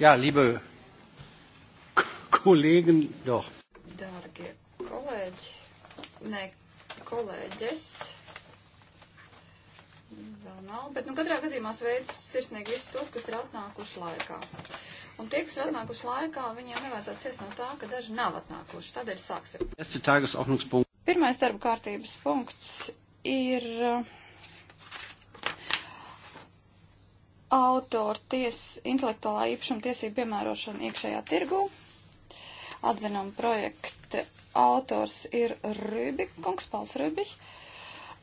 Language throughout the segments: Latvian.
Jā, liebe kolēģi, doch. Dārgie kolēģi, ne kolēģis. Vēl nav, bet nu katrā gadījumā sveicu sirsnīgi visus tos, kas ir atnākuši laikā. Un tie, kas ir atnākuši laikā, viņiem nevajadzētu ciest no tā, ka daži nav atnākuši. Tādēļ sāksim. Pirmais darba kārtības punkts ir autoru ties, intelektuālā īpašuma tiesību piemērošanu iekšējā tirgū. Atzinuma projekta autors ir Rībik, kungs Pauls Rībik.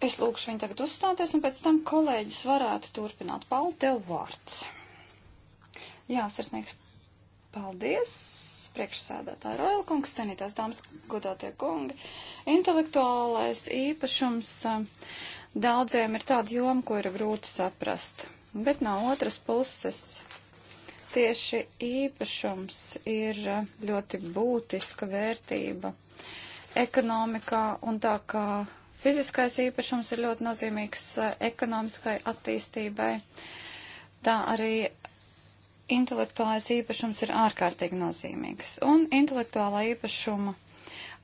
Es lūkšu viņu tagad uzstāties, un pēc tam kolēģis varētu turpināt. Pauli, tev vārds. Jā, sirsnīgs paldies. Priekšsēdētāji Royal kungs, cenītās dāmas, godātie kungi. Intelektuālais īpašums eh, daudziem ir tāda joma, ko ir grūti saprast Bet no otras puses tieši īpašums ir eh, ļoti būtiska vērtība ekonomikā un tā kā fiziskais īpašums ir ļoti nozīmīgs eh, ekonomiskai attīstībai, tā arī intelektuālais īpašums ir ārkārtīgi nozīmīgs. Un intelektuālā īpašuma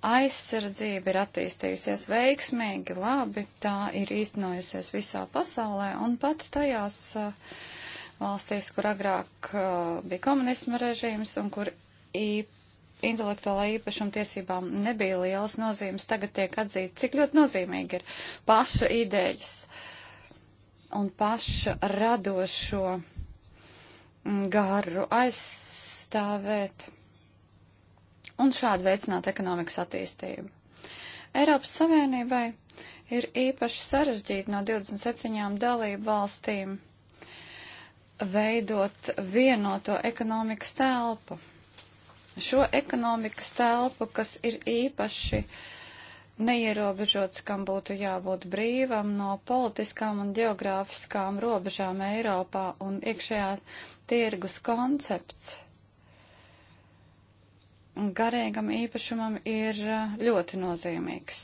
aizsardzība ir attīstījusies veiksmīgi, labi, tā ir īstenojusies visā pasaulē un pat tajās uh, valstīs, kur agrāk uh, bija komunisma režīms un kur intelektuālā īpašuma tiesībām nebija lielas nozīmes, tagad tiek atzīt, cik ļoti nozīmīgi ir paša idejas un paša radošo mm, garu aizstāvēt un šādi veicināt ekonomikas attīstību. Eiropas Savienībai ir īpaši sarežģīti no 27 dalību valstīm veidot vienoto ekonomikas telpu. Šo ekonomikas telpu, kas ir īpaši neierobežots, kam būtu jābūt brīvam no politiskām un geogrāfiskām robežām Eiropā un iekšējā tirgus koncepts garīgam īpašumam ir eh, ļoti nozīmīgs.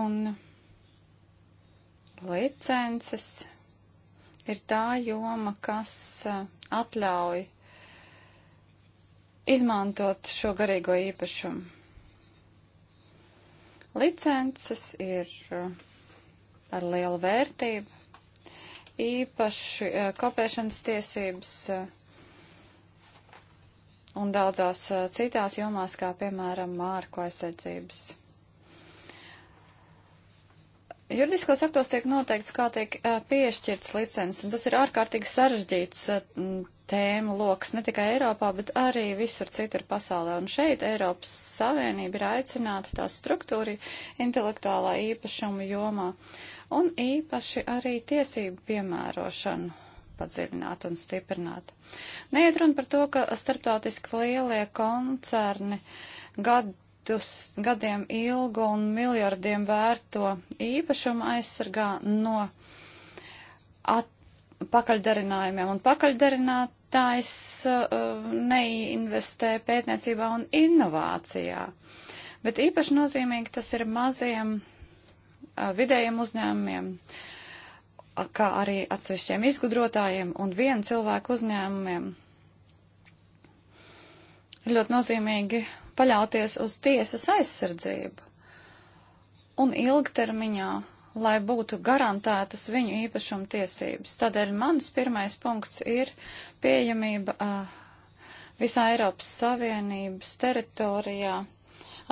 Un licences ir tā joma, kas eh, atļauj izmantot šo garīgo īpašumu. Licences ir eh, ar lielu vērtību, īpaši kopēšanas tiesības un daudzās eh, citās jomās, kā piemēram mārku aizsardzības. Juridiskos aktos tiek noteikts, kā tiek eh, piešķirts licences, un tas ir ārkārtīgi sarežģīts eh, tēmu lokus ne tikai Eiropā, bet arī visur citur pasaulē. Un šeit Eiropas Savienība ir aicināta tās struktūri intelektuālā īpašuma jomā, un īpaši arī tiesību piemērošanu padziļināt un stiprināt. Neiet runa par to, ka starptautiski lielie koncerni gadus, gadiem ilgu un miljardiem vērto īpašumu aizsargā no at, pakaļdarinājumiem. Un pakaļdarinātājs uh, neinvestē pētniecībā un inovācijā. Bet īpaši nozīmīgi tas ir maziem uh, vidējiem uzņēmumiem. Uh, kā arī atsevišķiem izgudrotājiem un vienu cilvēku uzņēmumiem. Ir ļoti nozīmīgi paļauties uz tiesas aizsardzību un ilgtermiņā, lai būtu garantētas viņu īpašuma tiesības. Tādēļ mans pirmais punkts ir pieejamība uh, visā Eiropas Savienības teritorijā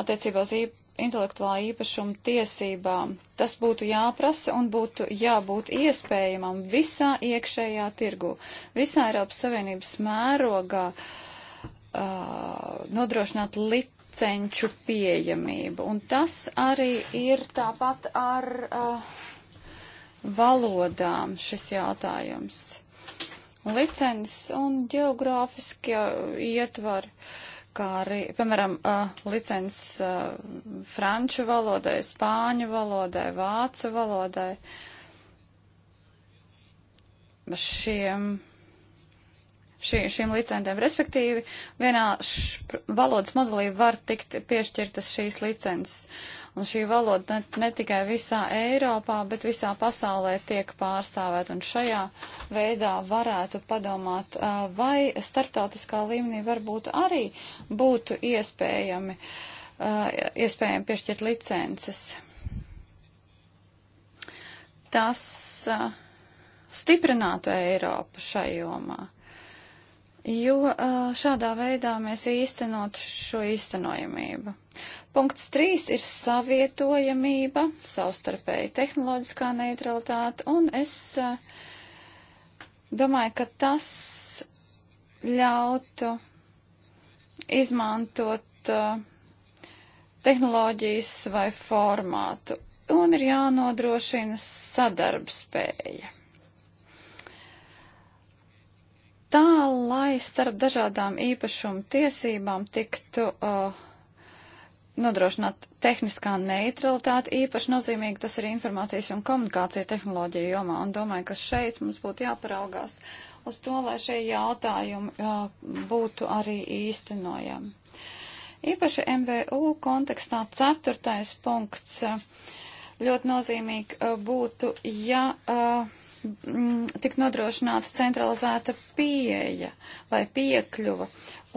attiecībā uz īpašumu intelektuālā īpašuma tiesībām. Tas būtu jāprasa un būtu jābūt iespējamam visā iekšējā tirgu, visā Eiropas Savienības mērogā uh, nodrošināt licenču pieejamību. Un tas arī ir tāpat ar uh, valodām šis jautājums. Licences un geogrāfiskie ietvari. Uh, kā arī, piemēram, licences franču valodai, spāņu valodai, vācu valodai. Šiem šī, šīm licencēm. Respektīvi, vienā š, valodas modulī var tikt piešķirtas šīs licences. Un šī valoda ne, ne tikai visā Eiropā, bet visā pasaulē tiek pārstāvēt. Un šajā veidā varētu padomāt, vai starptautiskā līmenī varbūt arī būtu iespējami, iespējami piešķirt licences. Tas stiprinātu Eiropu šajomā. Jo šādā veidā mēs īstenot šo īstenojamību. Punkts 3 ir savietojamība, savstarpēja tehnoloģiskā neutralitāte, un es eh, domāju, ka tas ļautu izmantot eh, tehnoloģijas vai formātu, un ir jānodrošina sadarbspēja. tā, lai starp dažādām īpašumu tiesībām tiktu uh, nodrošināt tehniskā neutralitāte īpaši nozīmīgi tas ir informācijas un komunikācija tehnoloģija jomā. Un domāju, ka šeit mums būtu jāparaugās uz to, lai šie jautājumi jā, būtu arī īstenojami. Īpaši MVU kontekstā ceturtais punkts ļoti nozīmīgi būtu, ja. Uh, Mm, tik nodrošināta centralizēta pieeja vai piekļuva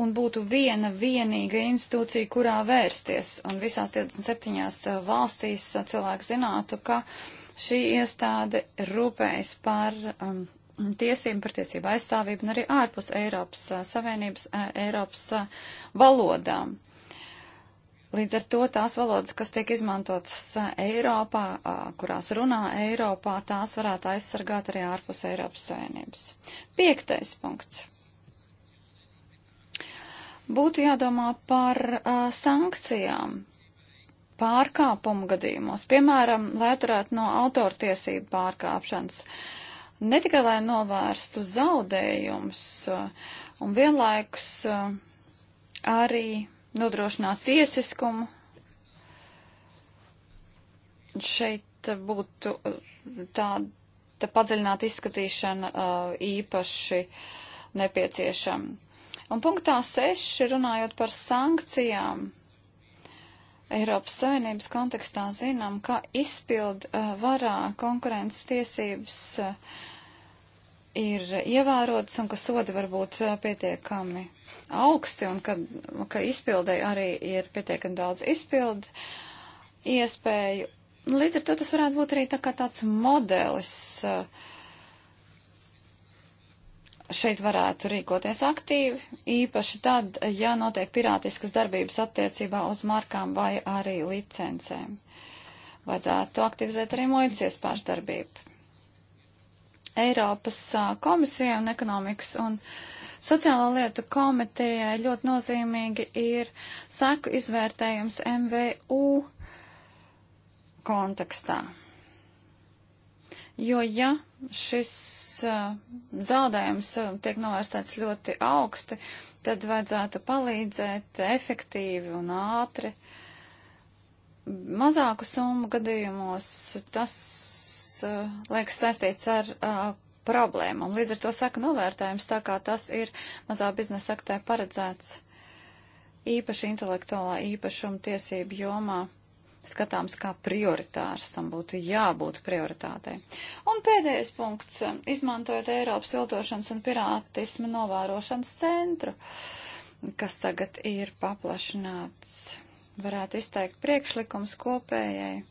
un būtu viena vienīga institūcija, kurā vērsties. Un visās 27 eh, valstīs eh, cilvēki zinātu, ka šī iestāde rūpējas par um, tiesību, par tiesību aizstāvību un arī ārpus Eiropas eh, Savienības, Eiropas valodām. Uh, Līdz ar to tās valodas, kas tiek izmantotas eh, Eiropā, kurās runā Eiropā, tās varētu aizsargāt arī ārpus Eiropas Savienības. Piektais punkts. Būtu jādomā par uh, sankcijām, pārkāpumu gadījumos, piemēram, lai turētu no autortiesību pārkāpšanas, ne tikai lai novērstu zaudējumus un vienlaikus arī nodrošināt tiesiskumu. Šeit būtu eh, tāda padziļināta izskatīšana eh, īpaši nepieciešama. Un punktā 6, runājot par sankcijām, Eiropas Savienības kontekstā zinām, ka izpild eh, varā konkurences tiesības uh, ir ievērotas un ka sodi var būt pietiekami augsti un ka, ka izpildē arī ir pietiekami daudz izpildu iespēju. Līdz ar to tas varētu būt arī tā kā tāds modelis. Šeit varētu rīkoties aktīvi, īpaši tad, ja notiek pirātiskas darbības attiecībā uz markām vai arī licencēm. Vajadzētu aktivizēt arī muitas iespējas darbību. Eiropas komisijai un ekonomikas un sociālo lietu komitejai ļoti nozīmīgi ir seku izvērtējums MVU kontekstā. Jo ja šis uh, zaudējums uh, tiek novērstēts ļoti augsti, tad vajadzētu palīdzēt efektīvi un ātri. Mazāku summu gadījumos tas uh, liekas saistīts ar uh, problēmām. Līdz ar to saka novērtējums, tā kā tas ir mazā biznesa aktē paredzēts īpaši intelektuālā īpašuma tiesību jomā skatāms kā prioritārs, tam būtu jābūt prioritātei. Un pēdējais punkts eh, - izmantojot Eiropas viltošanas un pirātismu novērošanas centru, kas tagad ir paplašināts, varētu izteikt priekšlikums kopējai,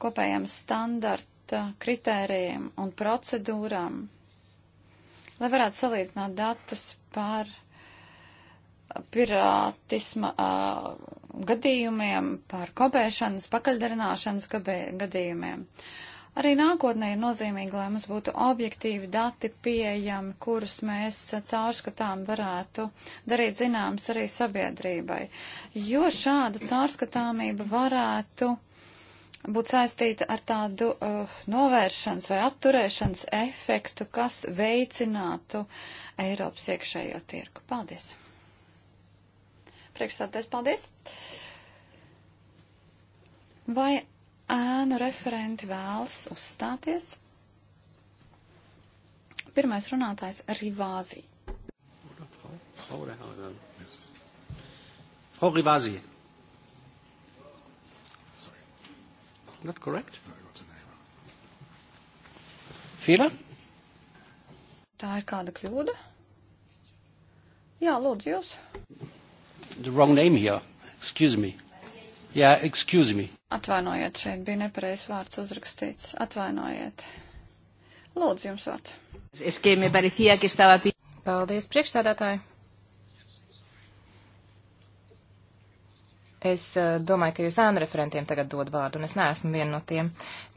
kopējiem standartiem pret kritērijiem un procedūrām, lai varētu salīdzināt datus par pirātisma uh, gadījumiem, par kopēšanas, pakaļdarināšanas gadījumiem. Arī nākotnē ir nozīmīgi, lai mums būtu objektīvi dati pieejami, kurus mēs caurskatām varētu darīt zināms arī sabiedrībai, jo šāda caurskatāmība varētu uh, būtu saistīta ar tādu uh, novēršanas vai atturēšanas efektu, kas veicinātu Eiropas iekšējo tirgu. Paldies! Priekšsādēs, paldies! Vai ēnu referenti vēlas uzstāties? Pirmais runātājs - Rivāzija. Frau Rivāzija. not correct? Fila? Tā ir kāda kļūda? Jā, lūdzu jūs. The wrong name here. Excuse me. Jā, yeah, excuse me. Atvainojiet, šeit bija nepareizs vārds uzrakstīts. Atvainojiet. Lūdzu jums vārds. Es, que me parecía que estaba... Paldies, priekšstādātāji. Es eh, domāju, ka jūs ēnu referentiem tagad dod vārdu, un es neesmu viena no tiem.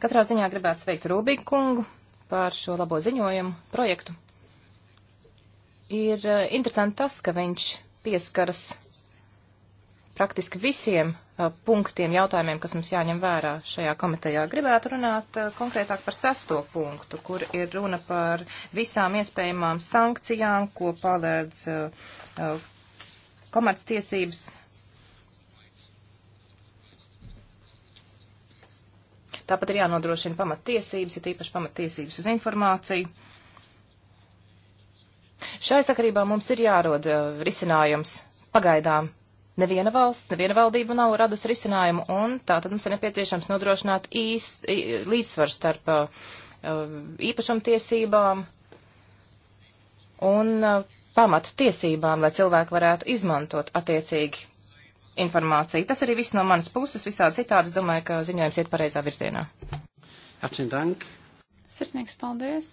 Katrā ziņā gribētu sveikt Rūbīgu kungu par šo labo ziņojumu projektu. Ir eh, interesanti tas, ka viņš pieskaras praktiski visiem uh, punktiem, jautājumiem, kas mums jāņem vērā šajā komitejā. Gribētu runāt uh, konkrētāk par sesto punktu, kur ir runa par visām iespējamām sankcijām, ko palēdz uh, komerctiesības Tāpat ir jānodrošina pamattiesības, ir tīpaši pamattiesības uz informāciju. Šai sakarībā mums ir jārod uh, risinājums. Pagaidām neviena valsts, neviena valdība nav radusi risinājumu, un tātad mums ir nepieciešams nodrošināt īs, līdzsvaru starp uh, uh, īpašumtiesībām un uh, pamatu tiesībām, lai cilvēki varētu izmantot attiecīgi informāciju. Tas arī viss no manas puses. Visādi citādi es domāju, ka ziņojums iet pareizā virzienā. Atsindank. Sirsnīgs paldies.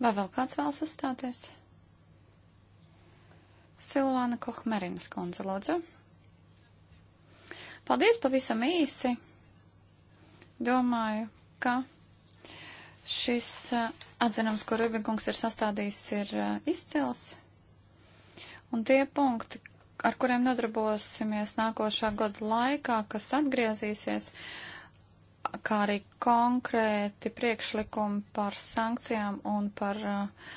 Vai vēl kāds vēlas uzstāties? Silvāna Kohmerinas kundze, lūdzu. Paldies pavisam īsi. Domāju, ka šis eh, atzinums, ko Rubikungs ir sastādījis, ir eh, izcils. Un tie punkti, ar kuriem nodarbosimies nākošā gada laikā, kas atgriezīsies, kā arī konkrēti priekšlikumi par sankcijām un par uh,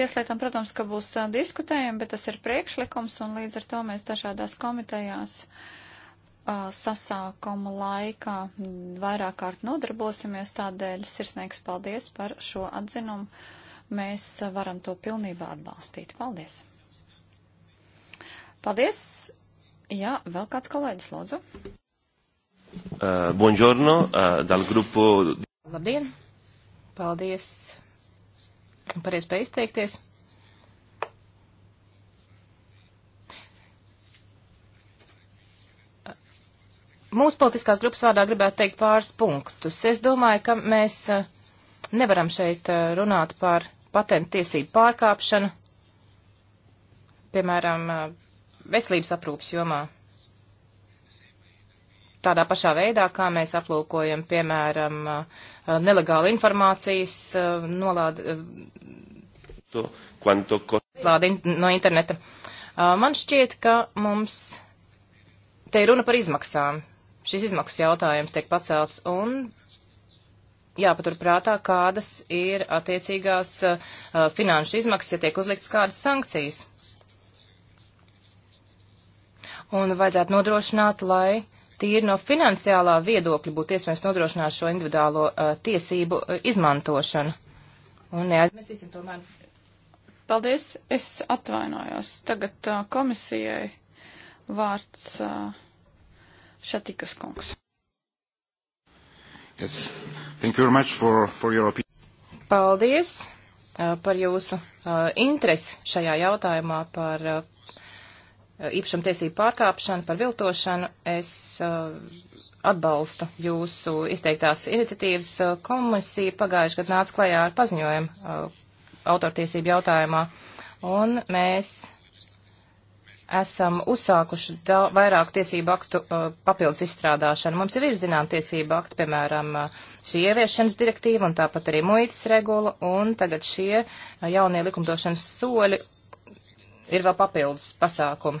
tieslietām, protams, ka būs uh, diskutējami, bet tas ir priekšlikums un līdz ar to mēs dažādās komitejās uh, sasākuma laikā vairāk kārt nodarbosimies, tādēļ sirsnīgs paldies par šo atzinumu. Mēs uh, varam to pilnībā atbalstīt. Paldies! Paldies! Jā, vēl kāds kolēģis, lūdzu. Uh, buongiorno, uh, dal grupo. Labdien! Paldies par iespēju izteikties. mūsu politiskās grupas vārdā gribētu teikt pāris punktus. Es domāju, ka mēs eh, nevaram šeit runāt par patentu tiesību pārkāpšanu, piemēram, veselības aprūpas jomā. Tādā pašā veidā, kā mēs aplūkojam, piemēram, eh, nelegālu informācijas eh, nolādi no interneta. Eh, man šķiet, ka mums te ir runa par izmaksām. Šis izmaksu jautājums tiek pacelts un jāpaturprātā, kādas ir attiecīgās finanšu izmaksas, ja tiek uzlikts kādas sankcijas un vajadzētu nodrošināt, lai tīri no finansiālā viedokļa būtu iespējams nodrošināt šo individuālo uh, tiesību uh, izmantošanu. Un neaizmirsīsim tomēr. Paldies, es atvainojos. Tagad uh, komisijai vārds uh, Šatikas kungs. Yes. Thank you very much for, for your opinion. Paldies uh, par jūsu uh, interesi šajā jautājumā par uh, īpašumtiesību pārkāpšanu, par viltošanu. Es uh, atbalstu jūsu izteiktās iniciatīvas. Uh, komisija pagājuši gadu nāca klajā ar paziņojumu uh, autortiesību jautājumā, un mēs esam uzsākuši vairāku tiesību aktu uh, papildus izstrādāšanu. Mums jau ir zinām tiesību akti, piemēram, uh, šī ieviešanas direktīva un tāpat arī muitas regula, un tagad šie uh, jaunie likumdošanas soļi ir vēl papildus pasākumi.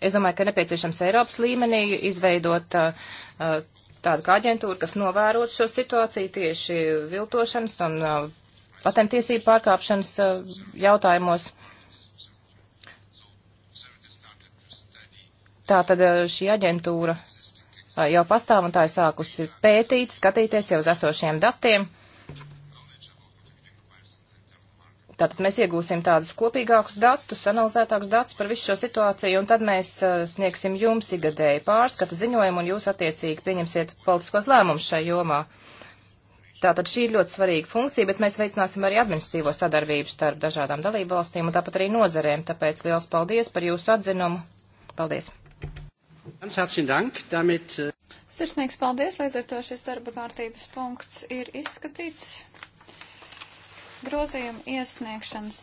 Es domāju, ka nepieciešams Eiropas līmenī izveidot uh, uh tādu kā aģentūru, kas novērot šo situāciju tieši viltošanas un uh, patentiesību pārkāpšanas uh, jautājumos. Tātad uh, šī aģentūra uh, jau pastāv un tā ir sākusi pētīt, skatīties jau uz esošiem datiem Tātad mēs iegūsim tādus kopīgākus datus, analizētākus datus par visu šo situāciju, un tad mēs uh, sniegsim jums igadēju pārskatu ziņojumu, un jūs attiecīgi pieņemsiet politiskos lēmumus šai jomā. Tātad šī ir ļoti svarīga funkcija, bet mēs veicināsim arī administratīvo sadarbību starp dažādām dalību valstīm un tāpat arī nozarēm. Tāpēc liels paldies par jūsu atzinumu. Paldies! Äh, Sirsnīgs paldies, līdz ar to šis darba kārtības punkts ir izskatīts. Grozījuma iesniegšanas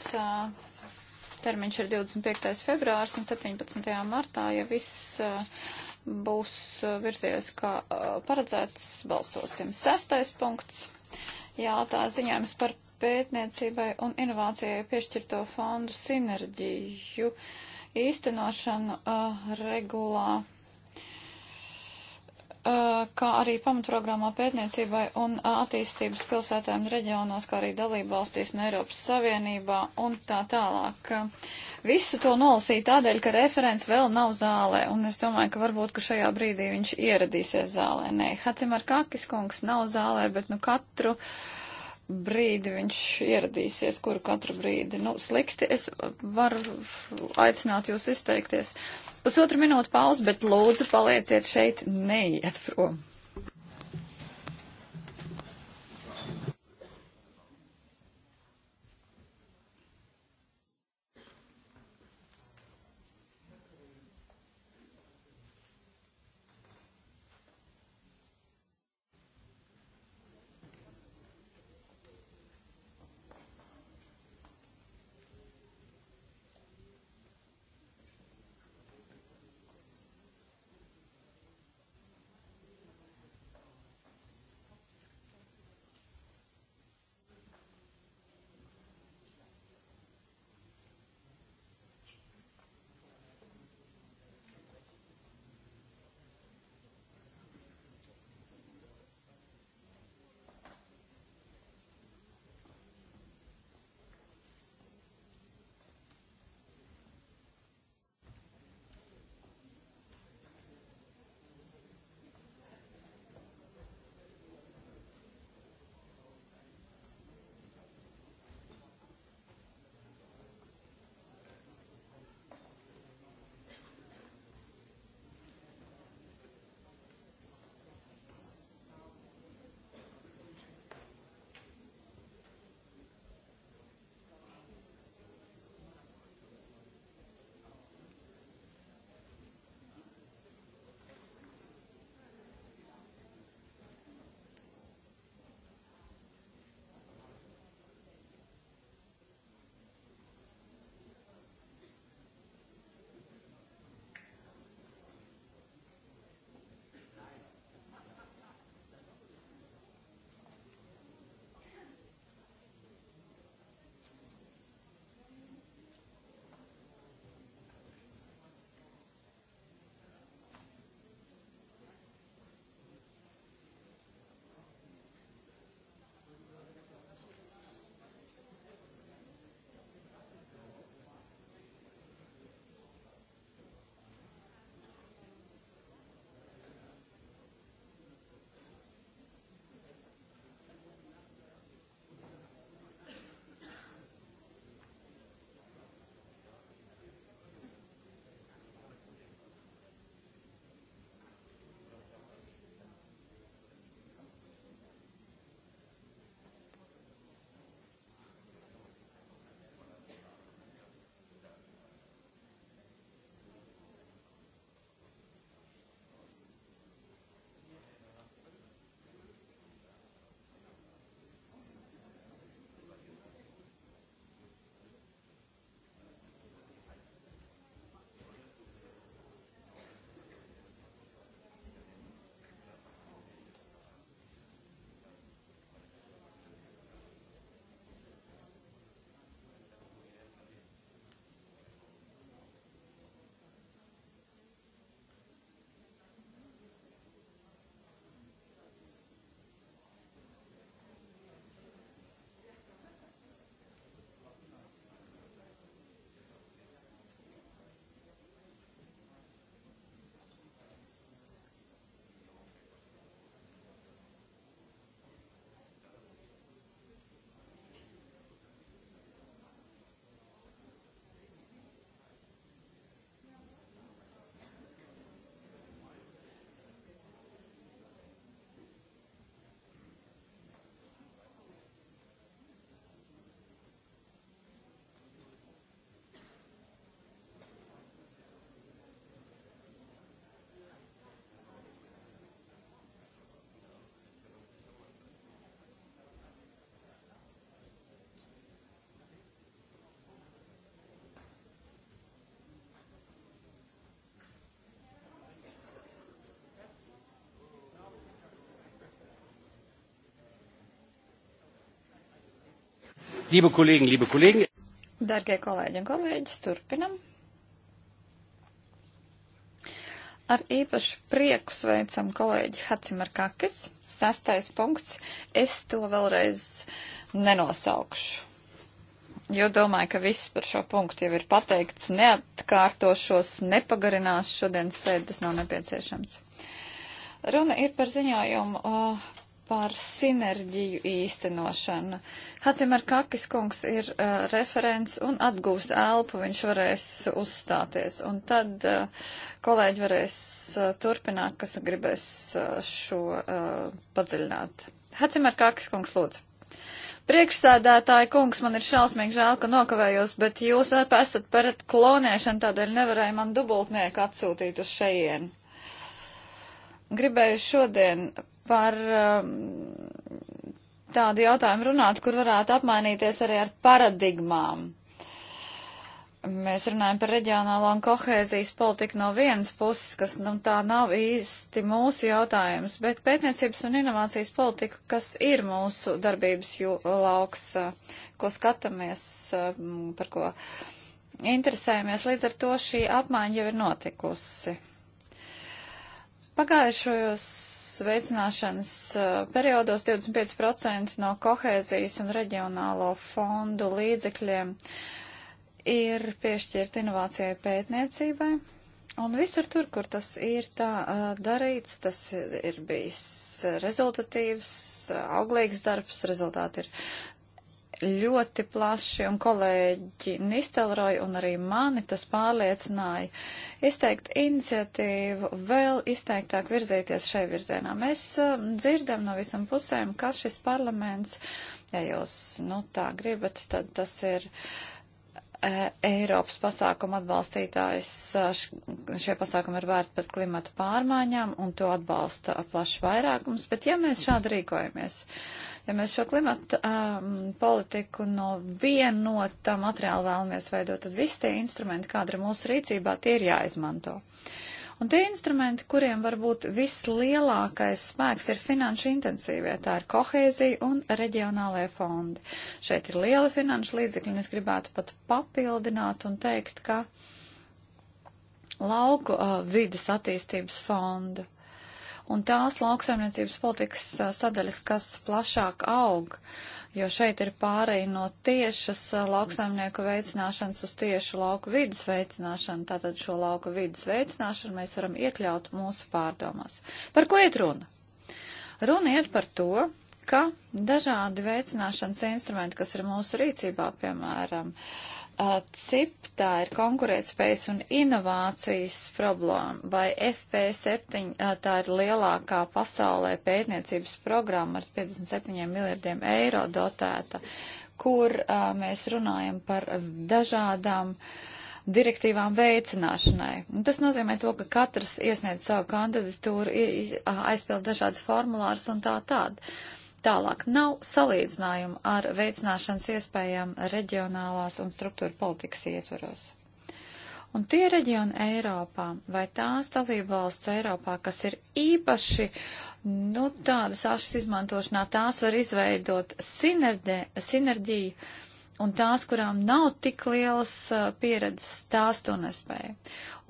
termiņš ir 25. februārs un 17. martā, ja viss būs virzies kā paredzēts, balsosim. Sestais punkts. Jā, tā ziņojums par pētniecībai un inovācijai piešķirto fondu sinerģiju īstenošanu uh, regulā Eh, kā arī pamatprogrammā pētniecībai un eh, attīstības pilsētēm reģionos, kā arī dalību valstīs un Eiropas Savienībā un tā tālāk. Visu to nolasīju tādēļ, ka referents vēl nav zālē, un es domāju, ka varbūt, ka šajā brīdī viņš ieradīsies zālē. Nē, Hacimar Kakis kungs nav zālē, bet nu katru. Uh, brīdi viņš ieradīsies, kuru katru brīdi. Nu, slikti, es varu aicināt jūs izteikties. Pusotru minūtu pauz, bet lūdzu palieciet šeit, neiet prom. Liebe Kollegen, liebe Kollegen. Dargie kolēģi un kolēģis, turpinam. Ar īpašu prieku sveicam kolēģi Hacimarkakis. Sastais punkts. Es to vēlreiz nenosaukšu. Jo domāju, ka viss par šo punktu jau ir pateikts. Neatkārtošos, nepagarināšu šodienas sēdes nav nepieciešams. Runa ir par ziņojumu uh, par sinerģiju īstenošanu. Hacimar Kakis kungs ir uh, referents un atgūs elpu, viņš varēs uzstāties. Un tad uh, kolēģi varēs uh, turpināt, kas gribēs uh, šo uh, padziļināt. Hacimar Kakis kungs lūdzu. Priekšsēdētāji kungs, man ir šausmīgi žēl, ka nokavējos, bet jūs esat pret klonēšanu, tādēļ nevarēju man dubultnieku atsūtīt uz šejienu. Gribēju šodien par um, tādu jautājumu runāt, kur varētu apmainīties arī ar paradigmām. Mēs runājam par reģionālo un kohēzijas politiku no vienas puses, kas nu, tā nav īsti mūsu jautājums, bet pētniecības un inovācijas politika, kas ir mūsu darbības jū, lauks, uh, ko skatāmies, uh, par ko interesējamies, līdz ar to šī apmaiņa jau ir notikusi. Pagājušajos veicināšanas eh, periodos 25% no kohēzijas un reģionālo fondu līdzekļiem ir piešķirti inovācijai pētniecībai. Un visur tur, kur tas ir tā eh, darīts, tas ir bijis eh, rezultatīvs, auglīgs darbs, rezultāti ir ļoti plaši, un kolēģi Nistelroja un arī mani tas pārliecināja izteikt iniciatīvu, vēl izteiktāk virzīties šai virzienā. Mēs uh, dzirdam no visam pusēm, ka šis parlaments, ja jūs, nu, tā gribat, tad tas ir uh, E, Eiropas pasākumu atbalstītājs. E, šie pasākumi ir vērti pret klimata pārmaiņām un to atbalsta plašs vairākums. Bet ja mēs šādi rīkojamies, ja mēs šo klimata um, politiku no vienota materiāla vēlamies veidot, tad visi tie instrumenti, kāda ir mūsu rīcībā, tie ir jāizmanto. Uh, Un tie instrumenti, kuriem varbūt vislielākais spēks ir finanšu intensīvie, tā ir kohēzija un reģionālajie fondi. Šeit ir liela finanšu līdzekļa, un es gribētu pat papildināt un teikt, ka lauku uh, vidas attīstības fonda un tās lauksaimniecības politikas sadaļas, kas plašāk aug, jo šeit ir pārēj no tiešas lauksaimnieku veicināšanas uz tiešu lauku vidas veicināšanu. Tātad šo lauku vidas veicināšanu mēs varam iekļaut mūsu pārdomās. Par ko iet runa? Runa iet par to, ka dažādi veicināšanas instrumenti, kas ir mūsu rīcībā, piemēram, uh, Uh, CIP tā ir konkurētspējas un inovācijas problēma, vai FP7 uh, tā ir lielākā pasaulē pētniecības programma ar 57 miljardiem eiro dotēta, kur a, uh, mēs runājam par dažādām direktīvām veicināšanai. Un tas nozīmē to, ka katrs iesniedz savu kandidatūru, aizpild dažādas formulārus un tā tādu. Tālāk nav salīdzinājumu ar veicināšanas iespējām reģionālās un struktūra politikas ietvaros. Un tie reģioni Eiropā vai tās dalībvalsts Eiropā, kas ir īpaši, nu, tādas ašas izmantošanā, tās var izveidot sinerģē, sinerģiju Un tās, kurām nav tik lielas pieredzes, tās to nespēja.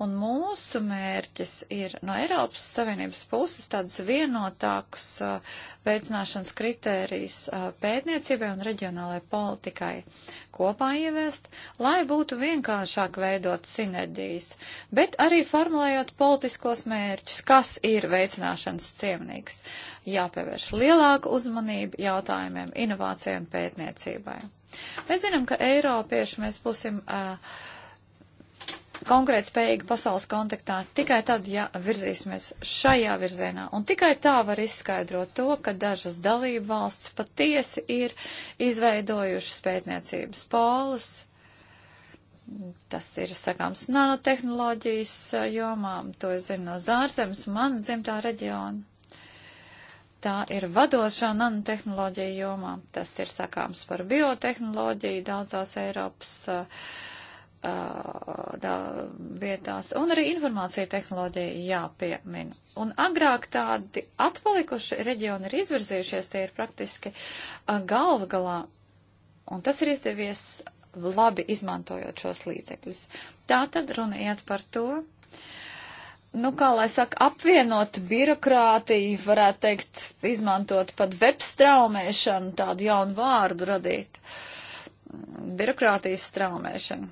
Un mūsu mērķis ir no Eiropas Savienības puses tāds vienotāks veicināšanas kritērijs pētniecībai un reģionālajai politikai kopā ieviest, lai būtu vienkāršāk veidot sinerģijas, bet arī formulējot politiskos mērķus, kas ir veicināšanas ciemnīgs. Jāpievērš lielāka uzmanība jautājumiem, inovācijai un pētniecībai. Mēs zinām, ka Eiropieši mēs būsim uh, konkrēt spējīgi pasaules kontaktā tikai tad, ja virzīsimies šajā virzienā. Un tikai tā var izskaidrot to, ka dažas dalību valsts patiesi ir izveidojušas pētniecības polus. Tas ir, sakāms, nanotehnoloģijas jomām, to es zinu no zārzemes, man dzimtā reģiona tā ir vadošā nanotehnoloģija jomā. Tas ir sakāms par biotehnoloģiju daudzās Eiropas uh, dā, vietās. Un arī informācija tehnoloģija jāpiemina. Un agrāk tādi atpalikuši reģioni ir izvirzījušies, tie ir praktiski uh, galva galā. Un tas ir izdevies labi izmantojot šos līdzekļus. Tā tad runa iet par to, uh, nu, kā lai saka, apvienot birokrātiju, varētu teikt, izmantot pat webstraumēšanu, tādu jaunu vārdu radīt. Birokrātijas straumēšanu.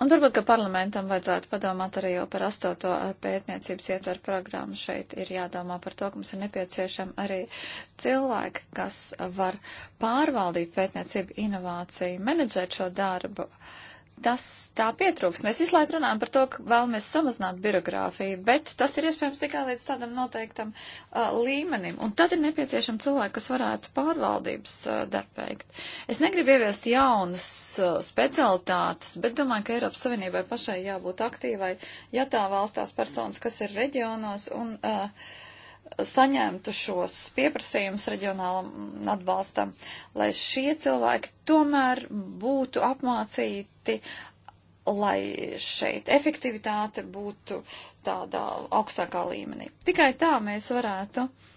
Un varbūt, ka parlamentam vajadzētu padomāt arī jau par astoto pētniecības ietveru programmu. Šeit ir jādomā par to, ka mums ir nepieciešama arī cilvēki, kas var pārvaldīt pētniecību inovāciju, menedžēt šo darbu. Uh, tas tā pietrūks. Mēs visu laiku runājam par to, ka vēlamies samazināt birokrāfiju, bet tas ir iespējams tikai līdz tādam noteiktam uh, līmenim. Un tad ir nepieciešama cilvēka, kas varētu pārvaldības uh, darbu veikt. Es negribu ieviest jaunas uh, specialitātes, bet domāju, ka Eiropas Savienībai pašai jābūt aktīvai, ja tā valstās personas, kas ir reģionos un. Uh, saņemtu šos pieprasījumus reģionālam atbalstam, lai šie cilvēki tomēr būtu apmācīti, lai šeit efektivitāte būtu tādā augstākā līmenī. Tikai tā mēs varētu uh,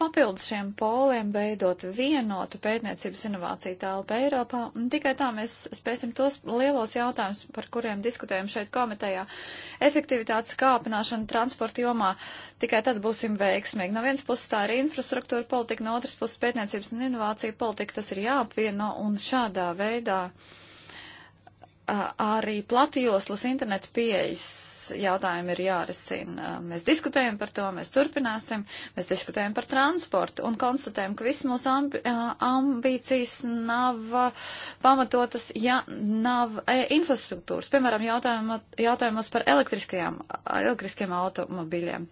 papildus šiem poliem veidot vienotu pētniecības inovāciju telpu Eiropā. Un tikai tā mēs spēsim tos lielos jautājumus, par kuriem diskutējam šeit komitejā. Efektivitātes kāpināšana transporta jomā tikai tad būsim veiksmīgi. No vienas puses tā ir infrastruktūra politika, no otras puses pētniecības un inovācija politika. Tas ir jāapvieno un šādā veidā. Uh, arī platjoslas internetu pieejas jautājumi ir jārisina. Mēs diskutējam par to, mēs turpināsim, mēs diskutējam par transportu un konstatējam, ka visas mūsu ambi ambīcijas nav pamatotas, ja nav e, infrastruktūras. Piemēram, jautājumos par elektriskiem automobiļiem.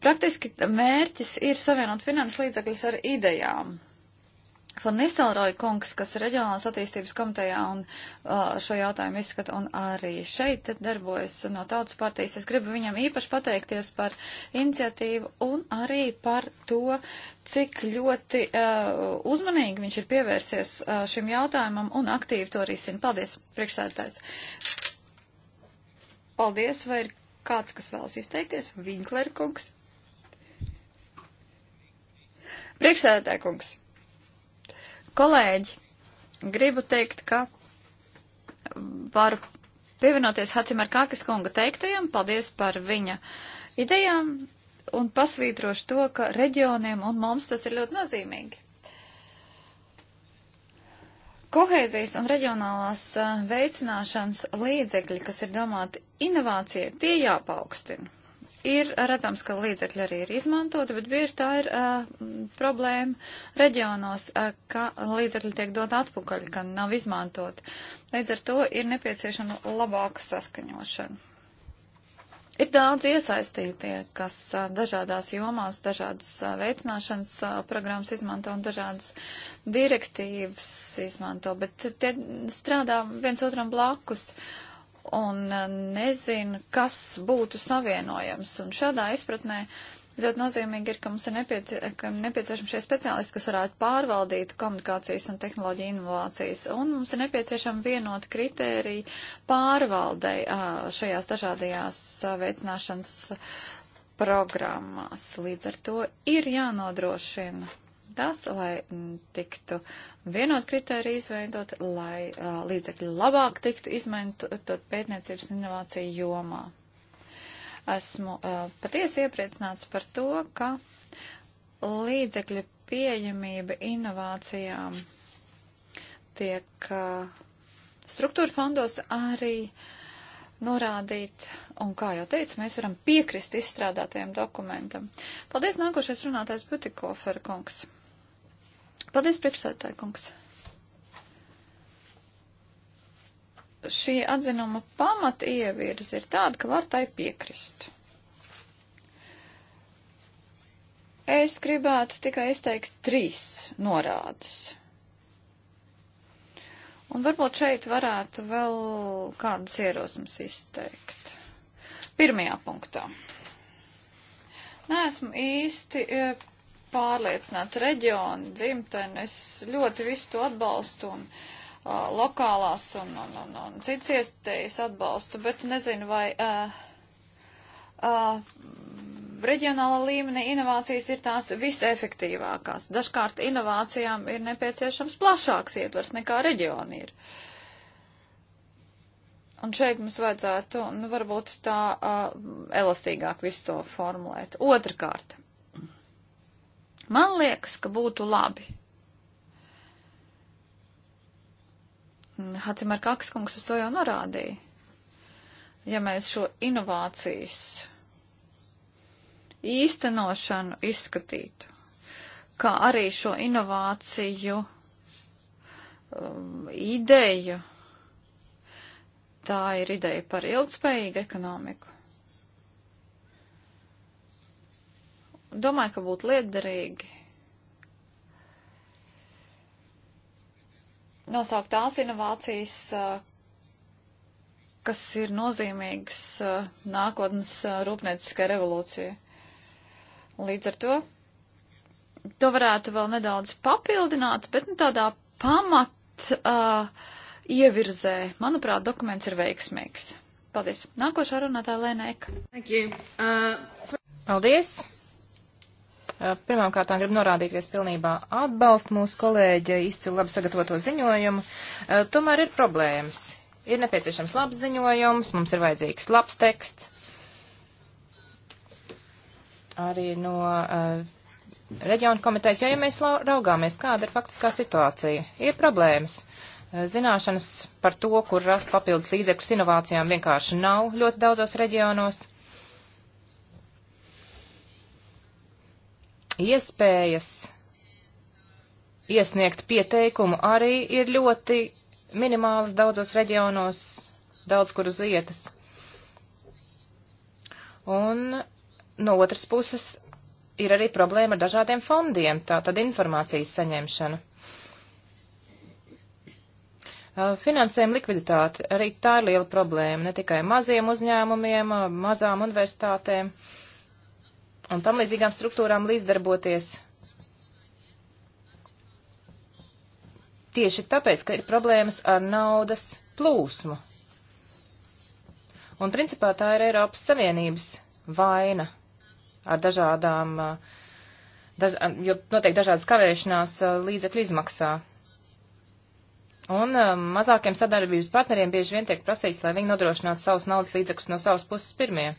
Praktiski mērķis ir savienot finanses līdzekļus ar idejām. Uh, Fon Nistelroja kungs, kas ir reģionālās attīstības komitejā un uh, šo jautājumu izskata un arī šeit darbojas no tautas partijas. Es gribu viņam īpaši pateikties par iniciatīvu un arī par to, cik ļoti uh, uzmanīgi viņš ir pievērsies uh, šim jautājumam un aktīvi to risina. Paldies, priekšsēdētājs. Paldies, vai ir kāds, kas vēlas izteikties? Vinkler kungs. Priekšsēdētāj kungs. Kolēģi, gribu teikt, ka varu pievienoties Hacimar Kākas kunga teiktajam, paldies par viņa idejām un pasvītrošu to, ka reģioniem un mums tas ir ļoti nozīmīgi. Kohēzijas un reģionālās eh, veicināšanas līdzekļi, kas ir domāti inovācijai, tie jāpaukstina ir redzams, ka līdzekļi arī ir izmantoti, bet bieži tā ir uh, problēma reģionos, uh, ka līdzekļi tiek dot atpakaļ, ka nav izmantoti. Līdz ar to ir nepieciešama labāka saskaņošana. Ir daudz iesaistītie, kas uh, dažādās jomās, dažādas uh, veicināšanas uh, programmas izmanto un dažādas direktīvas izmanto, bet tie strādā viens otram blakus. Uh, un e, nezina, kas būtu savienojams. Un šādā izpratnē ļoti nozīmīgi ir, ka mums ir nepieci nepieciešami šie speciālisti, kas varētu pārvaldīt komunikācijas un tehnoloģiju inovācijas. Un mums ir nepieciešami vienoti kritēriji pārvaldei šajās dažādajās veicināšanas programmās. Līdz ar to ir jānodrošina tas, lai mm, tiktu vienot kritēriju izveidot, lai uh, līdzekļi labāk tiktu izmantot pētniecības un inovāciju jomā. Esmu uh, patiesi iepriecināts par to, ka līdzekļu pieejamība inovācijām tiek uh, struktūra fondos arī norādīt, un kā jau teicu, mēs varam piekrist izstrādātajam dokumentam. Paldies, nākošais runātājs Butikofer kungs. Paldies, priekšsētāji kungs. Šī atzinuma pamata ievirze ir tāda, ka var tai piekrist. Es gribētu tikai izteikt trīs norādes. Un varbūt šeit varētu vēl kādas ierosmes izteikt. Pirmajā punktā. Nē, esmu īsti eh, pārliecināts reģionu, dzimteni, es ļoti visu to atbalstu un uh, lokālās un, un, un, un cits iestējas atbalstu, bet nezinu, vai uh, uh, reģionāla līmenī inovācijas ir tās visefektīvākās. Dažkārt inovācijām ir nepieciešams plašāks ietvers nekā reģioni ir. Un šeit mums vajadzētu, nu, varbūt tā uh, elastīgāk visu to formulēt. Otrakārt, Man liekas, ka būtu labi. Hacimēr Kakskungs uz to jau norādīja. Ja mēs šo inovācijas īstenošanu izskatītu, kā arī šo inovāciju um, ideju, tā ir ideja par ilgspējīgu ekonomiku. Domāju, ka būtu liederīgi nosaukt tās inovācijas, kas ir nozīmīgas nākotnes rūpnieciskai revolūcijai. Līdz ar to to varētu vēl nedaudz papildināt, bet nu, tādā pamat uh, ievirzē, manuprāt, dokuments ir veiksmīgs. Paldies. Nākošā runātāja Lēna Eka. Thank you. Uh, for... Paldies. Eh, pirmkārt, gribu norādīt, ka es pilnībā atbalstu mūsu kolēģi izcili labi sagatavoto ziņojumu. Eh, tomēr ir problēmas. Ir nepieciešams labs ziņojums, mums ir vajadzīgs labs teksts. Arī no uh, reģiona komitejas, jo, ja mēs raugāmies, kāda ir faktiskā situācija, ir problēmas. Zināšanas par to, kur rast papildus līdzekļus inovācijām, vienkārši nav ļoti daudzos reģionos. iespējas iesniegt pieteikumu arī ir ļoti minimālas daudzos reģionos, daudz kur uz vietas. Un no otras puses ir arī problēma ar dažādiem fondiem, tā tad informācijas saņemšana. Finansējuma likviditāte arī tā ir liela problēma ne tikai maziem uzņēmumiem, mazām universitātēm. Uh, un tam līdzīgām struktūrām līdzdarboties. Tieši tāpēc, ka ir problēmas ar naudas plūsmu. Un principā tā ir Eiropas Savienības vaina ar dažādām, daž, jo notiek dažādas kavēšanās līdzekļu izmaksā. Un mazākiem sadarbības partneriem bieži vien tiek prasīts, lai viņi nodrošinātu savus naudas līdzekļus no savas puses pirmie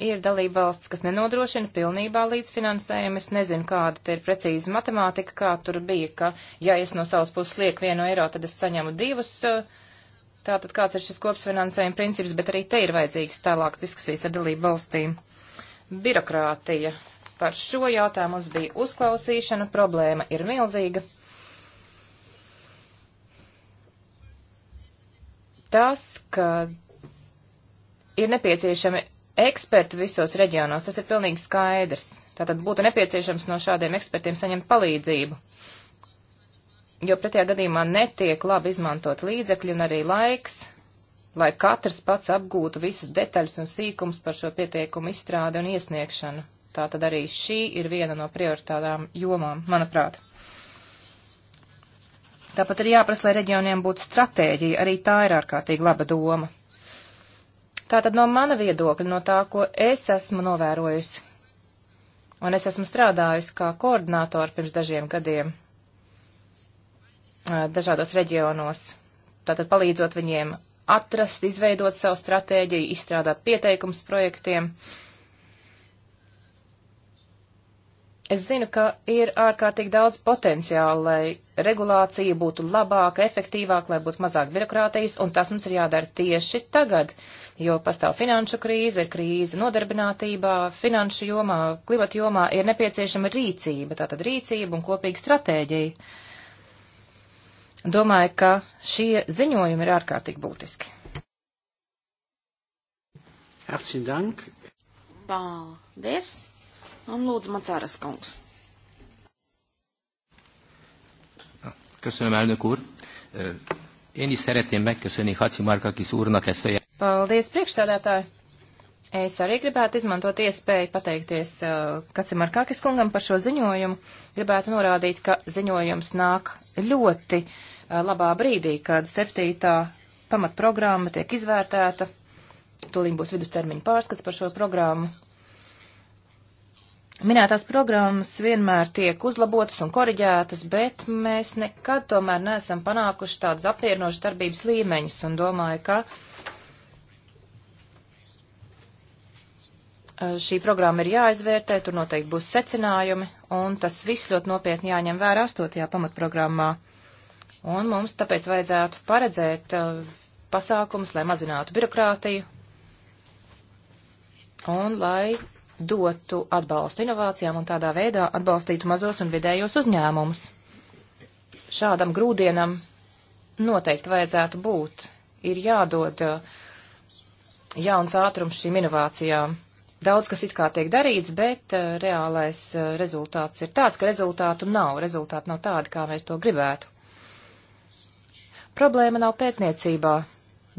ir dalība valsts, kas nenodrošina pilnībā līdzfinansējumu. Es nezinu, kāda te ir precīzi matemātika, kā tur bija, ka, ja es no savas puses lieku vienu eiro, tad es saņemu divus. Eh, tātad kāds ir šis kopsfinansējuma princips, bet arī te ir vajadzīgs tālāks diskusijas ar dalību valstīm. Birokrātija. Par šo jautājumu mums bija uzklausīšana, problēma ir milzīga. Tas, ka ir nepieciešami eksperti visos reģionos, tas ir pilnīgi skaidrs. Tātad būtu nepieciešams no šādiem ekspertiem saņemt palīdzību, jo pretējā gadījumā netiek labi izmantot līdzekļi un arī laiks, lai katrs pats apgūtu visas detaļas un sīkums par šo pieteikumu izstrādi un iesniegšanu. Tātad arī šī ir viena no prioritārām jomām, manuprāt. Tāpat ir jāprasa, lai reģioniem būtu stratēģija, arī tā ir ārkārtīgi laba doma. Tātad no mana viedokļa, no tā, ko es esmu novērojusi, un es esmu strādājusi kā koordinātori pirms dažiem gadiem dažādos reģionos, tātad palīdzot viņiem atrast, izveidot savu stratēģiju, izstrādāt pieteikums projektiem. Uh, Es zinu, ka ir ārkārtīgi daudz potenciāla, lai regulācija būtu labāka, efektīvāka, lai būtu mazāk birokrātijas, un tas mums ir jādara tieši tagad, jo pastāv finanšu krīze, ir krīze nodarbinātībā, finanšu jomā, klimata jomā ir nepieciešama rīcība, tātad rīcība un kopīga stratēģija. Domāju, ka šie ziņojumi ir ārkārtīgi būtiski. Herzlichen Dank. Paldies. Un lūdzu, Macāras kungs. Köszönöm, elnök úr. Én is szeretném megköszönni Haci Markakis úrnak ezt a Paldies, priekšstādātāji! Es arī gribētu izmantot iespēju pateikties uh, Kacimarkakis kungam par šo ziņojumu. Gribētu norādīt, ka ziņojums nāk ļoti uh, labā brīdī, kad septītā pamatprogramma tiek izvērtēta. Tūlīt būs vidustermiņa pārskats par šo programmu. Minētās programmas vienmēr tiek uzlabotas un koriģētas, bet mēs nekad tomēr neesam panākuši tādus apmierinošus darbības līmeņus un domāju, ka e, šī programma ir jāizvērtē, tur noteikti būs secinājumi un tas viss ļoti nopietni jāņem vērā astotajā pamatprogrammā. Un mums tāpēc vajadzētu paredzēt uh, pasākums, lai mazinātu birokrātiju un lai dotu atbalstu inovācijām un tādā veidā atbalstītu mazos un vidējos uzņēmumus. Šādam grūdienam noteikti vajadzētu būt. Ir jādod eh, jauns ātrums šīm inovācijām. Daudz kas it kā tiek darīts, bet eh, reālais eh, rezultāts ir tāds, ka rezultātu nav. Rezultāti nav tādi, kā mēs to gribētu. Problēma nav pētniecībā,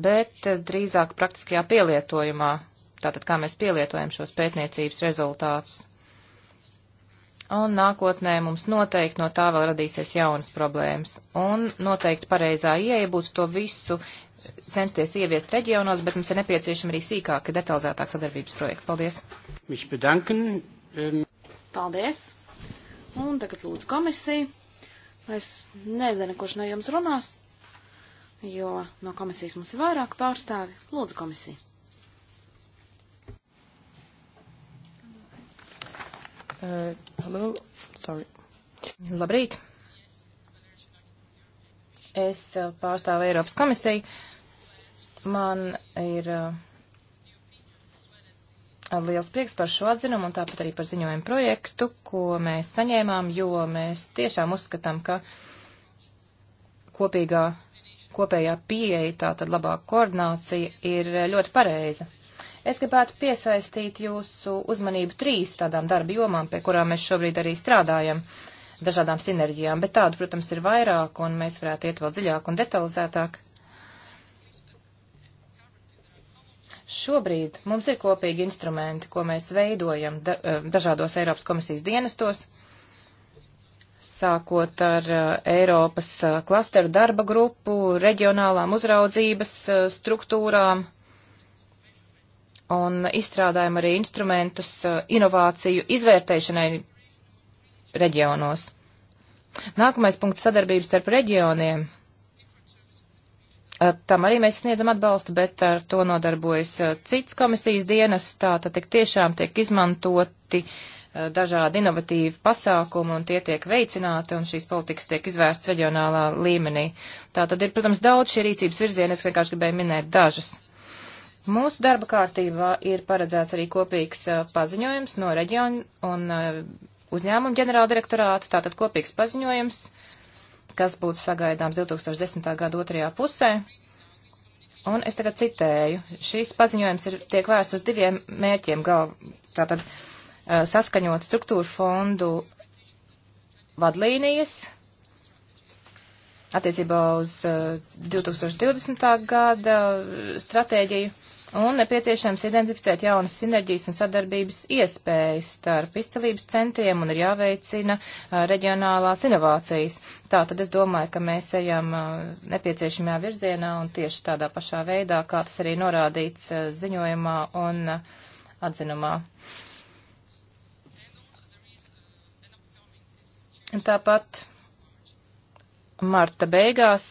bet drīzāk praktiskajā pielietojumā tātad kā mēs pielietojam šos pētniecības rezultātus. Un nākotnē mums noteikti no tā vēl radīsies jaunas problēmas. Un noteikti pareizā ieeja būtu to visu censties ieviest reģionos, bet mums ir nepieciešama arī sīkāka, detalizētāka sadarbības projekta. Paldies! Bedanken, um... Paldies! Un tagad lūdzu komisiju. Es nezinu, kurš no jums runās, jo no komisijas mums ir vairāk pārstāvi. Lūdzu komisiju. Uh, hello, sorry. Labrīt. Es uh, pārstāvu Eiropas komisiju. Man ir uh, liels prieks par šo atzinumu un tāpat arī par ziņojumu projektu, ko mēs saņēmām, jo mēs tiešām uzskatām, ka kopīgā, kopējā pieeja, tātad labāka koordinācija ir ļoti pareiza. Es gribētu piesaistīt jūsu uzmanību trīs tādām darba jomām, pie kurām mēs šobrīd arī strādājam, dažādām sinerģijām, bet tādu, protams, ir vairāk, un mēs varētu iet vēl dziļāk un detalizētāk. Šobrīd mums ir kopīgi instrumenti, ko mēs veidojam da eh, dažādos Eiropas komisijas dienestos, sākot ar eh, Eiropas eh, klasteru darba grupu, reģionālām uzraudzības struktūrām, un izstrādājam arī instrumentus uh, inovāciju izvērtēšanai reģionos. Nākamais punkts - sadarbības starp reģioniem. Uh, tam arī mēs sniedzam atbalstu, bet ar to nodarbojas uh, cits komisijas dienas. Tā tad tik tiešām tiek izmantoti dažādi inovatīvi pasākumi un tie tiek veicināti un šīs politikas tiek izvērsts reģionālā līmenī. Tā tad ir, protams, daudz šī rīcības virziena, es vienkārši gribēju minēt dažas. Mūsu darba kārtībā ir paredzēts arī kopīgs paziņojums no reģionu un uzņēmumu ģenerāldirektorāta, tātad kopīgs paziņojums, kas būtu sagaidāms 2010. gada otrajā pusē. Un es tagad citēju. Šīs paziņojums ir, tiek vērsts uz diviem mērķiem galv, tātad saskaņot struktūru fondu vadlīnijas, attiecībā uz 2020. Uh, gada uh, stratēģiju un nepieciešams identificēt jaunas sinerģijas un sadarbības iespējas starp izcelības centriem un ir jāveicina a, uh, reģionālās inovācijas. Tā tad es domāju, ka mēs ejam a, nepieciešamajā virzienā un tieši tādā pašā veidā, kā tas arī norādīts a, ziņojumā un atzinumā. Tāpat marta beigās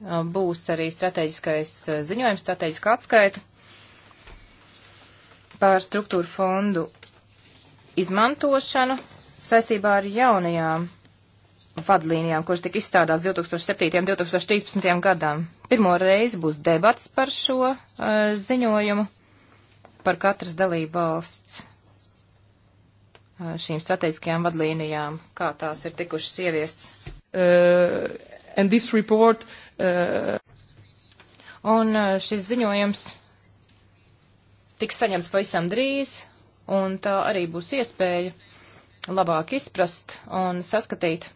uh, būs arī strateģiskais uh, ziņojums, strateģiska atskaita par struktūru fondu izmantošanu saistībā ar jaunajām vadlīnijām, kuras tika izstrādāts 2007. un 2013. gadam. Pirmo reizi būs debats par šo uh, ziņojumu, par katras dalību valsts uh, šīm strateģiskajām vadlīnijām, kā tās ir tikušas ieviestas. Uh, and this report. Uh, un uh, šis ziņojums tiks saņemts pavisam drīz, un tā arī būs iespēja labāk izprast un saskatīt,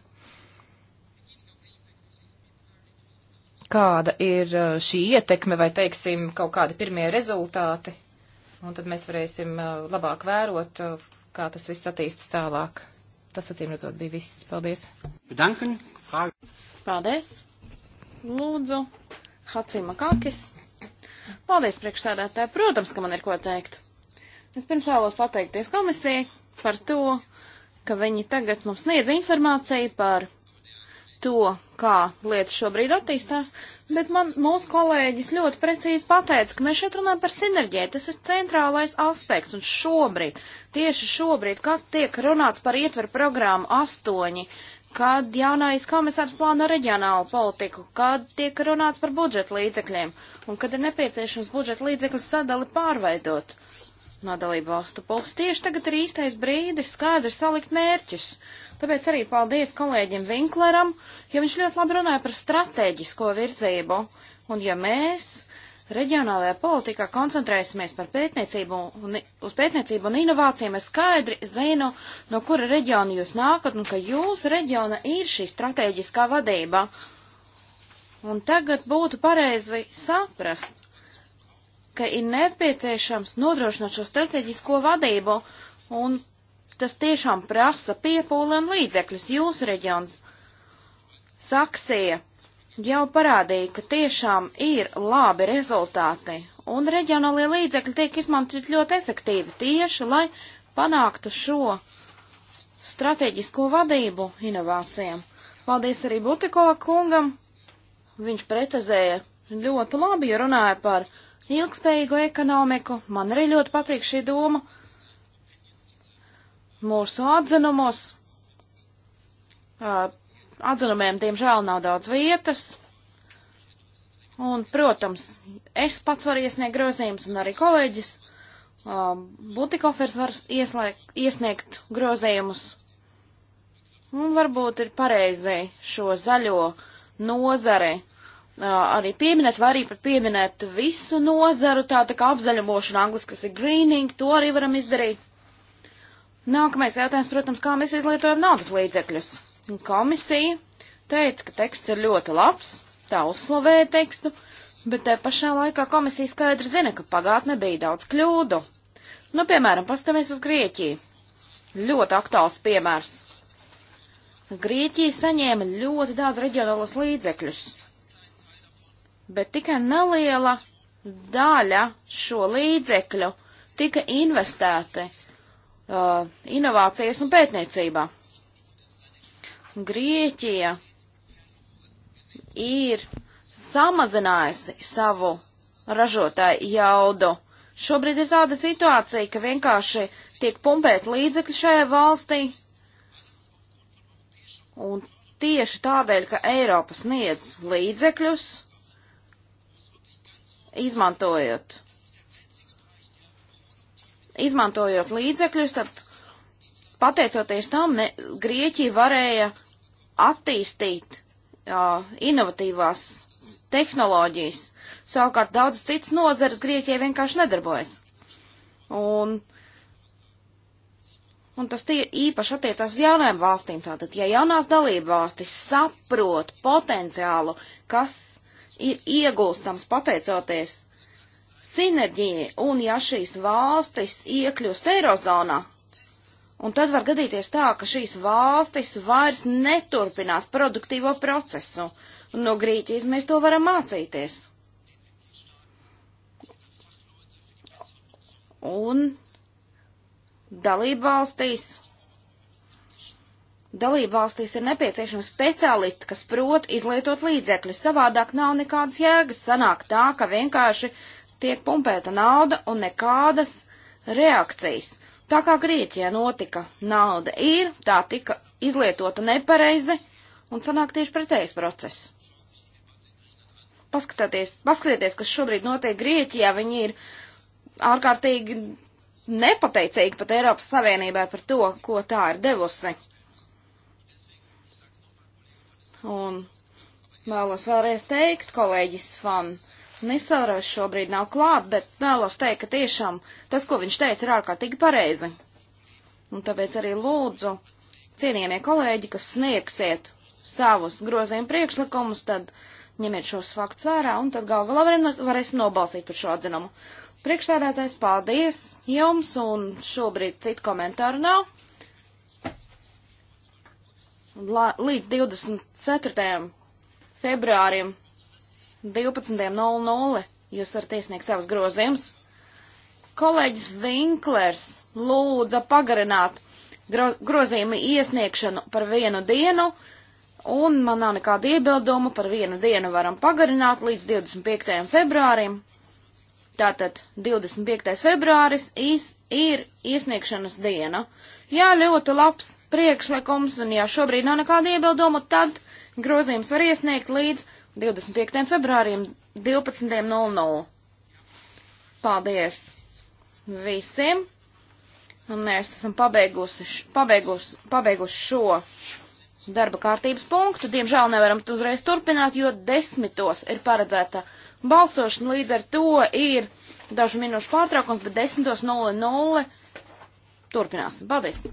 kāda ir uh, šī ietekme vai, teiksim, kaut kādi pirmie rezultāti, un tad mēs varēsim uh, labāk vērot, kā tas viss attīstas tālāk tas acīm redzot bija viss. Paldies. Bedanken. Paldies. Lūdzu, Hacima Kakis. Paldies, priekšsēdētāji. Protams, ka man ir ko teikt. Es pirms vēlos pateikties komisijai par to, ka viņi tagad mums sniedz informāciju par to, kā lietas šobrīd attīstās, bet man mūsu kolēģis ļoti precīzi pateica, ka mēs šeit runājam par sinerģiju, tas ir centrālais aspekts, un šobrīd, tieši šobrīd, kad tiek runāts par ietveru programmu astoņi, kad jaunais komisārs plāno reģionālu politiku, kad tiek runāts par budžeta līdzekļiem, un kad ir nepieciešams budžeta līdzekļu sadali pārveidot. No dalību valstu puses tieši tagad ir īstais brīdis skaidri salikt mērķus. Uh, Tāpēc arī paldies kolēģim Vinkleram, jo viņš ļoti labi runāja par strateģisko virzību. Un ja mēs reģionālajā politikā koncentrēsimies par pētniecību un, uz pētniecību un inovācijām, es skaidri zinu, no kura reģiona jūs nākat un ka jūsu reģiona ir šī strateģiskā vadība. Un tagad būtu pareizi saprast, ka ir nepieciešams nodrošināt šo strateģisko vadību un tas tiešām prasa piepūli un līdzekļus. Jūsu reģions Saksija jau parādīja, ka tiešām ir labi rezultāti, un reģionālie līdzekļi tiek izmantot ļoti efektīvi tieši, lai panāktu šo strateģisko vadību inovācijām. Paldies arī Butikova kungam. Viņš precizēja ļoti labi, jo runāja par ilgspējīgu ekonomiku. Man arī ļoti patīk šī doma mūsu atzinumos. Atzinumiem, diemžēl, nav daudz vietas. Un, protams, es pats varu iesniegt grozījumus, un arī kolēģis Butikofers var ieslēgt, iesniegt grozījumus. Un varbūt ir pareizi šo zaļo nozari arī pieminēt, vai arī pat pieminēt visu nozaru, tā tā kā apzaļumošana angliski ir greening, to arī varam izdarīt. Nākamais jautājums, protams, kā mēs izlietojam naudas līdzekļus. Komisija teica, ka teksts ir ļoti labs, tā uzslavēja tekstu, bet te pašā laikā komisija skaidri zina, ka pagātnē bija daudz kļūdu. Nu, piemēram, pastāvies uz Grieķiju. Ļoti aktuāls piemērs. Grieķija saņēma ļoti daudz reģionālos līdzekļus, bet tikai neliela daļa šo līdzekļu tika investēta uh, inovācijas un pētniecībā. Grieķija ir samazinājusi savu ražotāju jaudu. Šobrīd ir tāda situācija, ka vienkārši tiek pumpēt līdzekļi šajā valstī, un tieši tādēļ, ka Eiropa sniedz līdzekļus, izmantojot izmantojot līdzekļus, tad pateicoties tam, ne, Grieķija varēja attīstīt uh, inovatīvās tehnoloģijas. Savukārt daudzas citas nozares Grieķijai vienkārši nedarbojas. Un, un tas tie īpaši attiecās uz jaunajām valstīm. Tātad, ja jaunās dalība valstis saprot potenciālu, kas ir iegūstams pateicoties sinerģija, un ja šīs valstis iekļūst Eirozonā, un tad var gadīties tā, ka šīs valstis vairs neturpinās produktīvo procesu, un no Grīķijas mēs to varam mācīties. Un dalību valstīs Dalību valstīs ir nepieciešami speciālisti, kas prot izlietot līdzekļus, savādāk nav nekādas jēgas sanāk tā, ka vienkārši tiek pumpēta nauda un nekādas reakcijas. Tā kā Grieķijā notika, nauda ir, tā tika izlietota nepareizi un sanāk tieši pretējs process. Paskatieties, paskatieties, kas šobrīd notiek Grieķijā, viņi ir ārkārtīgi nepateicīgi pat Eiropas Savienībai par to, ko tā ir devusi. Un vēlos vēlreiz teikt, kolēģis Fan Nisārais šobrīd nav klāt, bet vēlos teikt, ka tiešām tas, ko viņš teica, ir ārkārtīgi pareizi. Un tāpēc arī lūdzu, cienījamie kolēģi, kas sniegsiet savus grozījumu priekšlikumus, tad ņemiet šos faktus vērā un tad gal galā varēs nobalsīt par šo atzinumu. Priekšstādātais paldies jums un šobrīd citu komentāru nav. Līdz 24. februārim 12.00 jūs varat iesniegt savus grozījumus. Kolēģis Vinklers lūdza pagarināt gro grozījumu iesniegšanu par vienu dienu, un man nav nekāda iebildumu, par vienu dienu varam pagarināt līdz 25. februārim. Tātad 25. februāris īs, ir iesniegšanas diena. Jā, ļoti labs priekšlikums, un ja šobrīd nav nekāda iebildumu, tad grozījums var iesniegt līdz 25. 25. februārim 12.00. Paldies visiem! Un nu, mēs esam pabeigusi, pabeigus, pabeiguši šo darba kārtības punktu. Diemžēl nevaram uzreiz turpināt, jo desmitos ir paredzēta balsošana. Līdz ar to ir dažu minūšu pārtraukums, bet desmitos 00 turpināsim. Paldies!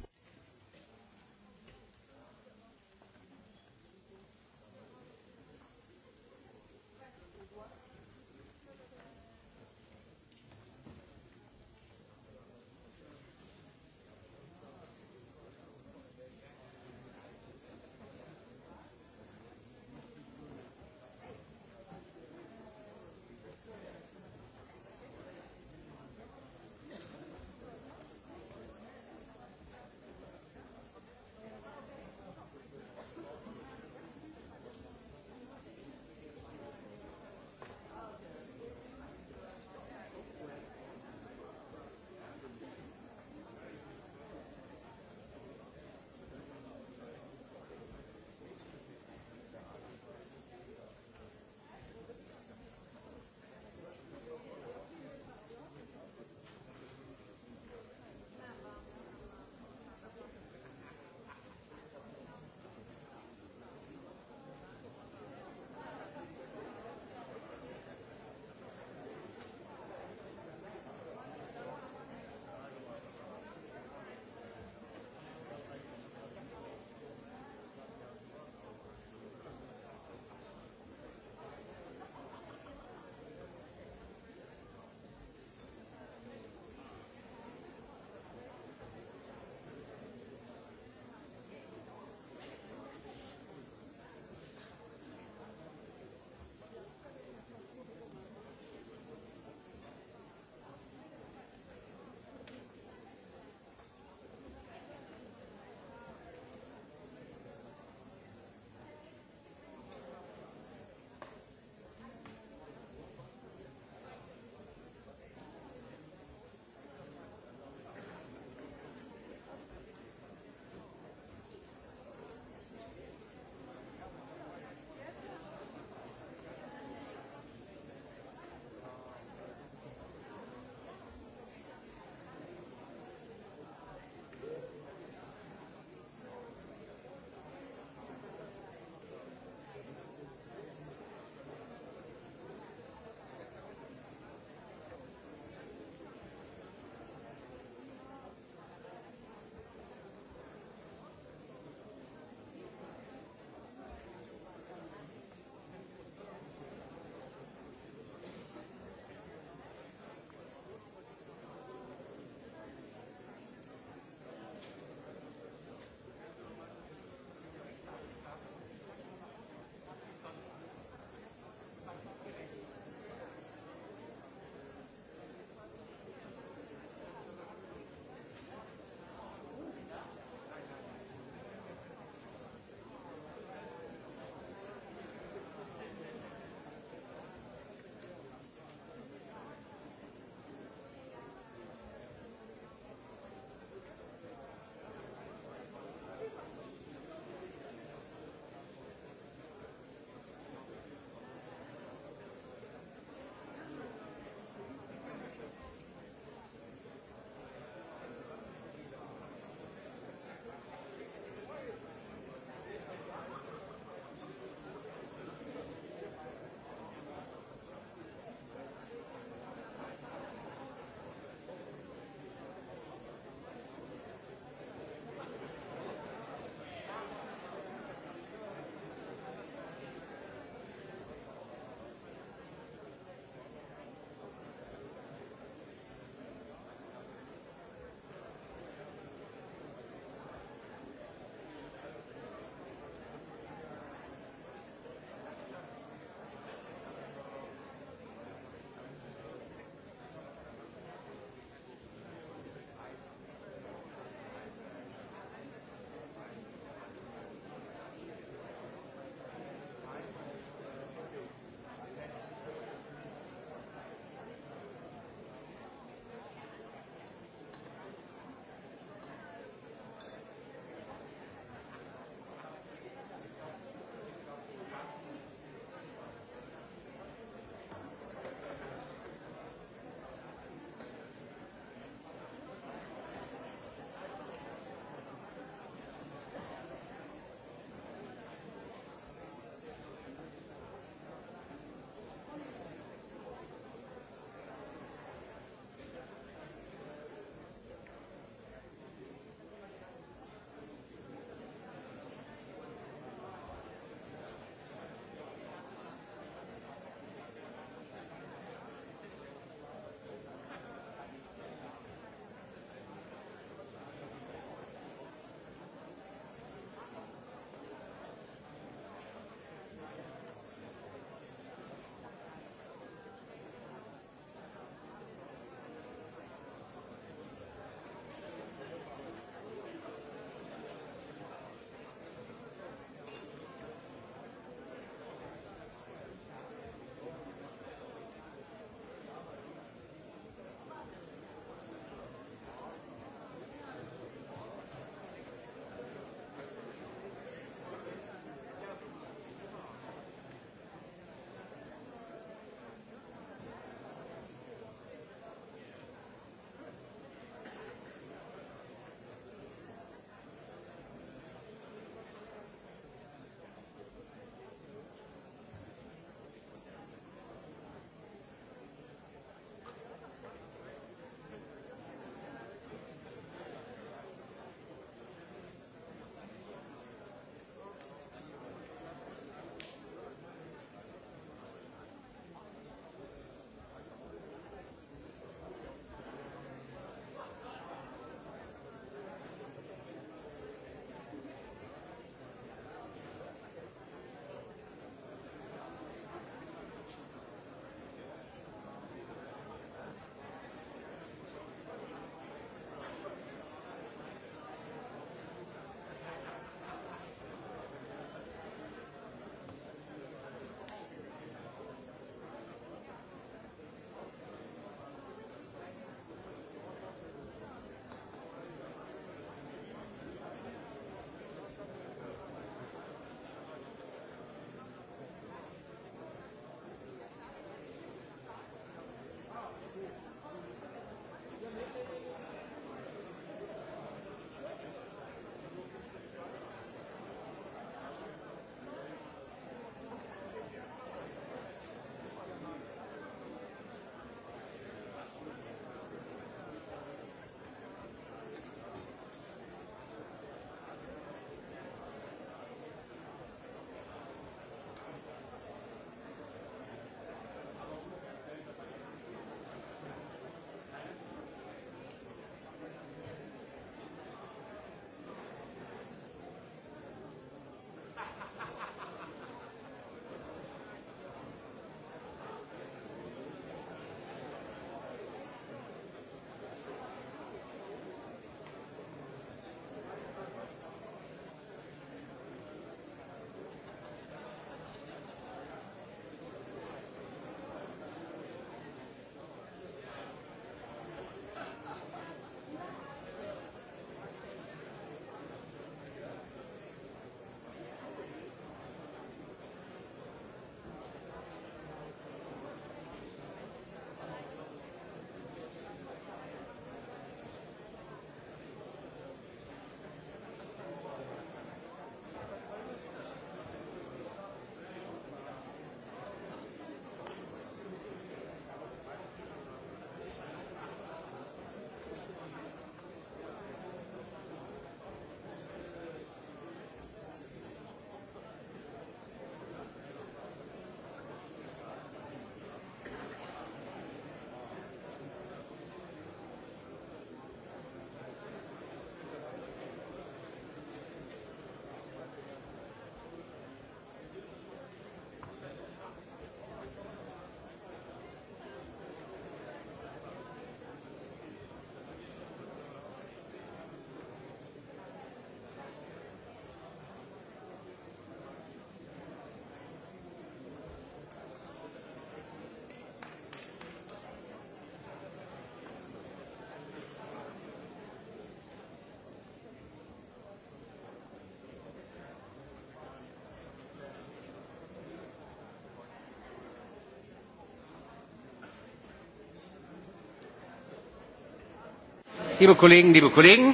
Liebe kolēģi, liebe kolēģi.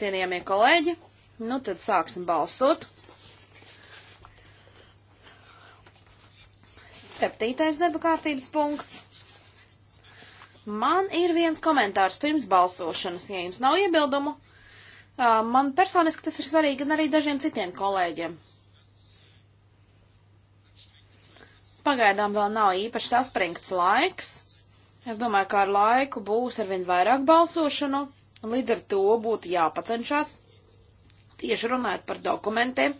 Cienījamie kolēģi, nu tad sāksim balsot. Septītais darba kārtības punkts. Man ir viens komentārs pirms balsošanas, ja jums nav iebildumu. Man personiski tas ir svarīgi un arī dažiem citiem kolēģiem. Pagaidām vēl nav īpaši saspringts laiks. Es domāju, ka ar laiku būs arvien vairāk balsošanu, un līdz ar to būtu jāpacenšas tieši runāt par dokumentiem,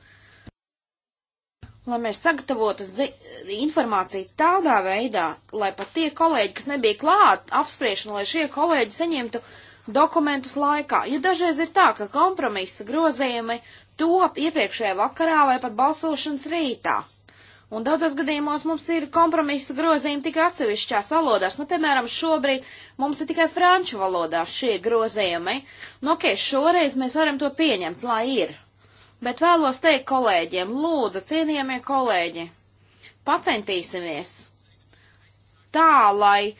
lai mēs sagatavotu informāciju tādā veidā, lai pat tie kolēģi, kas nebija klāt apspriešana, lai šie kolēģi saņemtu dokumentus laikā. Jo dažreiz ir tā, ka kompromisa grozījumi top iepriekšējā vakarā vai pat balsošanas rītā. Un daudzos gadījumos mums ir kompromisa grozījumi tikai atsevišķās valodās. Nu, piemēram, šobrīd mums ir tikai franču valodā šie grozījumi. Nu, ok, šoreiz mēs varam to pieņemt, lai ir. Bet vēlos teikt kolēģiem, lūdzu, cienījamie kolēģi, pacentīsimies tā, lai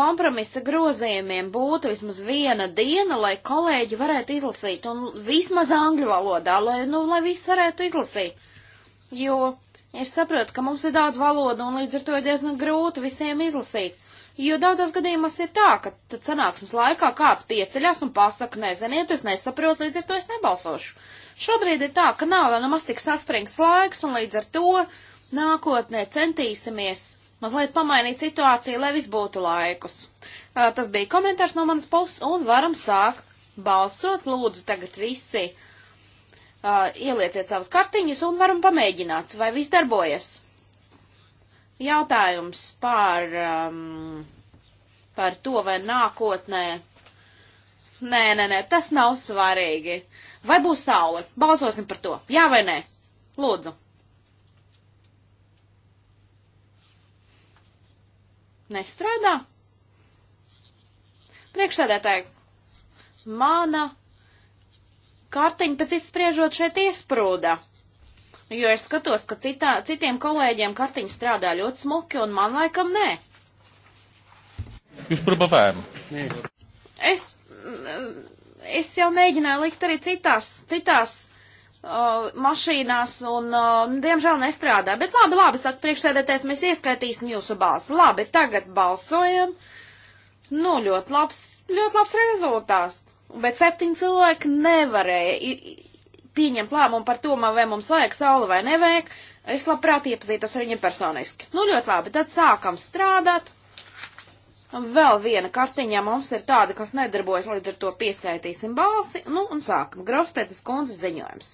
kompromisa grozījumiem būtu vismaz viena diena, lai kolēģi varētu izlasīt, un vismaz angļu valodā, lai, nu, lai viss varētu izlasīt. Jo Es saprotu, ka mums ir daudz valodu un līdz ar to ir diezgan grūti visiem izlasīt. Jo daudzos gadījumos ir tā, ka tad sanāksmes laikā kāds pieceļas un pasaka, neziniet, es nesaprotu, līdz ar to es nebalsošu. Šobrīd ir tā, ka nav vēl nemaz tik saspringts laiks un līdz ar to nākotnē centīsimies mazliet pamainīt situāciju, lai viss būtu laikus. Tas bija komentārs no manas puses un varam sākt balsot. Lūdzu, tagad visi uh, Uh, ielieciet savus kartiņus un varam pamēģināt, vai viss darbojas. Jautājums par, um, par to, vai nākotnē. Nē, nē, nē, tas nav svarīgi. Vai būs saule? Balsosim par to. Jā vai nē? Lūdzu. Nestrādā? Priekšsēdētāji, mana kartiņa pēc izspriežot šeit iesprūda. Jo es skatos, ka citā, citiem kolēģiem kartiņa strādā ļoti smuki, un man laikam nē. Jūs probavējam? Es, es jau mēģināju likt arī citās, citās uh, mašīnās, un, uh, diemžēl, nestrādā. Bet labi, labi, saka priekšsēdētājs, mēs ieskaitīsim jūsu balsi. Labi, tagad balsojam. Nu, ļoti labs, ļoti labs rezultāts. Bet septiņi cilvēki nevarēja pieņemt lēmumu par to, vai mums vajag sauli vai nevajag. Es labprāt iepazītos ar viņiem personiski. Nu, ļoti labi, tad sākam strādāt. Un vēl viena kartiņā mums ir tāda, kas nedarbojas, līdz ar to pieskaitīsim balsi. Nu, un sākam. Graustētas kundzes ziņojums.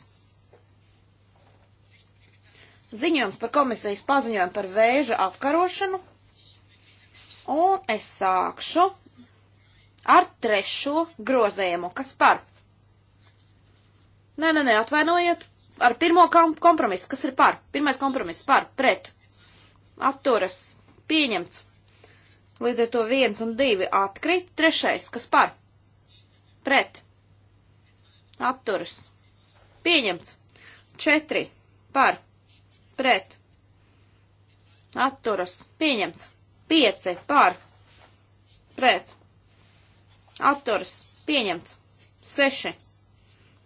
Ziņojums par komisijas paziņojumu par vēža apkarošanu. Un es sākšu ar trešo grozējumu. Kas par? Nē, nē, nē, atvainojiet. Ar pirmo kompromisu. Kas ir par? Pirmais kompromiss par, pret. Atturas. Pieņemts. Līdz ar to viens un divi atkrīt. Trešais. Kas par? Pret. Atturas. Pieņemts. Četri. Par. Pret. Atturas. Pieņemts. Pieci. Par. Pret Atturs. Pieņemts. 6.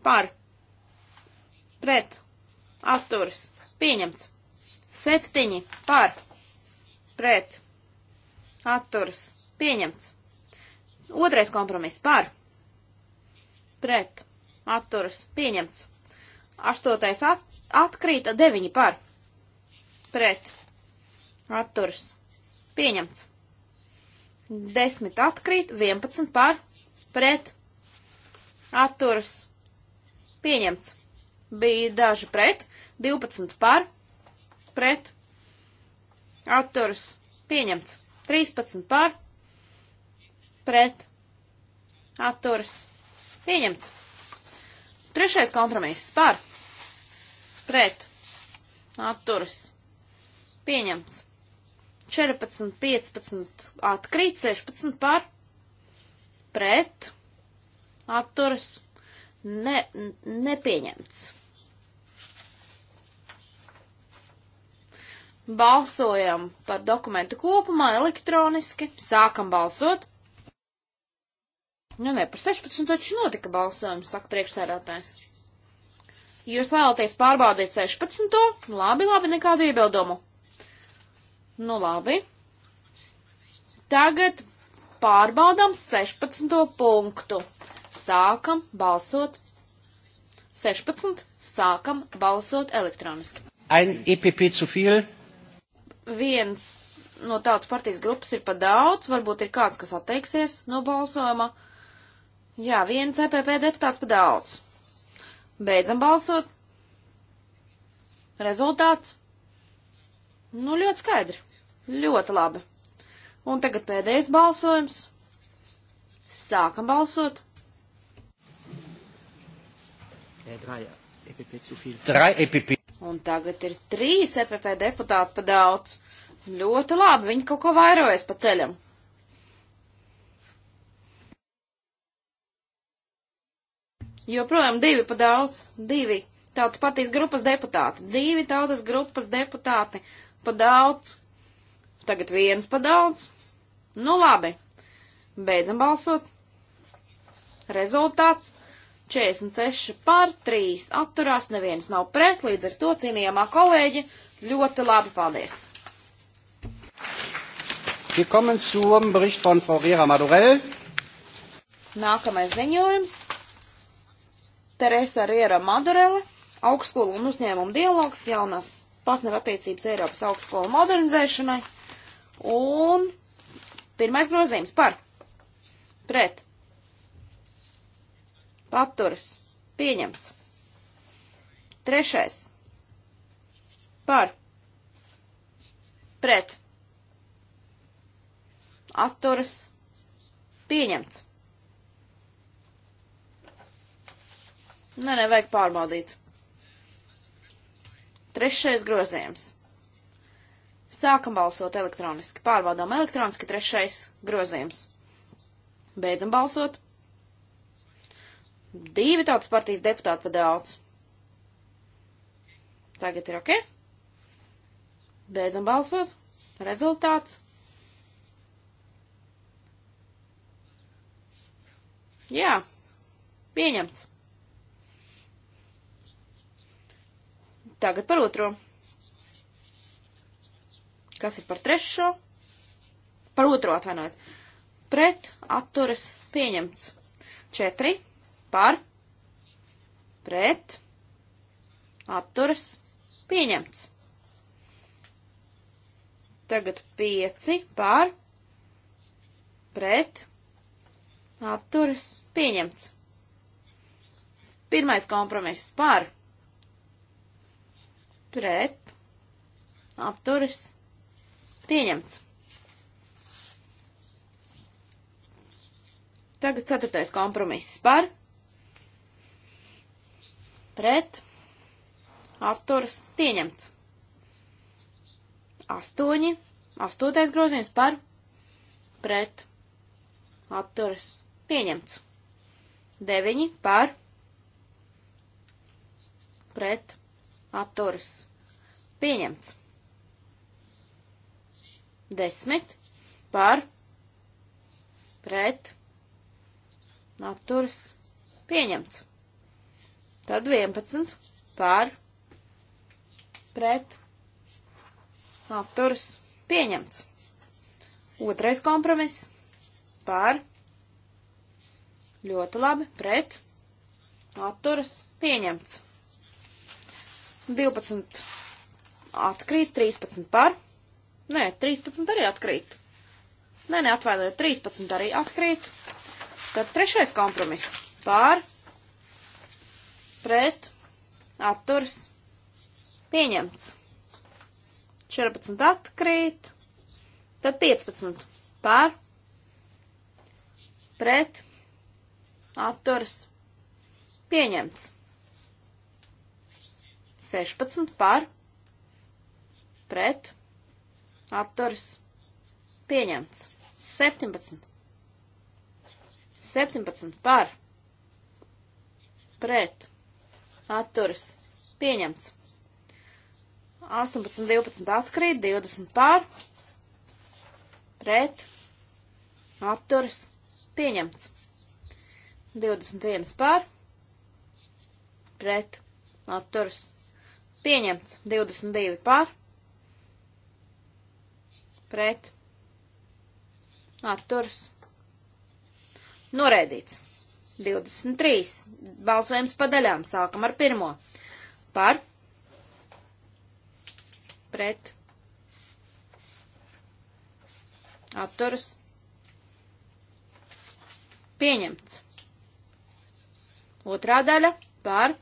Par. Pret. Atturs. Pieņemts. 7. Par. Pret. Atturs. Pieņemts. Otrais kompromiss. Par. Pret. Atturs. Pieņemts. Astotais at atkrīta. Deviņi par. Pret. Atturs. Pieņemts. 10 atkrīt, 11 par, pret, atturas, pieņemts. Bija daži pret, 12 par, pret, atturas, pieņemts. 13 par, pret, atturas, pieņemts. Trešais kompromiss par, pret, atturas, pieņemts. 14, 15 atkrīt, 16 par pret atturas ne, nepieņemts. Balsojam par dokumentu kopumā elektroniski, sākam balsot. Nu, ne, par 16 taču notika balsojums, saka priekšsēdētājs. Jūs vēlaties pārbaudīt 16? Labi, labi, nekādu iebildumu. Nu labi. Tagad pārbaudām 16. punktu. Sākam balsot. 16. Sākam balsot elektroniski. Ein EPP zu viel. Viens no tautas partijas grupas ir pa daudz, varbūt ir kāds, kas atteiksies no balsojuma. Jā, viens EPP deputāts pa daudz. Beidzam balsot. Rezultāts? Nu, ļoti skaidri. Ļoti labi. Un tagad pēdējais balsojums. Sākam balsot. E Un tagad ir trīs EPP deputāti pa daudz. Ļoti labi, viņi kaut ko vairojas pa ceļam. Joprojām divi pa daudz, divi tautas partijas grupas deputāti, divi tautas grupas deputāti pa daudz Tagad viens pa daudz. Nu labi. Beidzam balsot. Rezultāts 46 pār 3 atturās, neviens nav pret, līdz ar to cienījamā kolēģi ļoti labi paldies. Wir kommen zum Bericht von Frau Vera Madurell. Nākamais ziņojums. Teresa Riera Madurele, augstskolu un uzņēmumu dialogs, jaunas partnerattiecības Eiropas augstskolu modernizēšanai. Un pirmais grozījums par pret atturas pieņemts. Trešais par pret atturas pieņemts. Nē, ne, nevajag pārbaudīt. Trešais grozījums. Sākam balsot elektroniski. Pārbaudām elektroniski trešais grozījums. Beidzam balsot. Divi tautas partijas deputāti pa daudz. Tagad ir ok. Beidzam balsot. Rezultāts. Jā, pieņemts. Tagad par otro. Kas ir par trešo? Par otro atvainojiet. Pret atturas pieņemts. Četri par pret atturas pieņemts. Tagad pieci par pret atturas pieņemts. Pirmais kompromiss par pret atturas pieņemts Pieņemts. Tagad ceturtais kompromiss par, pret, atturas, pieņemts. Astoņi, astotais grozījums par, pret, atturas, pieņemts. Deviņi par, pret, atturas, pieņemts. Desmit par pret atturas pieņemts. Tad 11 par pret atturas pieņemts. Otrais kompromiss par ļoti labi pret atturas pieņemts. 12 atkrīt, 13 par pret Nē, 13 arī atkrīt. Nē, nē, atvainojiet, 13 arī atkrīt. Tad trešais kompromiss pār, pret, atturs, pieņemts. 14 atkrīt, tad 15 pār, pret, atturs, pieņemts. 16 pār, pret, Atturs. Pieņemts. 17. 17 par. Pret. Atturs. Pieņemts. 18, 12 atkrīt, 20 par. Pret. Atturs. Pieņemts. 21 par. Pret. Atturs. Pieņemts. 22 par pret atturs noraidīts. 23. Balsojums pa daļām. Sākam ar pirmo. Par pret atturs pieņemts. Otrā daļa par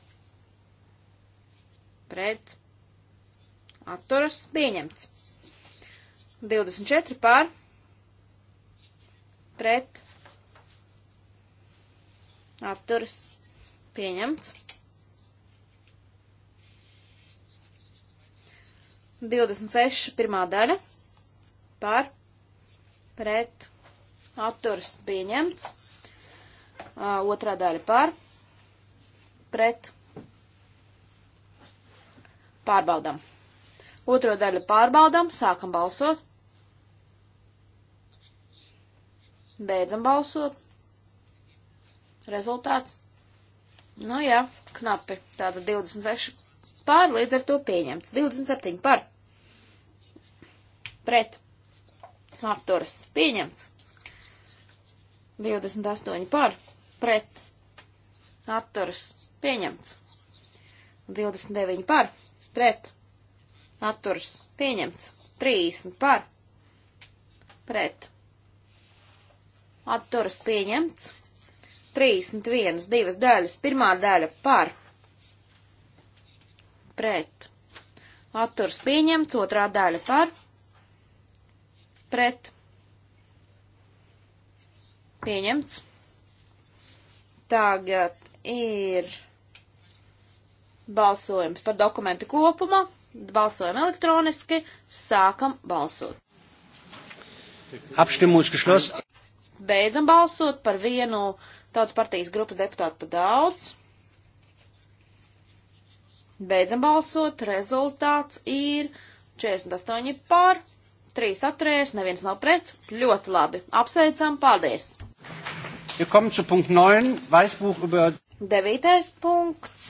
pret atturas pieņemts. 24 pār pret apturas pieņemts. 26 pirmā daļa par pret apturas pieņemts. Uh, otrā daļa par pret pārbaudam. Otro daļu pārbaudam, sākam balsot. Beidzam balsot. Rezultāts. Nu jā, knapi. Tāda 26 pār, līdz ar to pieņemts. 27 par. Pret. Atturas. Pieņemts. 28 par. Pret. Atturas. Pieņemts. 29 par. Pret. Atturas. Pieņemts. 30 par. Pret atturas pieņemts. 31, divas daļas. Pirmā daļa par, pret, atturas pieņemts. Otrā daļa par, pret, pieņemts. Tagad ir balsojums par dokumentu kopumā. Balsojam elektroniski, sākam balsot. Abstimmung ist geschlossen. Beidzam balsot par vienu tautas partijas grupas deputātu pa daudz. Beidzam balsot, rezultāts ir 48 pār, 3 atturējies, neviens nav pret. Ļoti labi. Apsveicam, paldies! Wir kommen zu Punkt 9, Weißbuch über. Devītais punkts.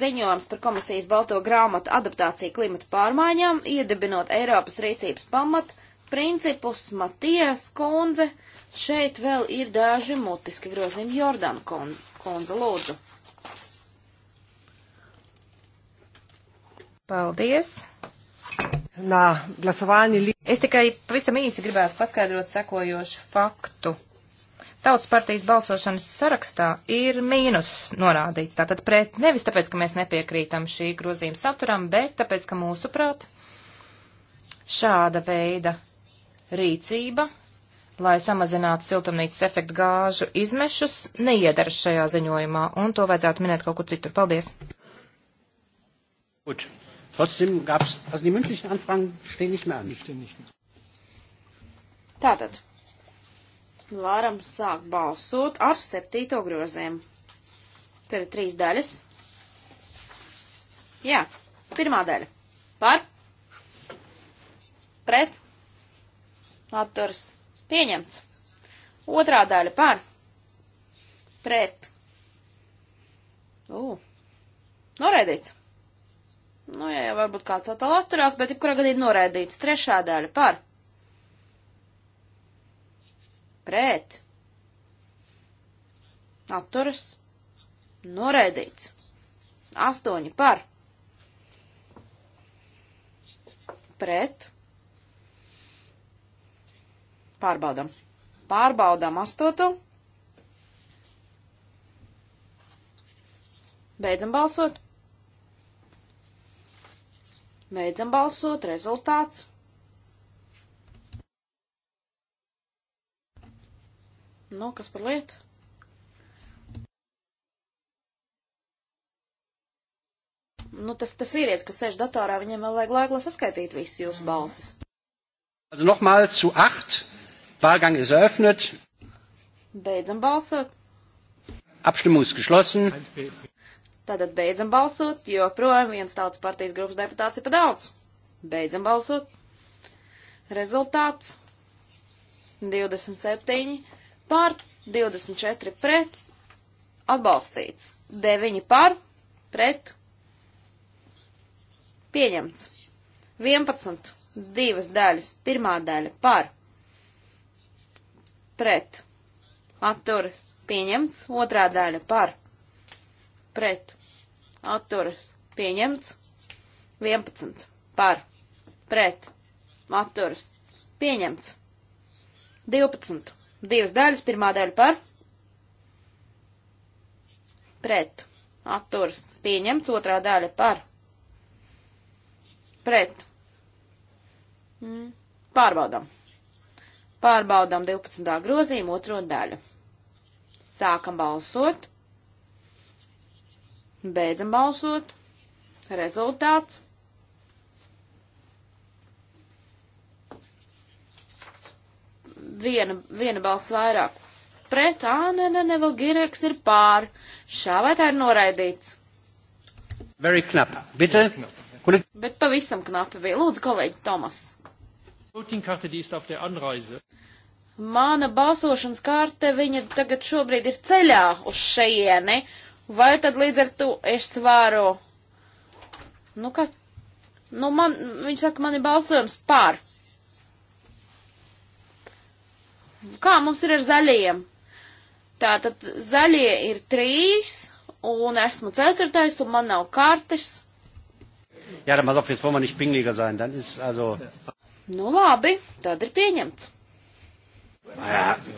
Ziņojums par komisijas balto grāmatu adaptāciju klimata pārmaiņām, iedibinot Eiropas rīcības pamatu principus Matijas kundze. Šeit vēl ir daži mutiski grozījumi Jordana kundze, lūdzu. Paldies! Nā, glasovāni līdz. Es tikai pavisam īsi gribētu paskaidrot sekojošu faktu. Tautas partijas balsošanas sarakstā ir mīnus norādīts, tātad pret nevis tāpēc, ka mēs nepiekrītam šī grozījuma saturam, bet tāpēc, ka mūsuprāt šāda veida rīcība, lai samazinātu siltumnīcas efektu gāžu izmešus, neiedara šajā ziņojumā, un to vajadzētu minēt kaut kur citur. Paldies! Gut. Trotzdem gab es, also die mündlichen Anfragen stehen nicht mehr an. Stehen nicht mehr. Tātad, varam sākt balsot ar septīto grozījumu. Tur ir trīs daļas. Jā, pirmā daļa. Par? Pret? Atturs pieņemts. Otrā daļa par. Pret. Ū. Noraidīts. Nu, jā, jā, varbūt kāds atkal atturās, bet jebkurā gadījumā noraidīts. Trešā daļa par. Pret. Atturas. Noraidīts. Astoņi par. Pret. Pārbaudam. Pārbaudam astoto. Beidzam balsot. Beidzam balsot. Rezultāts. Nu, kas par lietu? Nu, tas, tas vīrietis, kas sēž datorā, viņam vēl vajag laiku, lai saskaitītu visas jūsu balsis. Also nochmal zu 8. Wahlgang ist eröffnet. Beidzam balsot. Abstimmung ist geschlossen. Tātad beidzam balsot, jo projām viens tautas partijas grupas deputāts ir pa daudz. Beidzam balsot. Rezultāts 27 pār, 24 pret, atbalstīts. 9 pār, pret, pieņemts. 11, divas daļas, pirmā daļa par, pret, atturas, pieņemts. Otrā daļa par, pret, atturas, pieņemts. 11 par, pret, atturas, pieņemts. 12. Divas daļas, pirmā daļa par, pret, atturas, pieņemts. Otrā daļa par, pret. Mm. Pārbaudām. Pārbaudām 12. grozījumu otro daļu. Sākam balsot. Beidzam balsot. Rezultāts. Viena, viena balss vairāk pret, ā, nē, nē, nē, vēl Gireks ir pār. Šā vai tā ir noraidīts? Very knap, bitte. Bet pavisam knapi bija. Lūdzu, kolēģi Tomas. Votingkarte, die ist auf der Anreise. Mana balsošanas karte, viņa tagad šobrīd ir ceļā uz šeieni. Vai tad līdz ar to es varu? Nu, kā? Nu, man, viņš saka, man ir balsojums pār. Kā mums ir ar zaļajiem? Tātad zaļie ir trīs, un esmu ceturtais, un man nav kartes. Ja, dann pass auf, jetzt wollen wir nicht pingliger sein. Dann ist also. Nu labi, tad ir pieņemts. Macht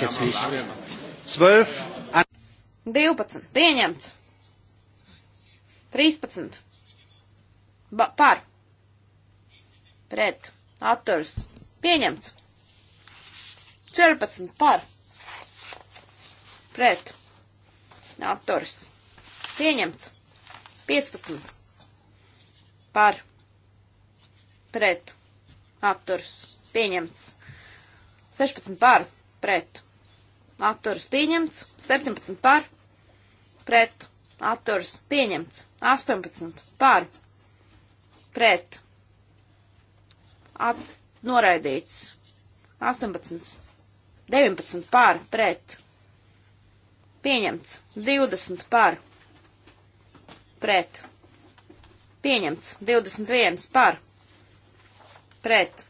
jetzt nicht. 12. 12. Pieņemts. 13. Ba par. Pret. Atturs. Pieņemts. 14. Par. Pret. Atturs. Pieņemts. 15. Par pret, atturs, pieņemts. 16 par, pret, atturs, pieņemts. 17 par, pret, atturs, pieņemts. 18 par, pret, at, noraidīts. 18, 19 par, pret, pieņemts. 20 par, pret, pieņemts. 21 par, pret.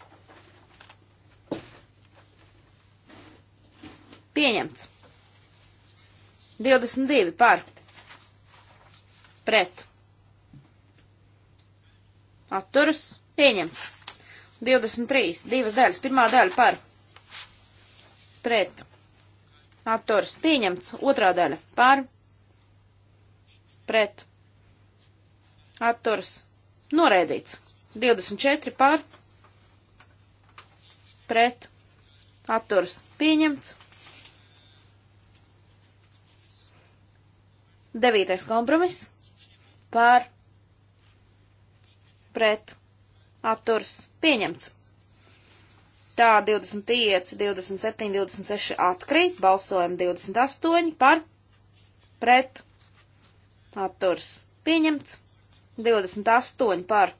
Pieņemts. 22 par. Pret. Atturas. Pieņemts. 23. Divas daļas. Pirmā daļa par. Pret. Atturas. Pieņemts. Otrā daļa par. Pret. Atturas. Noraidīts. 24 par. Pret pret atturs pieņemts. Devītais kompromiss par pret atturs pieņemts. Tā 25, 27, 26 atkrīt, balsojam 28 par pret atturs pieņemts, 28 par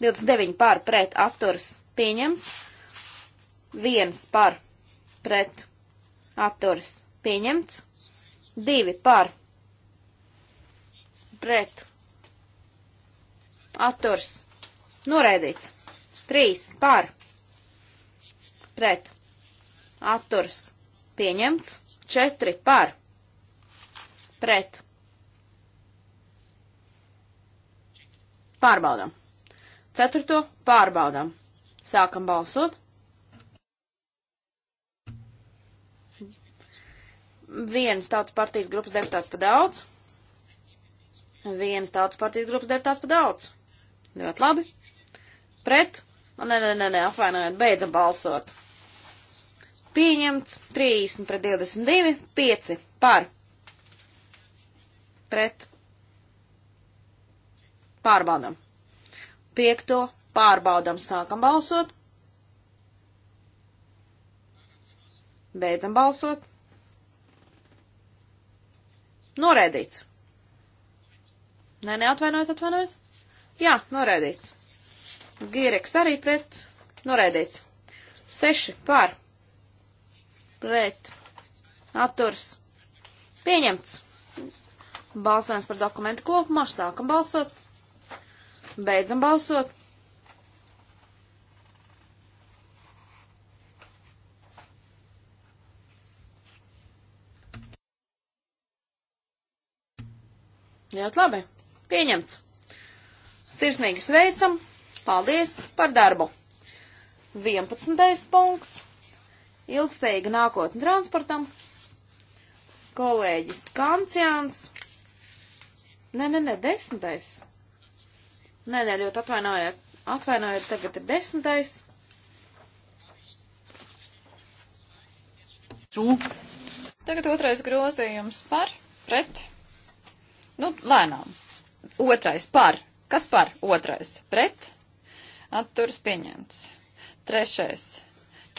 29 par pret atturs pieņemts viens par pret atturas pieņemts, divi par pret atturas noraidīts, trīs par pret atturas pieņemts, četri par pret pārbaudam. Ceturto pārbaudam. Sākam balsot. viens tautas partijas grupas deputāts pa daudz. Viens tautas partijas grupas deputāts pa daudz. Ļoti labi. Pret. Nu, nē, nē, nē, nē atvainojiet, beidzam balsot. Pieņemts 30 pret 22, 5 par. Pret. Pārbaudam. Piekto pārbaudam, sākam balsot. Beidzam balsot. Noraidīts. Nē, neatvainojiet, atvainojiet. Jā, noraidīts. Gīreks arī pret. Noraidīts. Seši pār. Pret. Atturs. Pieņemts. Balsojums par dokumentu kopumā. Sākam balsot. Beidzam balsot. Ļoti labi. Pieņemts. Sirsnīgi sveicam. Paldies par darbu. 11. punkts. Ilgspējīga nākotne transportam. Kolēģis Kanciāns. Nē, nē, nē, desmitais. Nē, nē, ļoti atvainojiet. Atvainojiet, tagad ir desmitais. Tagad otrais grozījums par pret Nu, lēnām. Otrais par. Kas par? Otrais. Pret. Atturs pieņemts. Trešais.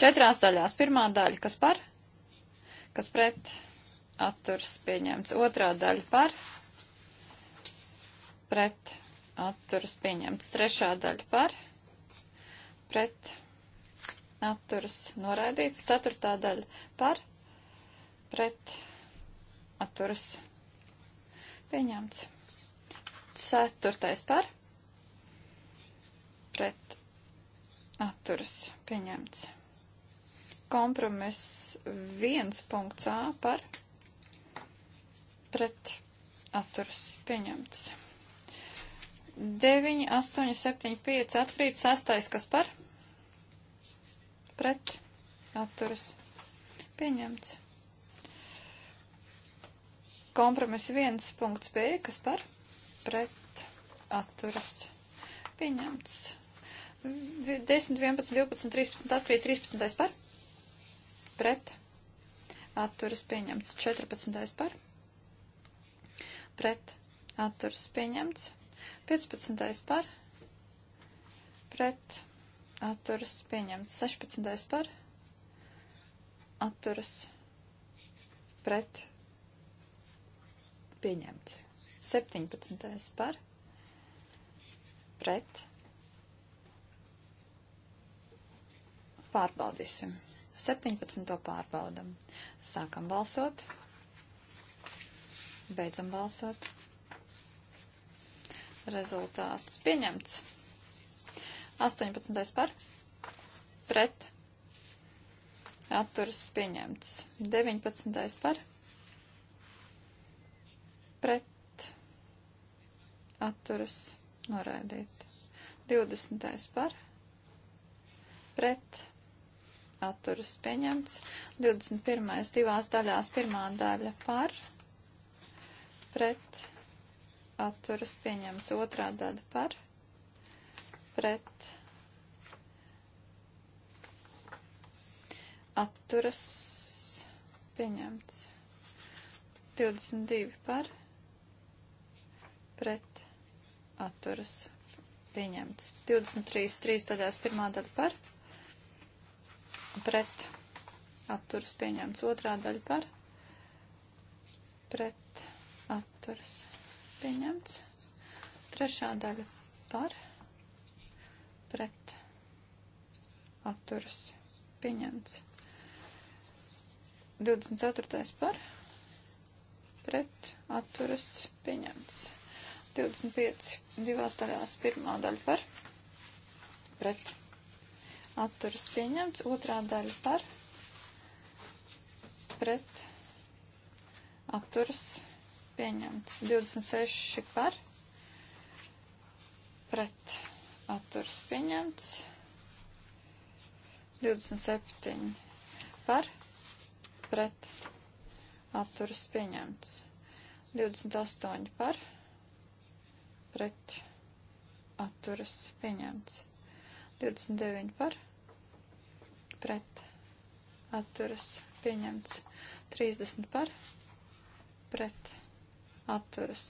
Četrās daļās. Pirmā daļa. Kas par? Kas pret? Atturs pieņemts. Otrā daļa par. Pret. Atturs pieņemts. Trešā daļa par. Pret. Atturs noraidīts. Ceturtā daļa par. Pret. Atturs pieņemts Pieņemts. Ceturtais par. Pret. Atturas. Pieņemts. Kompromiss viens punkts A par. Pret. Atturas. Pieņemts. 9, 8, 7, 5 atkrīt, sastais kas par? Pret, atturas, pieņemts. Kompromiss viens punkts B, kas par pret atturas pieņemts. 10, 11, 12, 13, atkrīt 13 par pret atturas pieņemts. 14 par pret atturas pieņemts. 15 par pret atturas pieņemts. 16 par atturas pret pieņemts. 17. par pret pārbaudīsim. 17. pārbaudam. Sākam balsot. Beidzam balsot. Rezultāts pieņemts. 18. par pret atturas pieņemts. 19. par pret pret atturas noraidīt. 20. par pret atturas pieņemts. 21. divās daļās pirmā daļa par pret atturas pieņemts. Otrā daļa par pret atturas pieņemts. 22 par pret atturas pieņemts. 23, 3 daļās pirmā daļa par, pret atturas pieņemts. Otrā daļa par, pret atturas pieņemts. Trešā daļa par, pret atturas pieņemts. 24. par, pret atturas pieņemts. 25 divās daļās pirmā daļa par pret atturas pieņemts, otrā daļa par pret atturas pieņemts, 26 par pret atturas pieņemts, 27 par pret atturas pieņemts, 28 par pret pret atturas pieņemts. 29 par pret atturas pieņemts. 30 par pret atturas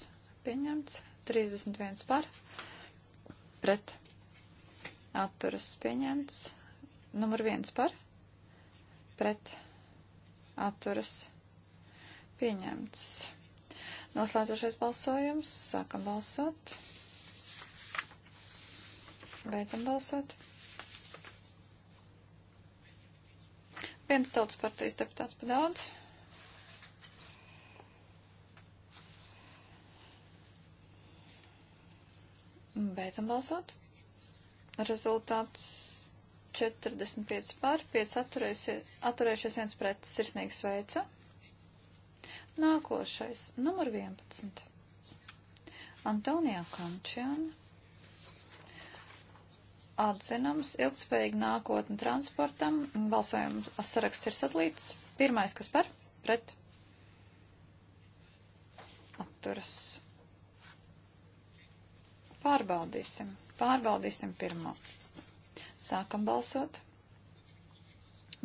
pieņemts. 31 par pret atturas pieņemts. Numur 1 par pret atturas pieņemts. Noslēdzošais balsojums. Sākam balsot. Beidzam balsot. Viens tautas partijas deputāts pa daudz. Beidzam balsot. Rezultāts 45 pār, 5 atturējušies, atturējušies viens pret sirsnīgi sveica. Nākošais, numur 11. Antonijā Kančiana atzinams, ilgspējīgi nākotni transportam. Balsojuma saraksts ir sadalīts. Pirmais, kas par, pret, atturas. Pārbaudīsim. Pārbaudīsim pirmo. Sākam balsot.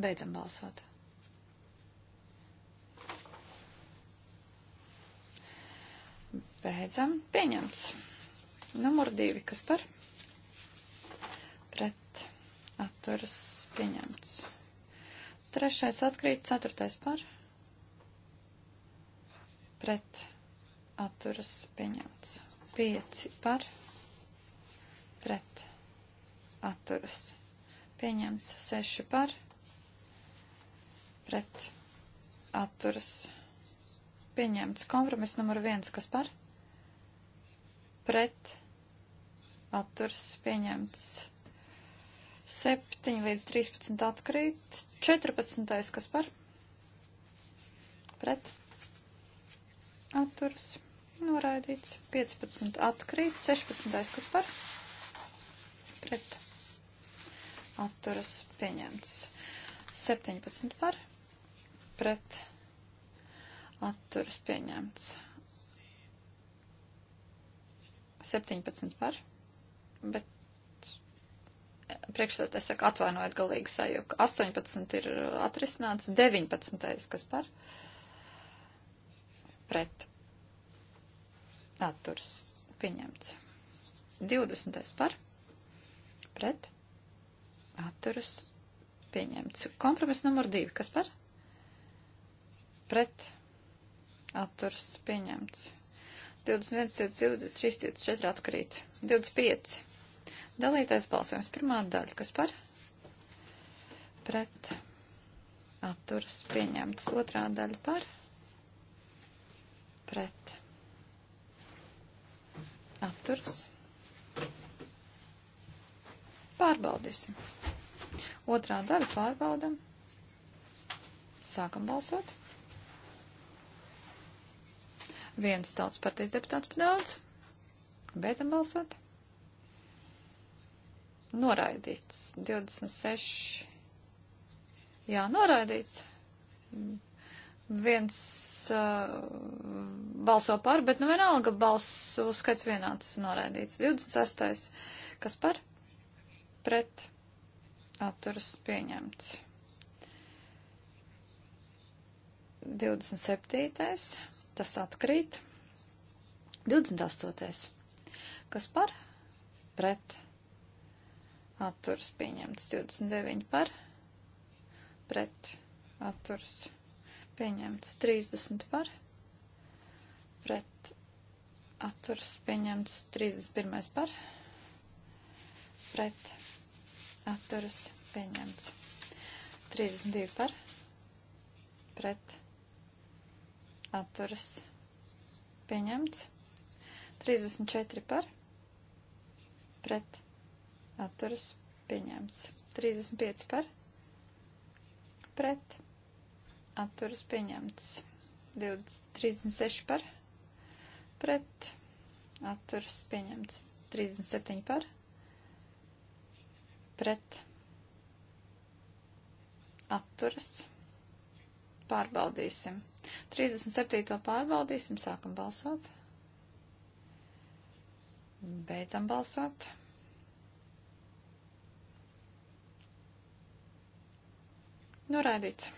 Beidzam balsot. Beidzam. Pieņemts. Numur divi. Kas par? Pret. Atturas. Pieņemts. Trešais atkrīt. Ceturtais par. Pret. Atturas. Pieņemts. Pieci par. Pret. Atturas. Pieņemts. Seši par. Pret. Atturas. Pieņemts. Kompromiss numur viens. Kas par? Pret pret atturs pieņemts. 7 līdz 13 atkrīt. 14. kas par? Pret. Atturs. Noraidīts. 15 atkrīt. 16. kas par? Pret. Atturs pieņemts. 17 par. Pret. Atturs pieņemts. 17 par, bet eh, priekšsēdētājs saka, atvainojiet, galīgi sajūka. 18 ir eh, atrisināts, 19. kas par pret atturs pieņemts. 20. par pret atturs pieņemts. Kompromiss numur 2, kas par pret atturs pieņemts. 21, 22, 23, 24 atkrīt. 25. Dalītais balsojums. Pirmā daļa. Kas par? Pret. Atturas pieņemts. Otrā daļa par. Pret. Atturas. Pārbaudīsim. Otrā daļa pārbaudam. Sākam balsot. Viens tautas partijas deputāts par daudz. Beidzam balsot. Noraidīts. 26. Jā, noraidīts. Viens uh, balso par, bet nu vienalga balsu skaits vienāds noraidīts. 26. Kas par? Pret. Atturas pieņemts. 27. Tas atkrīt. 28. Kas par? Pret. Atturs pieņemts. 29 par. Pret. Atturs pieņemts. 30 par. Pret. Atturs pieņemts. 31 par. Pret. Atturs pieņemts. 32 par. Pret atturas pieņemts. 34 par pret atturas pieņemts. 35 par pret atturas pieņemts. 20, 36 par pret atturas pieņemts. 37 par pret atturas pieņemts Pārbaudīsim. 37. pārbaudīsim, sākam balsot. Beidzam balsot. Noraidīts.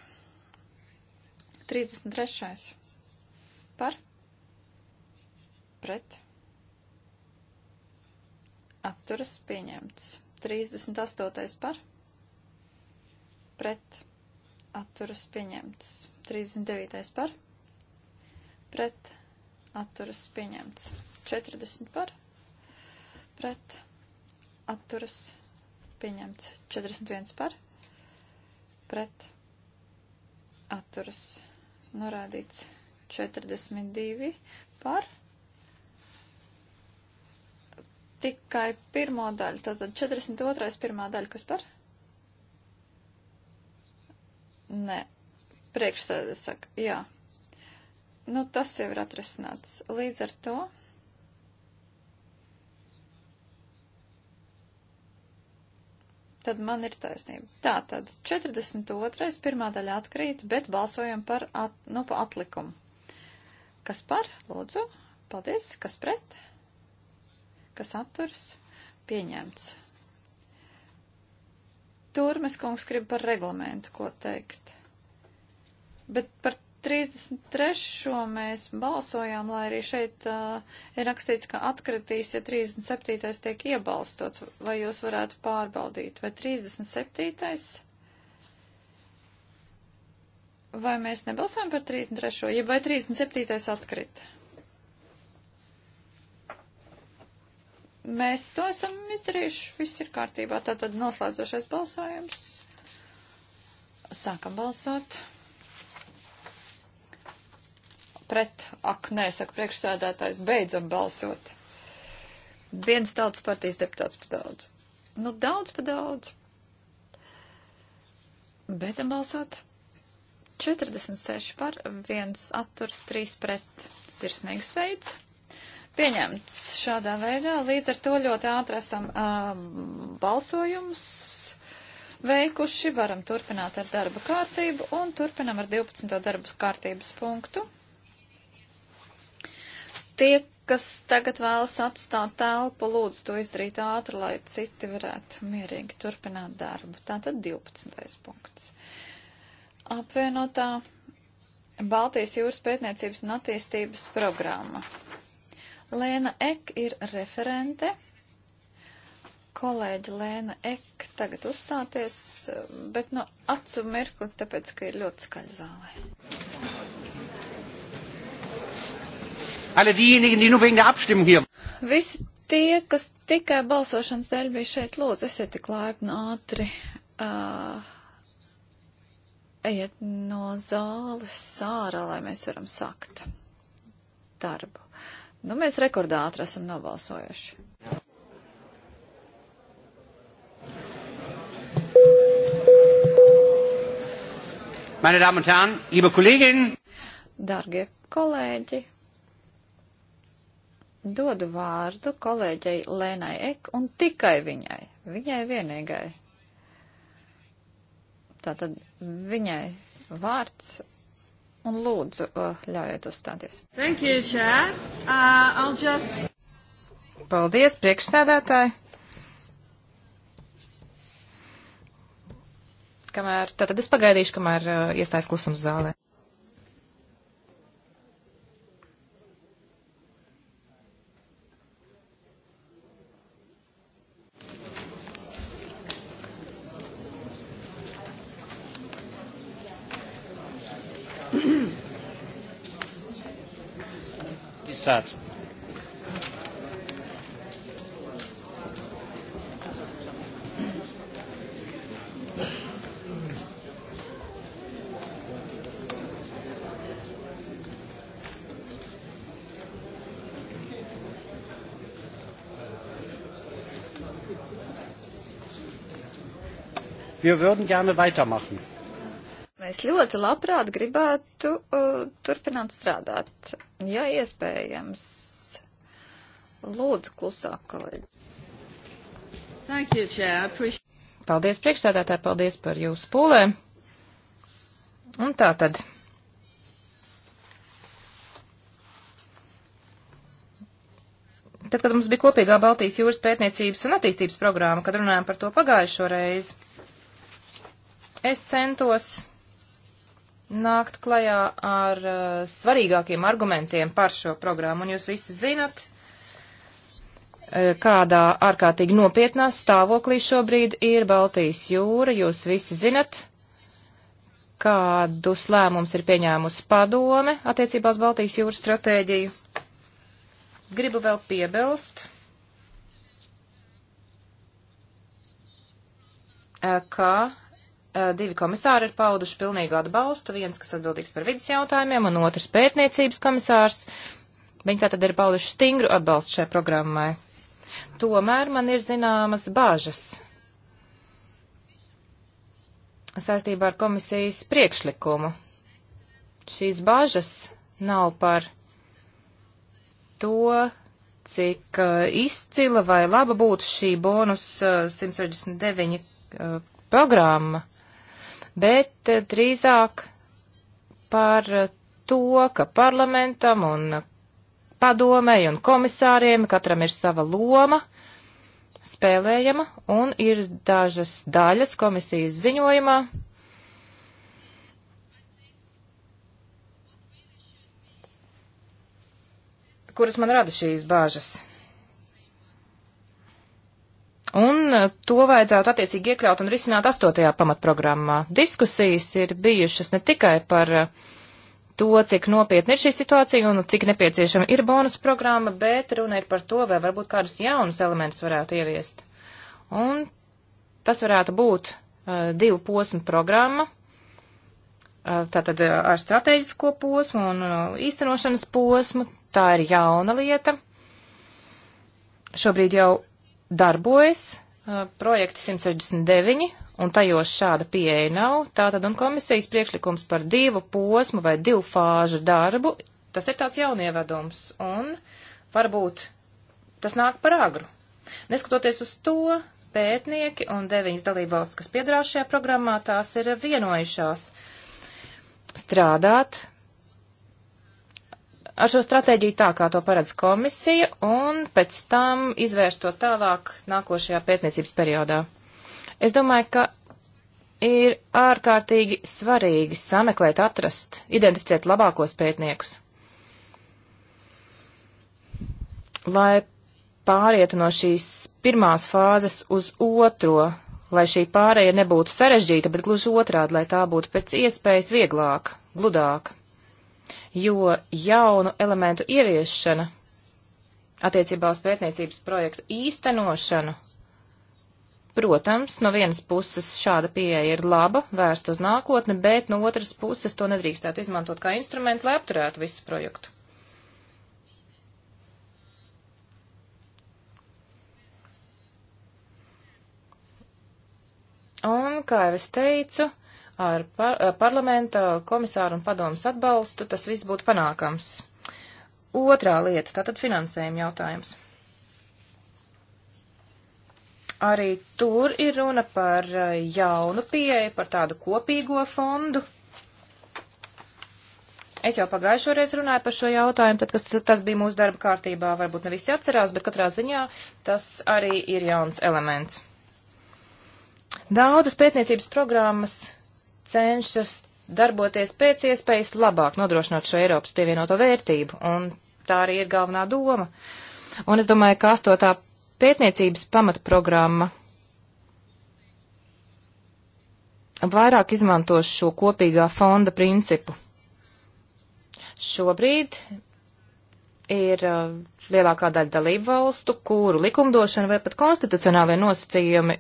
33. Par. Pret. Atturas pieņemts. 38. par. Pret atturas pieņemts. 39. par, pret, atturas pieņemts. 40 par, pret, atturas pieņemts. 41 par, pret, atturas norādīts. 42 par, tikai pirmo daļu, tātad 42. pirmā daļa, kas par? Nē, priekšsēdē saka, jā. Nu, tas jau ir atrasināts. Līdz ar to. Tad man ir taisnība. Tā tad 42. pirmā daļa atkrīt, bet balsojam par, at, nu, pa atlikumu. Kas par? Lūdzu. Paldies. Kas pret? Kas atturs? Pieņemts. Turmes kungs grib par reglamentu ko teikt. Bet par 33. mēs balsojām, lai arī šeit uh, ir rakstīts, ka atkritīs, ja 37. tiek iebalstots. Vai jūs varētu pārbaudīt? Vai 37. Vai mēs nebalsojam par 33. jeb vai 37. atkrita? Mēs to esam izdarījuši, viss ir kārtībā. Tātad noslēdzošais balsojums. Sākam balsot. Pret, ak, nē, saka priekšsēdētājs, beidzam balsot. Viens tautas partijas deputāts pa daudz. Nu, daudz pa daudz. Beidzam balsot. 46 par, viens atturs, trīs pret. Sirsnīgs veids pieņemts šādā veidā. Līdz ar to ļoti ātri esam uh, balsojumus veikuši, varam turpināt ar darba kārtību un turpinam ar 12. darba kārtības punktu. Tie, kas tagad vēlas atstāt telpu, lūdzu to izdarīt ātri, lai citi varētu mierīgi turpināt darbu. Tātad 12. punkts. Apvienotā Baltijas jūras pētniecības un attīstības programma. Lēna Ek ir referente. Kolēģi Lēna Ek tagad uzstāties, bet no acu mirkli, tāpēc, ka ir ļoti skaļa zālē. Alle diejenigen, die nur wegen der Abstimmung hier. Visi tie, kas tikai balsošanas dēļ bija šeit, lūdzu, esiet tik laipni ātri. Uh, ejiet no zāles sārā, lai mēs varam sākt darbu. Nu, mēs rekordā ātri esam nobalsojuši. Meine Damen und Herren, liebe Kolleginnen, Dargie kolēģi, dodu vārdu kolēģei Lēnai Ek un tikai viņai, viņai vienīgai. Tātad viņai vārds Un lūdzu, uh, ļaujiet uzstāties. Thank you, Chair. Uh, I'll just. Paldies, priekšsēdētāji. Kamēr, tātad es pagaidīšu, kamēr uh, iestājas klusums zālē. start. Wir würden gerne weitermachen. Mēs ļoti labprāt gribētu uh, turpināt strādāt. Ja iespējams, lūdzu klusāk, kolēģi. Thank you, Chair. Appreciate... Paldies priekšsēdētāji, paldies par jūsu pūlēm. Un tā tad. Tad, kad mums bija kopīgā Baltijas jūras pētniecības un attīstības programma, kad runājām par to pagājušo reizi, es centos nākt klajā ar uh, svarīgākiem argumentiem par šo programmu, un jūs visi zinat, uh, kādā ārkārtīgi nopietnā stāvoklī šobrīd ir Baltijas jūra, jūs visi zinat, kādus lēmumus ir pieņēmusi padome attiecībā uz Baltijas jūras stratēģiju. Gribu vēl piebilst, uh, ka Eh, divi komisāri ir pauduši pilnīgu atbalstu, viens, kas atbildīgs par vidas jautājumiem, un otrs pētniecības komisārs. Viņi tātad ir pauduši stingru atbalstu šai programmai. Tomēr man ir zināmas bāžas saistībā ar komisijas priekšlikumu. Šīs bāžas nav par to, cik uh, izcila vai laba būtu šī bonus uh, 169 uh, programma bet eh, drīzāk par eh, to, ka parlamentam un padomei un komisāriem katram ir sava loma spēlējama un ir dažas daļas komisijas ziņojumā, kuras man rada šīs bāžas. Un eh, to vajadzētu attiecīgi iekļaut un risināt astotajā pamatprogrammā. Diskusijas ir bijušas ne tikai par eh, to, cik nopietni ir šī situācija un cik nepieciešama ir bonus programma, bet runa ir par to, vai varbūt kādus jaunus elementus varētu ieviest. Un tas varētu būt uh, divu posmu programma, uh, tātad uh, ar strateģisko posmu un uh, īstenošanas posmu. Tā ir jauna lieta. Šobrīd jau darbojas projekti 169, un tajos šāda pieeja nav. Tātad un komisijas priekšlikums par divu posmu vai divu fāžu darbu, tas ir tāds jaunievedums, un varbūt tas nāk par agru. Neskatoties uz to, pētnieki un deviņas dalībvalsts, kas piedalās šajā programmā, tās ir vienojušās strādāt ar šo stratēģiju tā, kā to paredz komisija, un pēc tam izvērst to tālāk nākošajā pētniecības periodā. Es domāju, ka ir ārkārtīgi svarīgi sameklēt, atrast, identificēt labākos pētniekus, lai pārietu no šīs pirmās fāzes uz otro, lai šī pārēja nebūtu sarežģīta, bet gluži otrādi, lai tā būtu pēc iespējas vieglāka, gludāka jo jaunu elementu ieviešana attiecībā uz pētniecības projektu īstenošanu, protams, no vienas puses šāda pieeja ir laba, vērsta uz nākotni, bet no otras puses to nedrīkstētu izmantot kā instrumentu, lai apturētu visu projektu. Un, kā jau es teicu, ar par, parlamenta komisāru un padomas atbalstu tas viss būtu panākams. Otrā lieta, tātad finansējuma jautājums. Arī tur ir runa par eh, jaunu pieeju, par tādu kopīgo fondu. Es jau pagājušo reizi runāju par šo jautājumu, tad, kas tas bija mūsu darba kārtībā, varbūt ne visi atcerās, bet katrā ziņā tas arī ir jauns elements. Daudzas pētniecības programmas cenšas darboties pēc iespējas labāk, nodrošinot šo Eiropas pievienoto vērtību, un tā arī ir galvenā doma. Un es domāju, ka astotā pētniecības pamatprogramma vairāk izmantos šo kopīgā fonda principu. Šobrīd ir uh, lielākā daļa dalību valstu, kuru likumdošana vai pat konstitucionālajie nosacījumi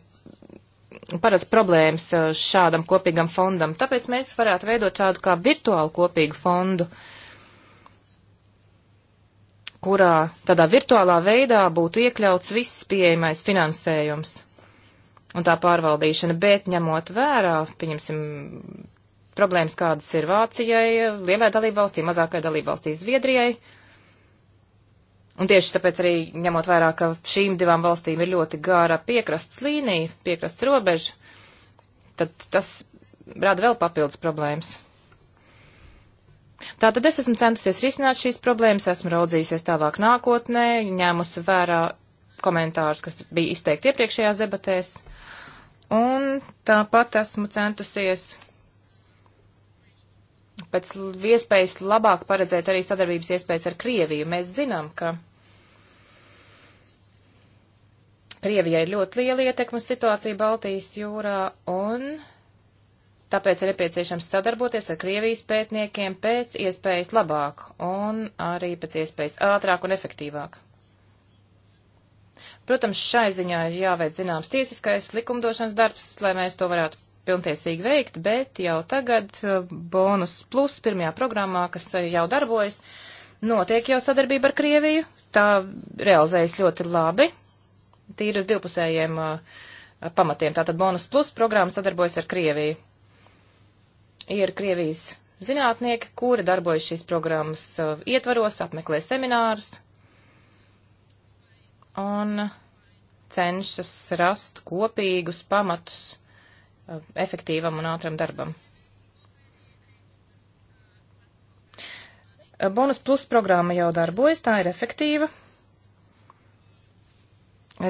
paredz problēmas uh, šādam kopīgam fondam. Tāpēc mēs varētu veidot šādu kā virtuālu kopīgu fondu, kurā tādā virtuālā veidā būtu iekļauts viss pieejamais finansējums un tā pārvaldīšana, bet ņemot vērā, pieņemsim, problēmas, kādas ir Vācijai, lielai dalībvalstī, mazākai dalībvalstī Zviedrijai, uh, Un tieši tāpēc arī ņemot vairāk, ka šīm divām valstīm ir ļoti gara piekrastes līnija, piekrastes robeža, tad tas rada vēl papildus problēmas. Tātad es esmu centusies risināt šīs problēmas, esmu raudzījusies tālāk nākotnē, ņēmusi vērā komentārus, kas bija izteikti iepriekšējās debatēs, un tāpat esmu centusies pēc iespējas labāk paredzēt arī sadarbības iespējas ar Krieviju. Mēs zinām, ka Krievijai ir ļoti liela ietekma situācija Baltijas jūrā un tāpēc ir nepieciešams sadarboties ar Krievijas pētniekiem pēc iespējas labāk un arī pēc iespējas ātrāk un efektīvāk. Protams, šai ziņā ir jāveic zināms tiesiskais likumdošanas darbs, lai mēs to varētu pilntiesīgi veikt, bet jau tagad uh, bonus plus pirmajā programmā, kas jau darbojas, notiek jau sadarbība ar Krieviju, tā realizējas ļoti labi, tīri uz divpusējiem uh, pamatiem. Tātad Bonus Plus programma sadarbojas ar Krieviju. Ir Krievijas zinātnieki, kuri darbojas šīs programmas uh, ietvaros, apmeklē seminārus un cenšas rast kopīgus pamatus uh, efektīvam un ātram darbam. Bonus plus programma jau darbojas, tā ir efektīva,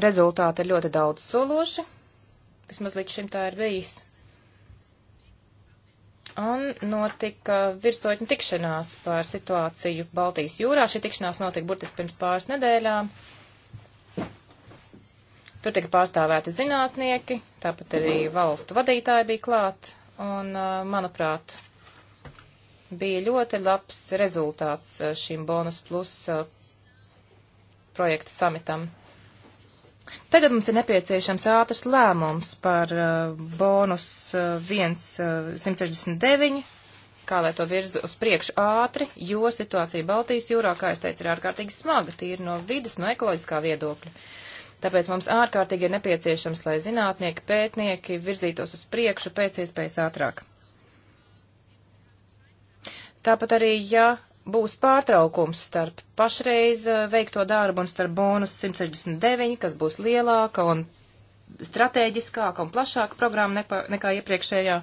Rezultāti ir ļoti daudz sološi, vismaz līdz šim tā ir bijis. Un notika virsotņu tikšanās par situāciju Baltijas jūrā. Šī tikšanās notika burtiski pirms pāris nedēļām. Tur tika pārstāvēti zinātnieki, tāpat arī valstu vadītāji bija klāt, un, uh, manuprāt, bija ļoti labs rezultāts uh, šīm bonus plus uh, projekta samitam. Tagad mums ir nepieciešams ātrs lēmums par uh, bonus uh, 169, uh, kā lai to virza uz priekšu ātri, jo situācija Baltijas jūrā, kā es teicu, ir ārkārtīgi smaga, tīri no vidas, no ekoloģiskā viedokļa. Tāpēc mums ārkārtīgi ir nepieciešams, lai zinātnieki, pētnieki virzītos uz priekšu pēc iespējas ātrāk. Tāpat arī, ja būs pārtraukums starp pašreiz eh, veikto darbu un starp bonus 169, kas būs lielāka un strateģiskāka un plašāka programma nekā iepriekšējā.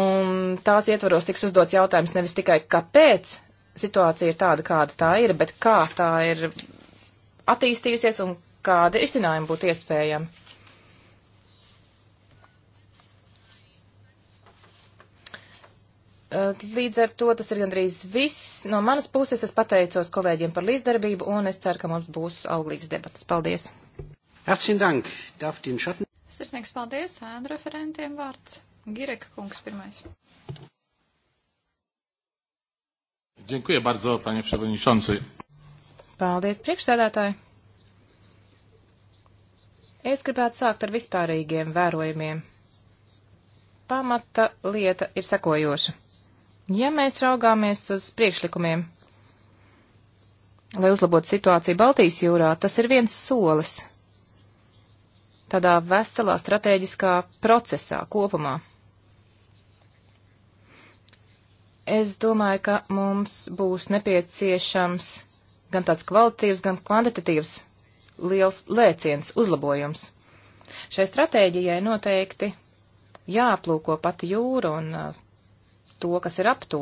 Un tās ietvaros tiks uzdots jautājums nevis tikai kāpēc situācija ir tāda, kāda tā ir, bet kā tā ir attīstījusies un kādi izcinājumi būtu iespējami. Eh, līdz ar to tas ir gandrīz viss. No manas puses es pateicos kolēģiem par līdzdarbību un es ceru, ka mums būs auglīgs debatas. Paldies! Herzlichen Dank! Darf den Schatten? Sirsnīgs paldies! Ēnu referentiem vārds. Gireka kungs pirmais. Dziękuję bardzo, panie przewodniczący. Paldies, priekšsēdētāji! Es gribētu sākt ar vispārīgiem vērojumiem. Pamata lieta ir sekojoša. Ja mēs raugāmies uz priekšlikumiem, lai uzlabotu situāciju Baltijas jūrā, tas ir viens solis tādā veselā strateģiskā procesā kopumā. Es domāju, ka mums būs nepieciešams gan tāds kvalitatīvs, gan kvantitatīvs liels lēciens, uzlabojums. Šai stratēģijai noteikti jāaplūko pati jūra un uh, to, kas ir ap to.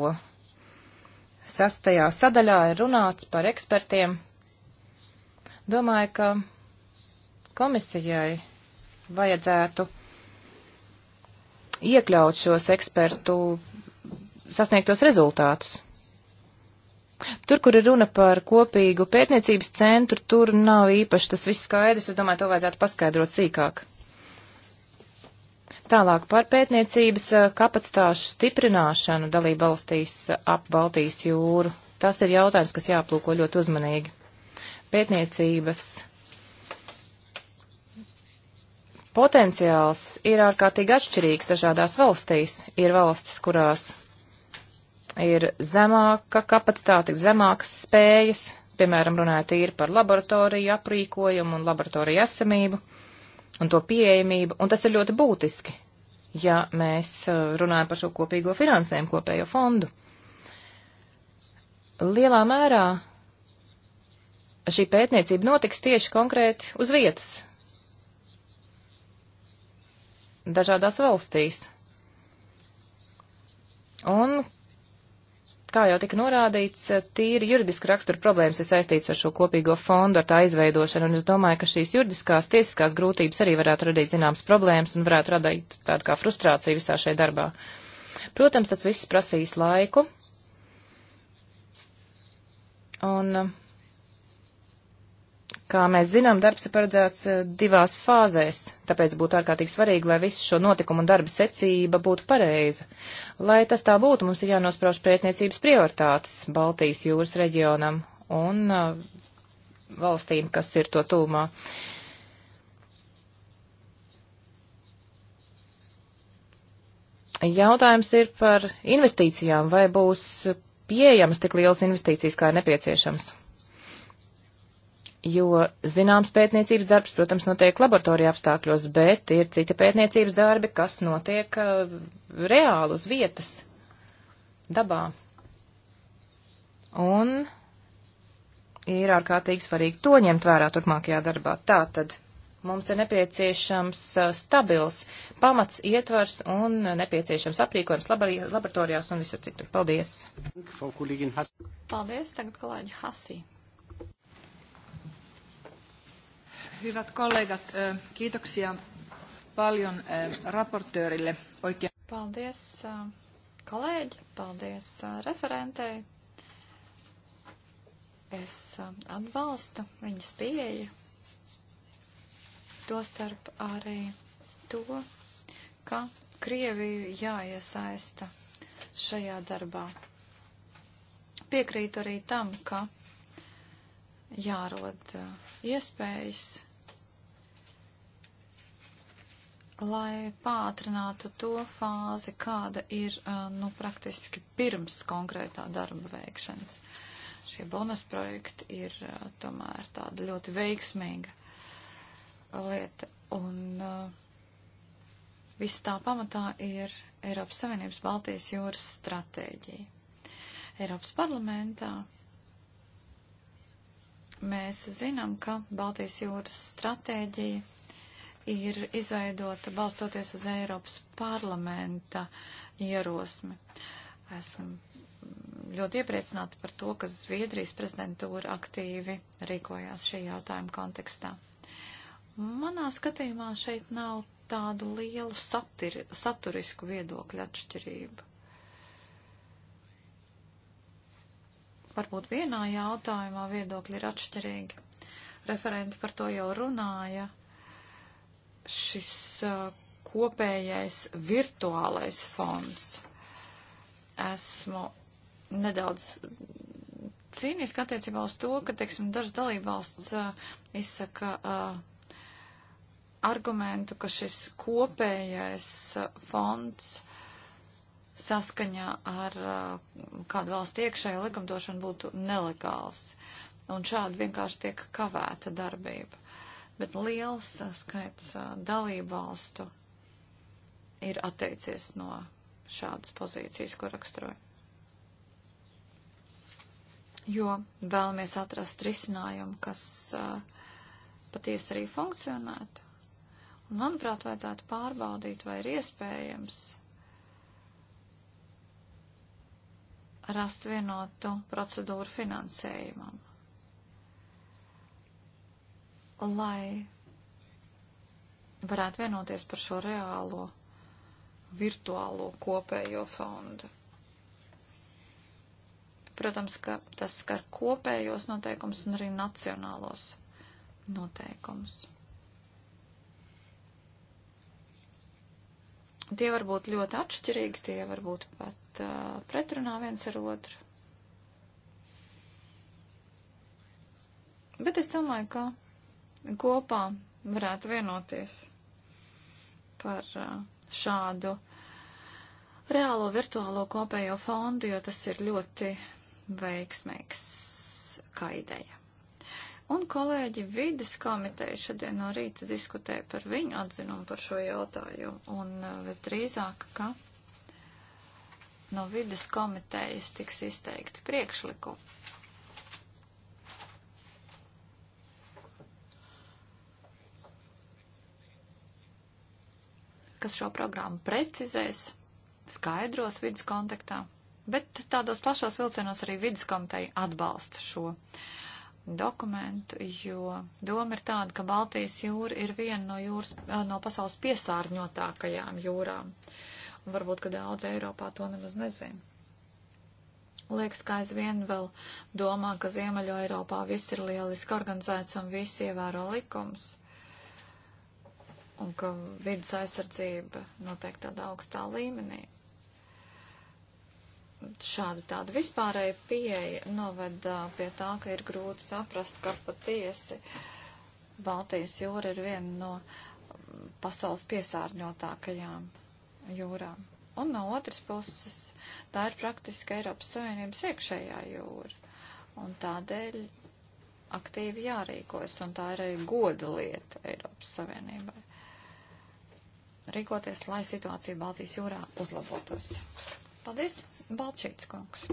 Sastajā sadaļā ir runāts par ekspertiem. Domāju, ka komisijai vajadzētu iekļaut šos ekspertu sasniegtos rezultātus. Tur, kur ir runa par kopīgu pētniecības centru, tur nav īpaši tas viss skaidrs. Es domāju, to vajadzētu paskaidrot sīkāk. Tālāk par pētniecības eh, kapacitāšu stiprināšanu dalību valstīs eh, ap Baltijas jūru. Tas ir jautājums, kas jāplūko ļoti uzmanīgi. Pētniecības potenciāls ir ārkārtīgi atšķirīgs dažādās valstīs. Ir valstis, kurās ir zemāka kapacitāte, zemākas spējas, piemēram, runājot tīri par laboratoriju aprīkojumu un laboratoriju esamību un to pieejamību, un tas ir ļoti būtiski, ja mēs uh, runājam par šo kopīgo finansējumu, kopējo fondu. Lielā mērā šī pētniecība notiks tieši konkrēti uz vietas, dažādās valstīs. Un kā jau tika norādīts, tīri juridiski rakstura problēmas ir saistīts ar šo kopīgo fondu, ar tā izveidošanu, un es domāju, ka šīs juridiskās, tiesiskās grūtības arī varētu radīt zināmas problēmas un varētu radīt tādu kā frustrāciju visā šajā darbā. Protams, tas viss prasīs laiku. Un Kā mēs zinām, darbs ir paredzēts eh, divās fāzēs, tāpēc būtu ārkārtīgi svarīgi, lai visu šo notikumu un darba secība būtu pareiza. Lai tas tā būtu, mums ir jānosprauž pētniecības prioritātes Baltijas jūras reģionam un uh, valstīm, kas ir to tūmā. Jautājums ir par investīcijām, vai būs pieejamas tik lielas investīcijas, kā ir nepieciešams jo zināms pētniecības darbs, protams, notiek laboratorija apstākļos, bet ir cita pētniecības darbi, kas notiek uh, reāli uz vietas, dabā. Un ir ārkārtīgi svarīgi to ņemt vērā turpmākajā darbā. Tātad mums ir nepieciešams uh, stabils pamats, ietvars un nepieciešams aprīkojums laboratorijās un visur citur. Paldies! Paldies, tagad kolēģi Hasī. Hyvät kollegat, kiitoksia paljon raportöörille. Oikea... Paldies kolēģi, paldies referentei. Es atbalstu viņas pieeju. Tostarp arī to, ka Krieviju jāiesaista šajā darbā. Piekrītu arī tam, ka jārod iespējas lai pātrinātu to fāzi, kāda ir nu, praktiski pirms konkrētā darba veikšanas. Šie bonus projekti ir tomēr tāda ļoti veiksmīga lieta. Un viss tā pamatā ir Eiropas Savienības Baltijas jūras stratēģija. Eiropas parlamentā mēs zinām, ka Baltijas jūras stratēģija ir izveidota balstoties uz Eiropas parlamenta ierosmi. Esmu ļoti iepriecināta par to, ka Zviedrijas prezidentūra aktīvi rīkojās šī jautājuma kontekstā. Manā skatījumā šeit nav tādu lielu satir, saturisku viedokļu atšķirību. Varbūt vienā jautājumā viedokļi ir atšķirīgi. Referenti par to jau runāja, šis kopējais virtuālais fonds. Esmu nedaudz cīniski attiecībā uz to, ka, teiksim, dažas dalībvalsts izsaka uh, argumentu, ka šis kopējais fonds saskaņā ar uh, kādu valstu iekšēju likumdošanu būtu nelegāls. Un šādi vienkārši tiek kavēta darbība bet liels skaits dalību valstu ir atteicies no šādas pozīcijas, ko raksturoju. Jo vēlamies atrast risinājumu, kas uh, patiesi arī funkcionētu. Un, manuprāt, vajadzētu pārbaudīt, vai ir iespējams rast vienotu procedūru finansējumam lai varētu vienoties par šo reālo virtuālo kopējo fondu. Protams, ka tas skar kopējos noteikumus un arī nacionālos noteikumus. Tie var būt ļoti atšķirīgi, tie var būt pat uh, pretrunā viens ar otru. Bet es domāju, ka kopā varētu vienoties par uh, šādu reālo virtuālo kopējo fondu, jo tas ir ļoti veiksmīgs kā ideja. Un kolēģi vides komiteja šodien no rīta diskutē par viņu atzinumu par šo jautājumu. Un uh, visdrīzāk, ka no vides komitejas tiks izteikti priekšlikumi kas šo programmu precizēs, skaidros vidas kontaktā, bet tādos plašos vilcienos arī vidas komiteja atbalsta šo dokumentu, jo doma ir tāda, ka Baltijas jūra ir viena no, jūras, eh, no pasaules piesārņotākajām jūrām. Un varbūt, ka daudz Eiropā to nemaz nezina. Liekas, ka aizvien vēl domā, ka Ziemeļo Eiropā viss ir lieliski organizēts un visi ievēro likums un ka vidas aizsardzība notiek tādā augstā līmenī. Šāda tāda vispārēja pieeja noveda pie tā, ka ir grūti saprast, ka patiesi Baltijas jūra ir viena no pasaules piesārņotākajām jūrām. Un no otras puses, tā ir praktiski Eiropas Savienības iekšējā jūra. Un tādēļ aktīvi jārīkojas, un tā ir arī goda lieta Eiropas Savienībai rīkoties, lai situācija Baltijas jūrā uzlabotos. Paldies, Balčīts kungs.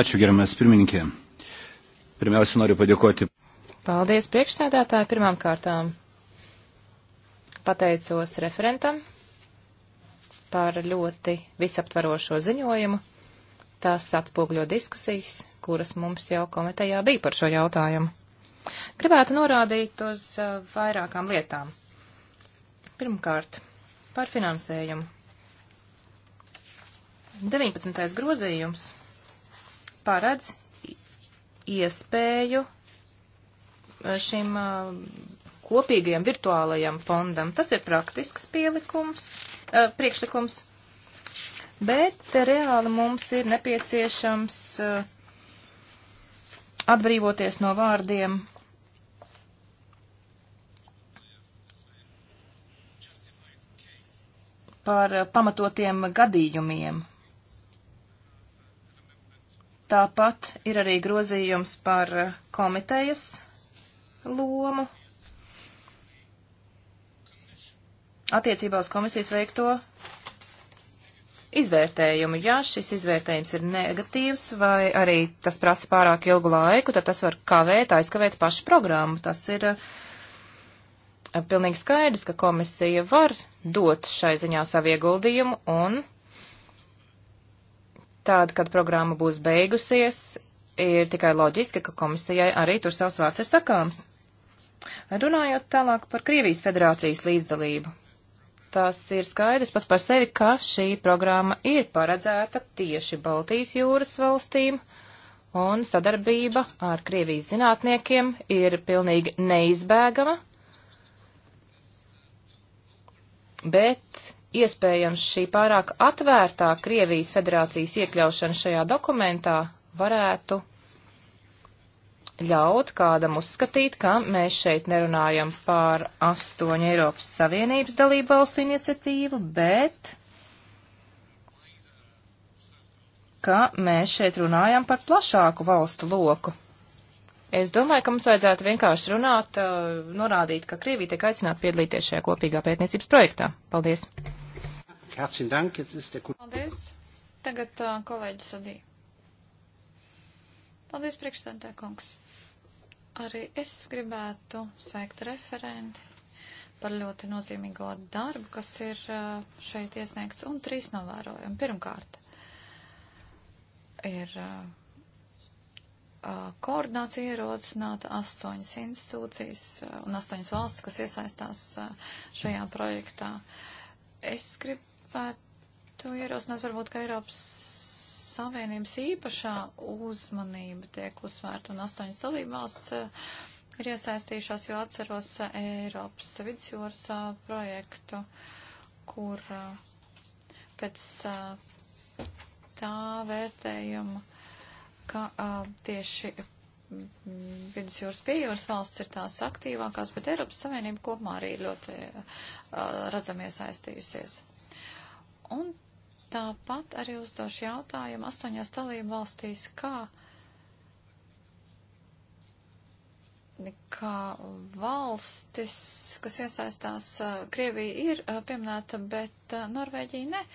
Ačiū, geramas pirmininkė. Pirmiausia, noriu padėkoti. Paldies, priekšsēdētāji, pirmām kārtām. Pateicos referentam par ļoti visaptvarošo ziņojumu. Tās atspogļo diskusijas, kuras mums jau komitejā bija par šo jautājumu. Gribētu norādīt uz uh, vairākām lietām. Pirmkārt, par finansējumu. 19. grozījums paredz iespēju eh, šim eh, kopīgajam virtuālajam fondam. Tas ir praktisks pielikums, eh, priekšlikums, bet reāli mums ir nepieciešams atbrīvoties no vārdiem par pamatotiem gadījumiem. Tāpat ir arī grozījums par komitejas lomu attiecībā uz komisijas veikto izvērtējumu. Ja šis izvērtējums ir negatīvs vai arī tas prasa pārāk ilgu laiku, tad tas var kavēt, aizkavēt pašu programmu. Tas ir uh, pilnīgi skaidrs, ka komisija var dot šai ziņā savu ieguldījumu un tāda, kad programma būs beigusies, ir tikai loģiski, ka komisijai arī tur savs vārds ir sakāms. Runājot tālāk par Krievijas federācijas līdzdalību, tas ir skaidrs pats par sevi, ka šī programma ir paredzēta tieši Baltijas jūras valstīm, un sadarbība ar Krievijas zinātniekiem ir pilnīgi neizbēgama, bet iespējams šī pārāk atvērtā Krievijas federācijas iekļaušana šajā dokumentā varētu ļaut kādam uzskatīt, ka mēs šeit nerunājam par astoņu Eiropas Savienības dalību valstu iniciatīvu, bet ka mēs šeit runājam par plašāku valstu loku. Es domāju, ka mums vajadzētu vienkārši runāt, uh, norādīt, ka Krievija tiek aicināta piedalīties šajā kopīgā pētniecības projektā. Paldies! Paldies! Tagad uh, kolēģis Sadī. Paldies, priekšstādā kungs. Arī es gribētu sveikt referenti par ļoti nozīmīgo darbu, kas ir uh, šeit iesniegts, un trīs novērojumi. Pirmkārt, ir. Uh, Uh, koordinācija ierosināta astoņas institūcijas uh, un astoņas valsts, kas iesaistās uh, šajā projektā. Es gribētu ierosināt varbūt, ka Eiropas Savienības īpašā uzmanība tiek uzsvērta un astoņas dalība valsts ir iesaistījušās, jo atceros Eiropas vidusjūras projektu, kur pēc tā vērtējuma ka uh, tieši vidusjūras piejūras valsts ir tās aktīvākās, bet Eiropas Savienība kopumā arī ļoti uh, redzam iesaistījusies. Un tāpat arī uzdošu jautājumu astoņās dalību valstīs, kā, kā valstis, kas iesaistās, uh, Krievija ir uh, pieminēta, bet uh, Norvēģija ne.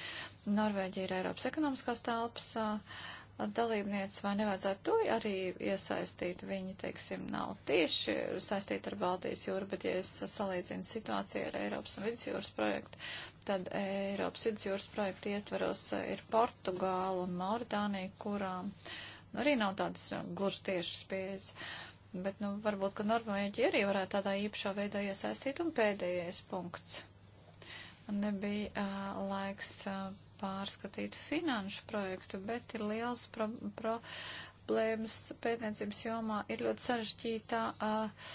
Norvēģija ir Eiropas ekonomiskās telpas. Uh, dalībnieces, vai nevajadzētu to arī iesaistīt? Viņi, teiksim, nav tieši saistīti ar Baltijas jūru, bet, ja es salīdzinu situāciju ar Eiropas un vidusjūras projektu, tad Eiropas vidusjūras projektu ietveros ir Portugāla un Mauritānija, kurām nu, arī nav tādas uh, gluži tiešas pieejas. Bet, nu, varbūt, ka Norvēģija arī varētu tādā īpašā veidā iesaistīt un pēdējais punkts. Man nebija uh, laiks. Uh, pārskatīt finanšu projektu, bet ir liels pro problēmas pētniecības jomā, ir ļoti sarežģītā uh,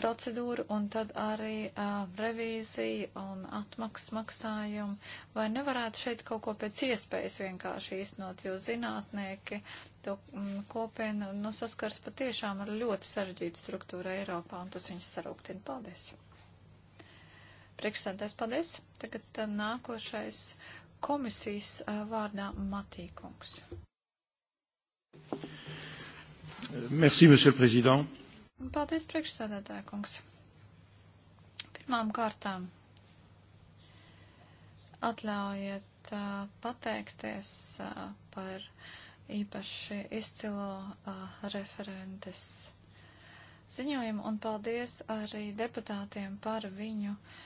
procedūra un tad arī uh, revīzija un atmaksas maksājumi. Vai nevarētu šeit kaut ko pēc iespējas vienkārši īstenot, jo zinātnieki to mm, kopienu nu, saskars patiešām ar ļoti sarežģītu struktūru Eiropā un tas viņus sarūktina. Paldies! Priekšsēdēs, paldies! Tagad tā, nākošais komisijas vārdā Matīkungs. Merci, monsieur le président. Paldies, priekšsēdētāja kungs. Pirmām kārtām atļaujiet uh, pateikties uh, par īpaši izcilo uh, referentes ziņojumu un paldies arī deputātiem par viņu uh,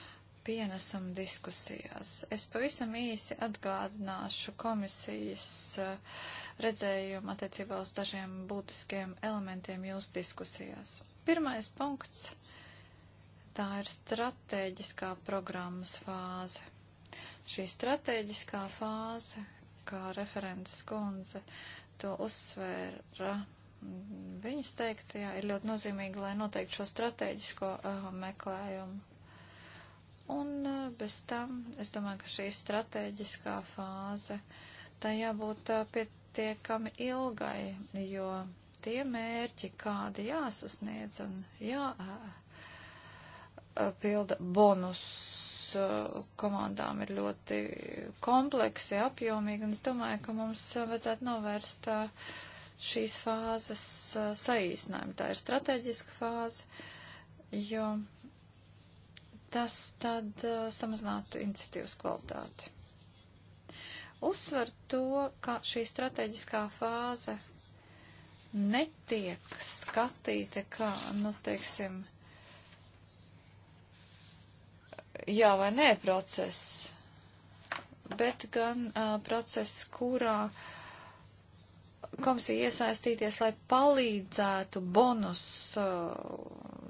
pienesumu diskusijās. Es pavisam īsi atgādināšu komisijas eh, redzējumu attiecībā uz dažiem būtiskiem elementiem jūsu diskusijās. Pirmais punkts - tā ir strateģiskā programmas fāze. Šī strateģiskā fāze, kā referents kundze to uzsvēra viņas teiktajā, ir ļoti nozīmīga, lai noteikti šo strateģisko uh, meklējumu Un eh, bez tam, es domāju, ka šī strateģiskā fāze, tā jābūt eh, pietiekami ilgai, jo tie mērķi, kādi jāsasniedz un jāpilda eh, bonus komandām ir ļoti kompleksi, apjomīgi, un es domāju, ka mums vajadzētu novērst šīs fāzes saīsinājumu. Tā ir strateģiska fāze, jo tas tad uh, samazinātu iniciatīvas kvalitāti. Uzsver to, ka šī strateģiskā fāze netiek skatīta kā, nu, teiksim, jā vai nē process, bet gan uh, process, kurā komisija iesaistīties, lai palīdzētu bonus uh,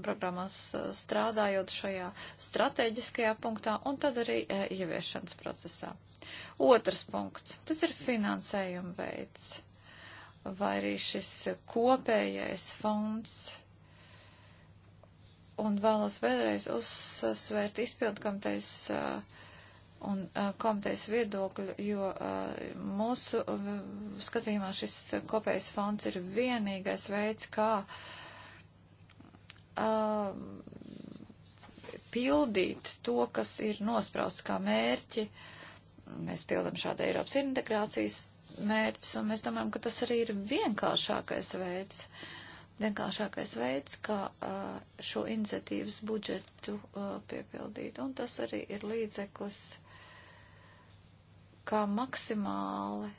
programmās eh, strādājot šajā strateģiskajā punktā un tad arī eh, ieviešanas procesā. Otrs punkts. Tas ir finansējuma veids. Vai arī šis kopējais fonds. Un vēlos vēlreiz uzsvērt izpildkomitejas uh, un komitejas viedokļu, jo mūsu skatījumā šis kopējais fonds ir vienīgais veids, kā uh, uh, pildīt to, kas ir nosprausts kā mērķi. Mēs pildam šādu Eiropas integrācijas mērķus, un mēs domājam, ka tas arī ir vienkāršākais veids, vienkāršākais veids, kā uh, šo iniciatīvas budžetu uh, piepildīt. Un tas arī ir līdzeklis, kā maksimāli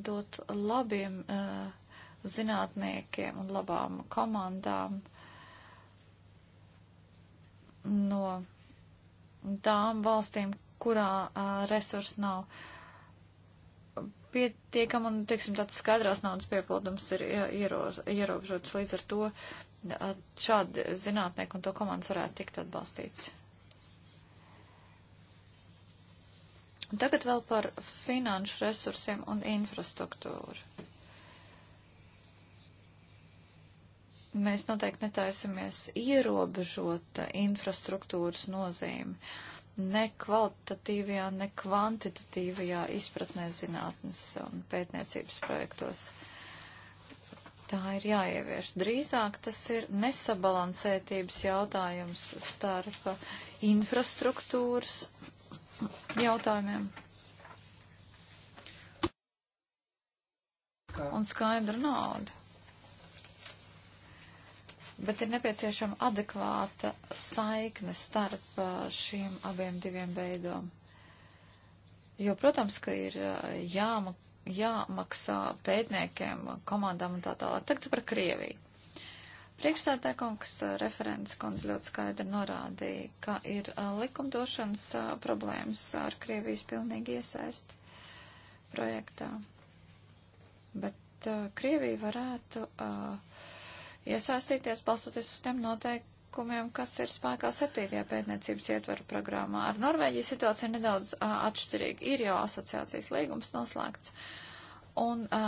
dot labiem uh, zinātniekiem un labām komandām no tām valstīm, kurā uh, resursi nav pietiekam un, teiksim, tāds skaidrās naudas piepildums ir ierobežots līdz ar to. Šādi zinātnieki un to komandas varētu tikt atbalstīts. Tagad vēl par finanšu resursiem un infrastruktūru. mēs noteikti netaisamies ierobežot infrastruktūras nozīmi ne kvalitatīvajā, ne kvantitatīvajā izpratnē zinātnes un pētniecības projektos. Tā ir jāievieš. Drīzāk tas ir nesabalansētības jautājums starp infrastruktūras jautājumiem. Un skaidra nauda bet ir nepieciešama adekvāta saikne starp šiem abiem diviem veidom. Jo, protams, ka ir jāma, jāmaksā pētniekiem, komandām un tā tālāk. Tagad par Krieviju. Priekšstādā kungs referents kundze ļoti skaidri norādīja, ka ir likumdošanas problēmas ar Krievijas pilnīgi iesaisti projektā. Bet Krievija varētu uh, iesaistīties, balstoties uz tiem noteikumiem, kas ir spēkā septītajā pētniecības ietvaru programmā. Ar Norvēģiju situācija ir nedaudz uh, atšķirīga. Ir jau asociācijas līgums noslēgts, un uh,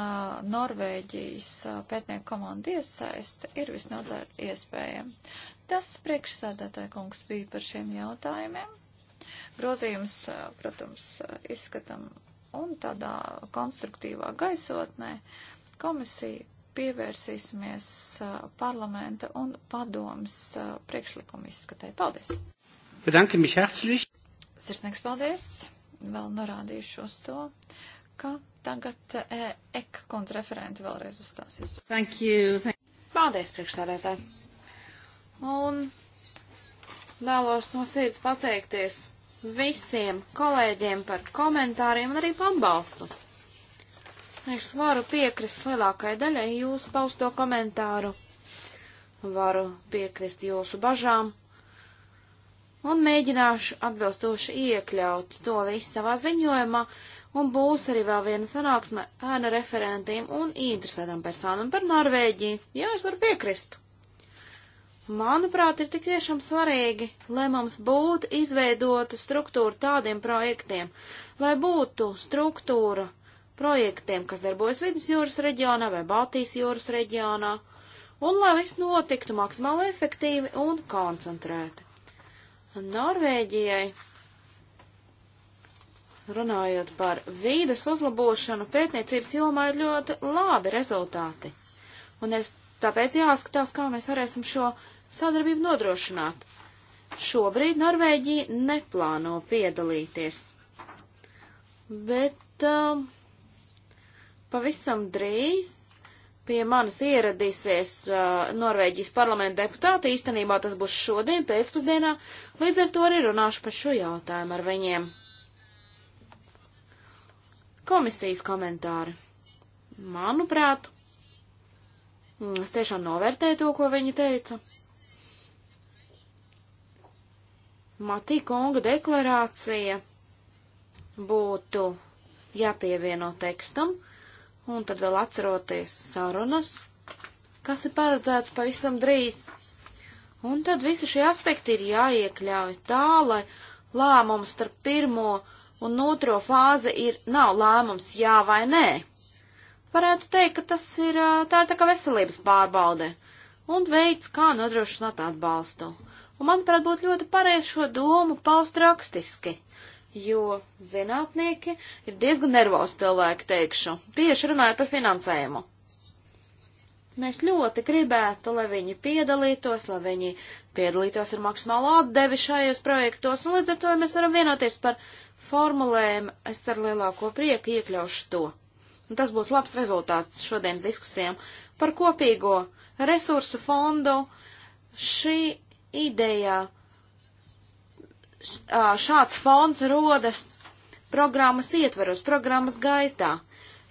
Norvēģijas uh, pētnieku komanda iesaista ir visnotaļ iespējama. Tas priekšsēdētāja kungs bija par šiem jautājumiem. Grozījums, uh, protams, izskatam un tādā konstruktīvā gaisotnē komisija pievērsīsimies parlamenta un padomas priekšlikumu izskatai. Paldies! Bedanke mich herzlich! Sirsnīgs paldies! Vēl norādīšu uz to, ka tagad eh, Ek kundze referenti vēlreiz uzstāsies. Thank you! Thank paldies, priekšstādētāji! Un vēlos no sirds pateikties visiem kolēģiem par komentāriem un arī par atbalstu. Es varu piekrist lielākai daļai jūsu pausto komentāru. Varu piekrist jūsu bažām. Un mēģināšu atbilstoši iekļaut to visu savā ziņojumā, un būs arī vēl viena sanāksme ēna referentiem un interesētām personām par Norvēģiju. Jā, es varu piekrist. Manuprāt, ir tik tiešām svarīgi, lai mums būtu izveidota struktūra tādiem projektiem, lai būtu struktūra projektiem, kas darbojas Vidusjūras reģionā vai Baltijas jūras reģionā, un lai viss notiktu maksimāli efektīvi un koncentrēti. Norvēģijai, runājot par vīdes uzlabošanu, pētniecības jomā ir ļoti labi rezultāti, un es tāpēc jāskatās, kā mēs varēsim šo sadarbību nodrošināt. Šobrīd Norvēģija neplāno piedalīties, bet um, uh, pavisam drīz pie manis ieradīsies uh, Norvēģijas parlamenta deputāti. Īstenībā tas būs šodien pēcpusdienā, līdz ar to arī runāšu par šo jautājumu ar viņiem. Komisijas komentāri. Manuprāt, mm, es tiešām novērtēju to, ko viņi teica. Matī Konga deklarācija būtu jāpievieno tekstam, uh, Un tad vēl atceroties sarunas, kas ir paredzēts pavisam drīz. Un tad visi šie aspekti ir jāiekļauj tā, lai lēmums starp pirmo un otro fāzi ir nav lēmums jā vai nē. Varētu teikt, ka tas ir tā ir tā kā veselības pārbaude un veids, kā nodrošināt atbalstu. Un manuprāt, būtu ļoti pareizi šo domu paust rakstiski, jo zinātnieki ir diezgan nervozi cilvēki, teikšu, tieši runājot par finansējumu. Mēs ļoti gribētu, lai viņi piedalītos, lai viņi piedalītos ar maksimālu atdevi šajos projektos, un līdz ar to ja mēs varam vienoties par formulējumu. Es ar lielāko prieku iekļaušu to. Un tas būs labs rezultāts šodienas diskusijām par kopīgo resursu fondu. Šī ideja šāds fonds rodas programmas ietveros, programmas gaitā,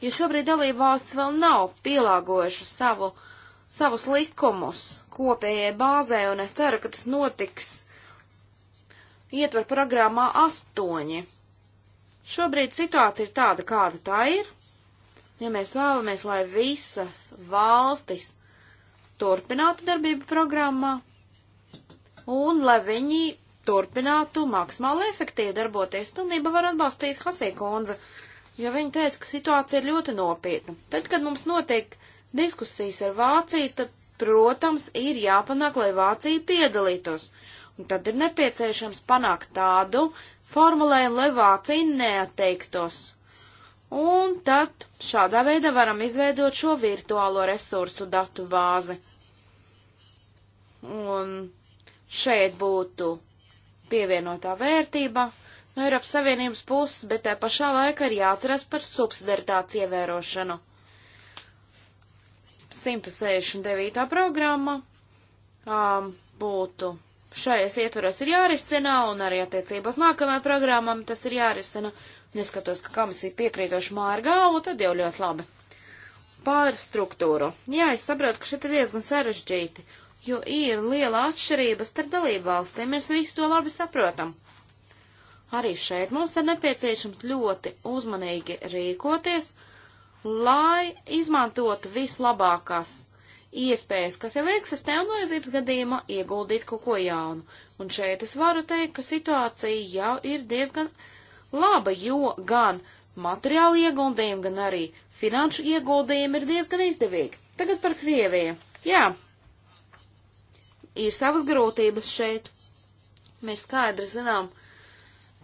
jo šobrīd dalībvalstis vēl nav pielāgojuši savu, savus likumus kopējai bāzē, un es ceru, ka tas notiks ietver programmā astoņi. Šobrīd situācija ir tāda, kāda tā ir. Ja mēs vēlamies, lai visas valstis turpinātu darbību programmā, un lai viņi turpinātu maksimāli efektīvi darboties. Pilnībā var atbalstīt Hasīkundze, jo viņa teica, ka situācija ir ļoti nopietna. Tad, kad mums notiek diskusijas ar Vāciju, tad, protams, ir jāpanāk, lai Vācija piedalītos. Un tad ir nepieciešams panākt tādu formulējumu, lai Vācija neatteiktos. Un tad šādā veidā varam izveidot šo virtuālo resursu datu bāzi. Un šeit būtu pievienotā vērtība no Eiropas Savienības puses, bet tā pašā laikā ir jāatceras par subsidaritātes ievērošanu. 169. programma um, būtu šajās ietvaros ir jārisina, un arī attiecībās nākamajā programmam tas ir jārisina. Neskatos, ka komisija piekrītoši māra galvu, tad jau ļoti labi. Pār struktūru. Jā, es saprotu, ka šeit ir diezgan sarežģīti, jo ir liela atšķirība starp dalību valstīm, mēs visu to labi saprotam. Arī šeit mums ir nepieciešams ļoti uzmanīgi rīkoties, lai izmantotu vislabākās iespējas, kas jau eksistē un vajadzības gadījumā ieguldīt kaut ko jaunu. Un šeit es varu teikt, ka situācija jau ir diezgan laba, jo gan materiāla ieguldījumi, gan arī finanšu ieguldījumi ir diezgan izdevīgi. Tagad par Krieviju. Jā, ir savas grūtības šeit. Mēs skaidri zinām,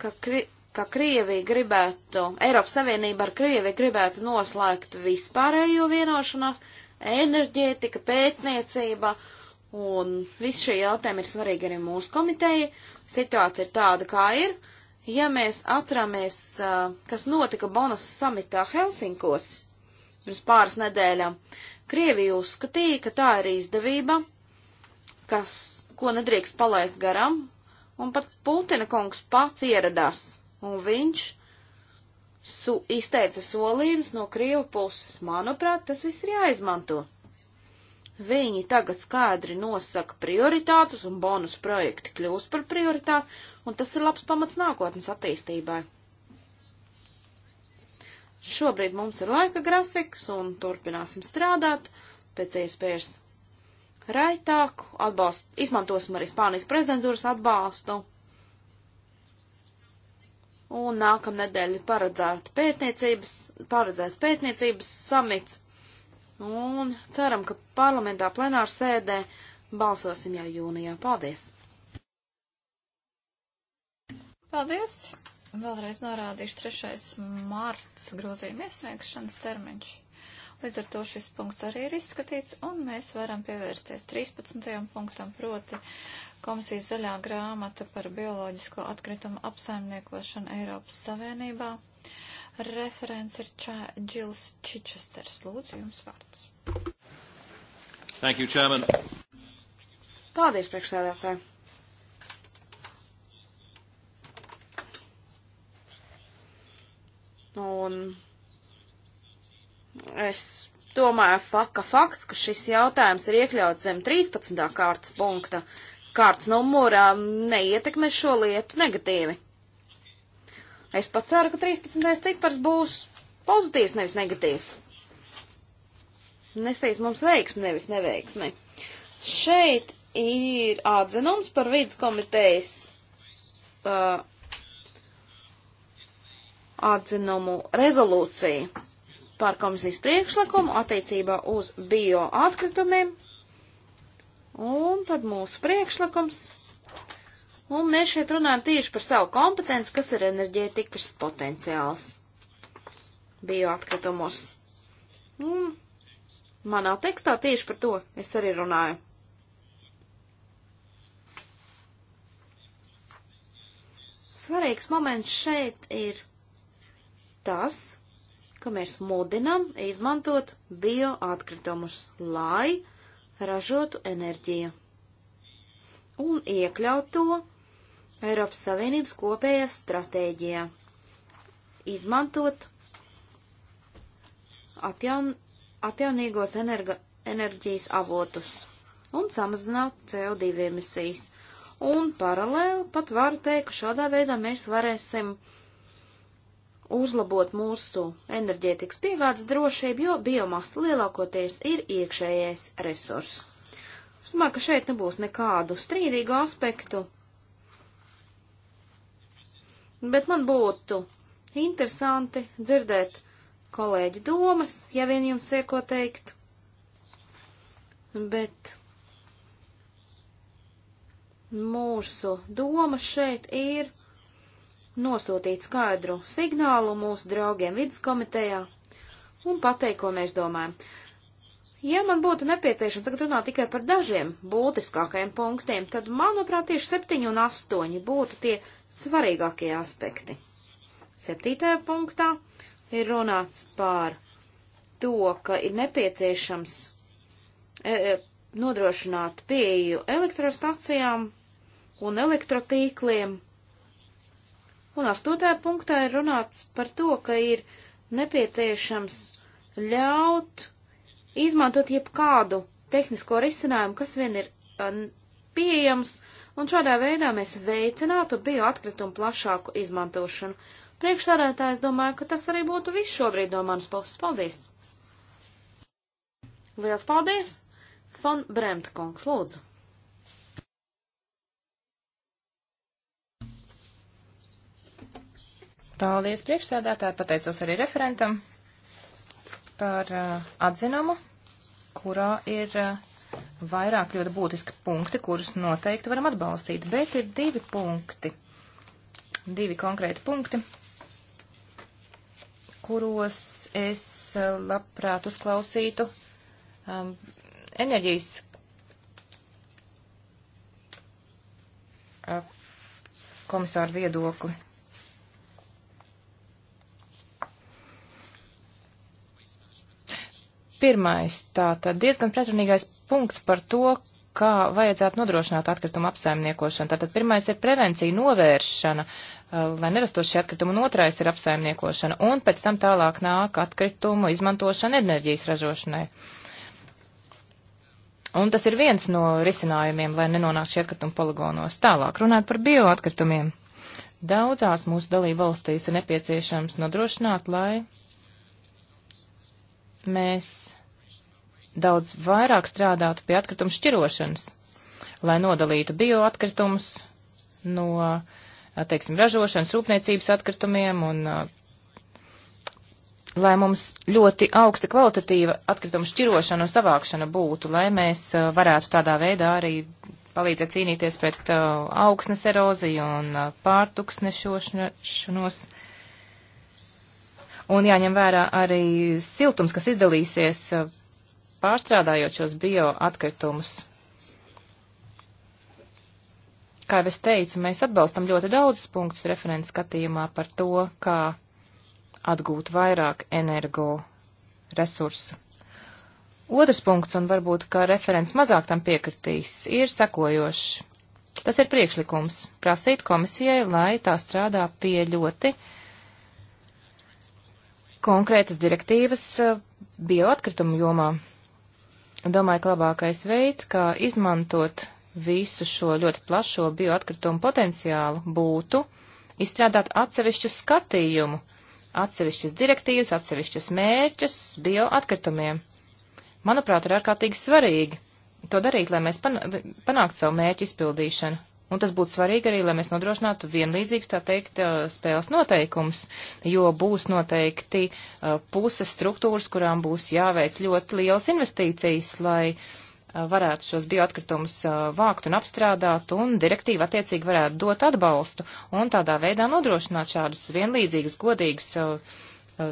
ka, kri, ka Krievija gribētu, Eiropas Savienība ar Krieviju gribētu noslēgt vispārējo vienošanos, enerģētika, pētniecība, un visi šie jautājumi ir svarīgi arī mūsu komiteja. Situācija ir tāda, kā ir. Ja mēs atceramies, kas notika Bonus samitā Helsinkos pirms pāris nedēļām, Krievija uzskatīja, ka tā ir izdevība kas, ko nedrīkst palaist garam, un pat Putina kungs pats ieradās, un viņš su, izteica solījumus no Krievu puses. Manuprāt, tas viss ir jāizmanto. Viņi tagad skaidri nosaka prioritātus un bonus projekti kļūst par prioritāti, un tas ir labs pamats nākotnes attīstībai. Šobrīd mums ir laika grafiks un turpināsim strādāt pēc iespējas raitāk, atbalst, izmantosim arī Spānijas prezidentūras atbalstu. Un nākamnedēļ paredzēts pētniecības, paredzēts pētniecības samits. Un ceram, ka parlamentā plenāra sēdē balsosim jau jūnijā. Paldies! Paldies! Vēlreiz norādīšu 3. marts grozījuma iesniegšanas termiņš. Līdz ar to šis punkts arī ir izskatīts, un mēs varam pievērsties 13. punktam, proti komisijas zaļā grāmata par bioloģisko atkritumu apsaimniekošanu Eiropas Savienībā. Referents ir Čā, Džils Čičesters. Lūdzu, jums vārds. Thank you, Chairman. Paldies, priekšsēdētāji. Un Es domāju, faka fakts, ka šis jautājums ir iekļauts zem 13. kārtas punkta. Kārtas numurā neietekmē šo lietu negatīvi. Es pat ceru, ka 13. cipars būs pozitīvs, nevis negatīvs. Nesīs mums veiksmi, nevis neveiksmi. Šeit ir atzinums par vidas komitejas uh, atzinumu rezolūciju par komisijas priekšlikumu attiecībā uz bio atkritumiem. Un tad mūsu priekšlikums. Un mēs šeit runājam tieši par savu kompetenci, kas ir enerģētikas potenciāls bio atkritumos. Un manā tekstā tieši par to es arī runāju. Svarīgs moments šeit ir tas, ka mēs mudinam izmantot bioatkritumus, lai ražotu enerģiju un iekļaut to Eiropas Savienības kopējā stratēģijā, izmantot atjaun, atjaunīgos energa, enerģijas avotus un samazināt CO2 emisijas. Un paralēli pat varu teikt, ka šādā veidā mēs varēsim uh, uzlabot mūsu enerģētikas piegādes drošību, jo biomasa lielākoties ir iekšējais resurs. Es domāju, ka šeit nebūs nekādu strīdīgu aspektu, bet man būtu interesanti dzirdēt kolēģi domas, ja vien jums ir ko teikt. Bet mūsu doma šeit ir nosūtīt skaidru signālu mūsu draugiem viduskomitejā un pateikt, ko mēs domājam. Ja man būtu nepieciešams tagad runāt tikai par dažiem būtiskākajiem punktiem, tad, manuprāt, tieši septiņi un astoņi būtu tie svarīgākie aspekti. Septītajā punktā ir runāts par to, ka ir nepieciešams e, e, nodrošināt pieeju elektrostacijām un elektrotīkliem Un astotajā punktā ir runāts par to, ka ir nepieciešams ļaut izmantot jebkādu tehnisko risinājumu, kas vien ir pieejams, un šādā veidā mēs veicinātu bioatkritumu plašāku izmantošanu. Priekšstādātājs domāju, ka tas arī būtu viss šobrīd no manas puses. Paldies! Liels paldies! Fon Bremta kungs, lūdzu! Paldies priekšsēdētāji, pateicos arī referentam par uh, atzinumu, kurā ir uh, vairāk ļoti būtiski punkti, kurus noteikti varam atbalstīt, bet ir divi punkti, divi konkrēti punkti, kuros es uh, labprāt uzklausītu um, enerģijas uh, komisāru viedokli. Pirmais, tā tad diezgan pretrunīgais punkts par to, kā vajadzētu nodrošināt atkritumu apsaimniekošanu. Tātad pirmais ir prevencija, novēršana, uh, lai nerastos šie atkritumi, un otrais ir apsaimniekošana, un pēc tam tālāk nāk atkritumu izmantošana enerģijas ražošanai. Un tas ir viens no risinājumiem, lai nenonāk šie atkritumi poligonos. Tālāk runāt par bioatkritumiem. Daudzās mūsu dalību valstīs ir nepieciešams nodrošināt, lai mēs daudz vairāk strādātu pie atkritumu šķirošanas, lai nodalītu bioatkritumus no, teiksim, ražošanas, rūpniecības atkritumiem un lai mums ļoti augsta kvalitatīva atkritumu šķirošana un savākšana būtu, lai mēs varētu tādā veidā arī palīdzēt cīnīties pret augsnes eroziju un pārtuksnešošanos. Šo, Un jāņem vērā arī siltums, kas izdalīsies eh, pārstrādājot šos bioatkritumus. Kā jau es teicu, mēs atbalstam ļoti daudzus punktus referents skatījumā par to, kā atgūt vairāk energo resursu. Otrs punkts, un varbūt kā referents mazāk tam piekritīs, ir sekojošs. Tas ir priekšlikums prasīt komisijai, lai tā strādā pie ļoti uh, konkrētas direktīvas eh, bioatkritumu jomā. Domāju, ka labākais veids, kā izmantot visu šo ļoti plašo bioatkritumu potenciālu, būtu izstrādāt atsevišķu skatījumu, atsevišķas direktīvas, atsevišķas mērķus bioatkritumiem. Manuprāt, ir ārkārtīgi svarīgi to darīt, lai mēs panāktu savu mērķu izpildīšanu. Un tas būtu svarīgi arī, lai mēs nodrošinātu vienlīdzīgus, tā teikt, spēles noteikums, jo būs noteikti puses struktūras, kurām būs jāveic ļoti liels investīcijas, lai varētu šos bioatkritumus vākt un apstrādāt, un direktīva attiecīgi varētu dot atbalstu un tādā veidā nodrošināt šādus vienlīdzīgus, godīgus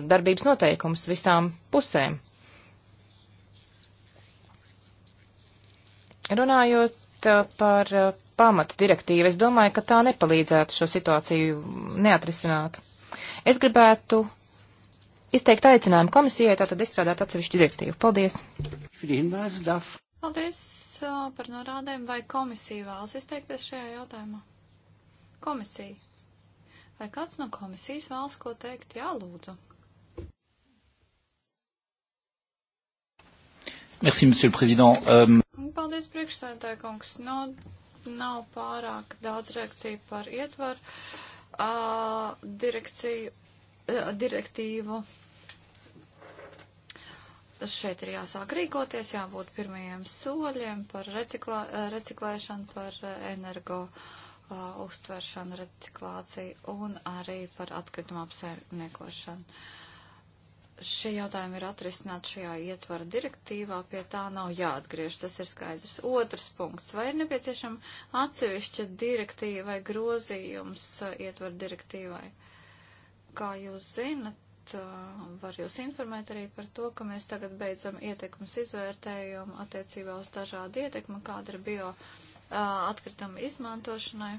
darbības noteikumus visām pusēm. Runājot Eh, par eh, pamata direktīvu. Es domāju, ka tā nepalīdzētu šo situāciju neatrisināt. Es gribētu izteikt aicinājumu komisijai tātad izstrādāt atsevišķu direktīvu. Paldies! Paldies eh, par norādēm. Vai komisija vēlas izteikties šajā jautājumā? Komisija. Vai kāds no komisijas vēlas ko teikt? Jā, lūdzu. Merci, monsieur le président. Um... Paldies, priekšsēdētāji kungs. No, nu, nav pārāk daudz reakciju par ietvaru uh, direkciju, uh, direktīvu. Šeit ir jāsāk rīkoties, jābūt pirmajiem soļiem par reciklā, reciklēšanu, par energo uh, uztveršanu, reciklāciju un arī par atkritumu apsaimniekošanu. Uh, šie jautājumi ir atrisināti šajā ietvara direktīvā, pie tā nav jāatgriež, tas ir skaidrs. Otrs punkts, vai ir nepieciešama atsevišķa direktīva vai grozījums uh, ietvara direktīvai? Kā jūs zinat, uh, var jūs informēt arī par to, ka mēs tagad beidzam ietekmes izvērtējumu attiecībā uz dažādu ietekmu, kāda ir bio uh, atkrituma izmantošanai.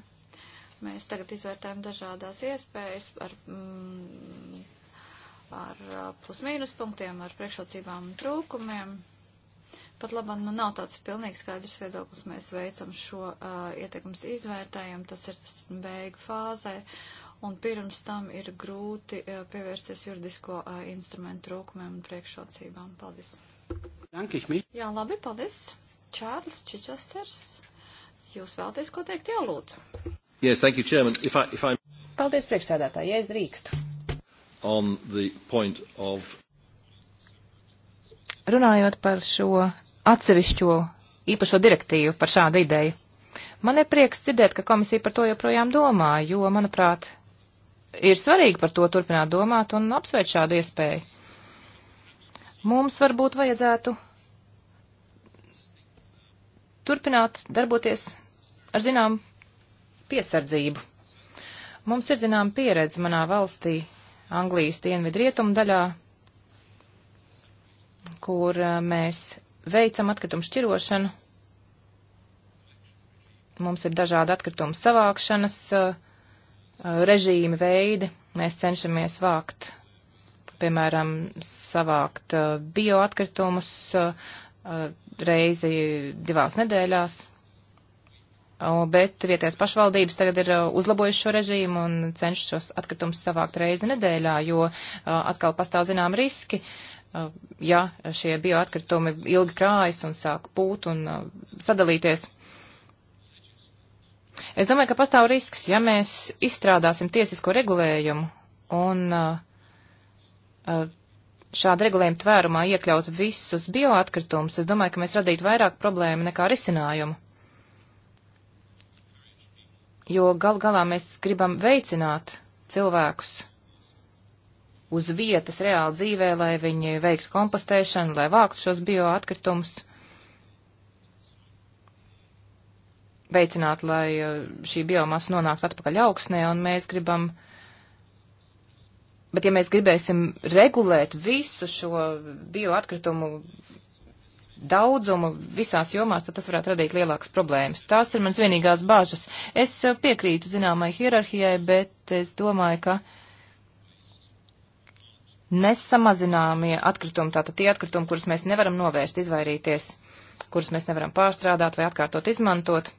Mēs tagad izvērtējam dažādās iespējas ar. Mm, ar uh, plus-mínus punktiem, ar priekšrocībām un trūkumiem. Pat labam, nu nav tāds pilnīgi skaidrs viedoklis, mēs veicam šo uh, ietekmes izvērtējumu, tas ir tas beigu fāzē, un pirms tam ir grūti uh, pievērsties juridisko uh, instrumentu trūkumiem un priekšrocībām. Paldies! Jā, labi, paldies! Čārlis Čičesters, jūs vēlties ko teikt? Jā, lūdzu! Yes, thank you, Chairman. If I, if I... Paldies, priekšsēdētāji, ja es drīkstu on the point of. Runājot par šo atsevišķo īpašo direktīvu, par šādu ideju, man ir prieks dzirdēt, ka komisija par to joprojām domā, jo, manuprāt, ir svarīgi par to turpināt domāt un apsvērt šādu iespēju. Mums varbūt vajadzētu turpināt darboties ar zinām piesardzību. Mums ir zinām pieredze manā valstī Anglijas dienvidrietumu daļā, kur eh, mēs veicam atkritumu šķirošanu. Mums ir dažādi atkritumu savākšanas eh, režīmi, veidi. Mēs cenšamies vākt, piemēram, savākt eh, bioatkritumus reizi divās nedēļās, bet vietējās pašvaldības tagad ir uzlabojuši šo režīmu un cenšas šos atkritumus savākt reizi nedēļā, jo atkal pastāv zinām riski. Ja šie bioatkritumi ilgi krājas un sāk pūt un sadalīties, Es domāju, ka pastāv risks, ja mēs izstrādāsim tiesisko regulējumu un šādu regulējumu tvērumā iekļaut visus bioatkritumus, es domāju, ka mēs radītu vairāk problēmu nekā risinājumu jo gal galā mēs gribam veicināt cilvēkus uz vietas reāli dzīvē, lai viņi veiktu kompostēšanu, lai vāktu šos bioatkritumus, veicināt, lai uh, šī biomasa nonāktu atpakaļ augsnē, un mēs gribam. Bet ja mēs gribēsim regulēt visu šo bioatkritumu daudzumu visās jomās, tad tas varētu radīt lielākas problēmas. Tās ir mans vienīgās bāžas. Es eh, piekrītu zināmai hierarhijai, bet es domāju, ka nesamazināmie atkritumi, tātad tie atkritumi, kurus mēs nevaram novērst, izvairīties, kurus mēs nevaram pārstrādāt vai atkārtot izmantot,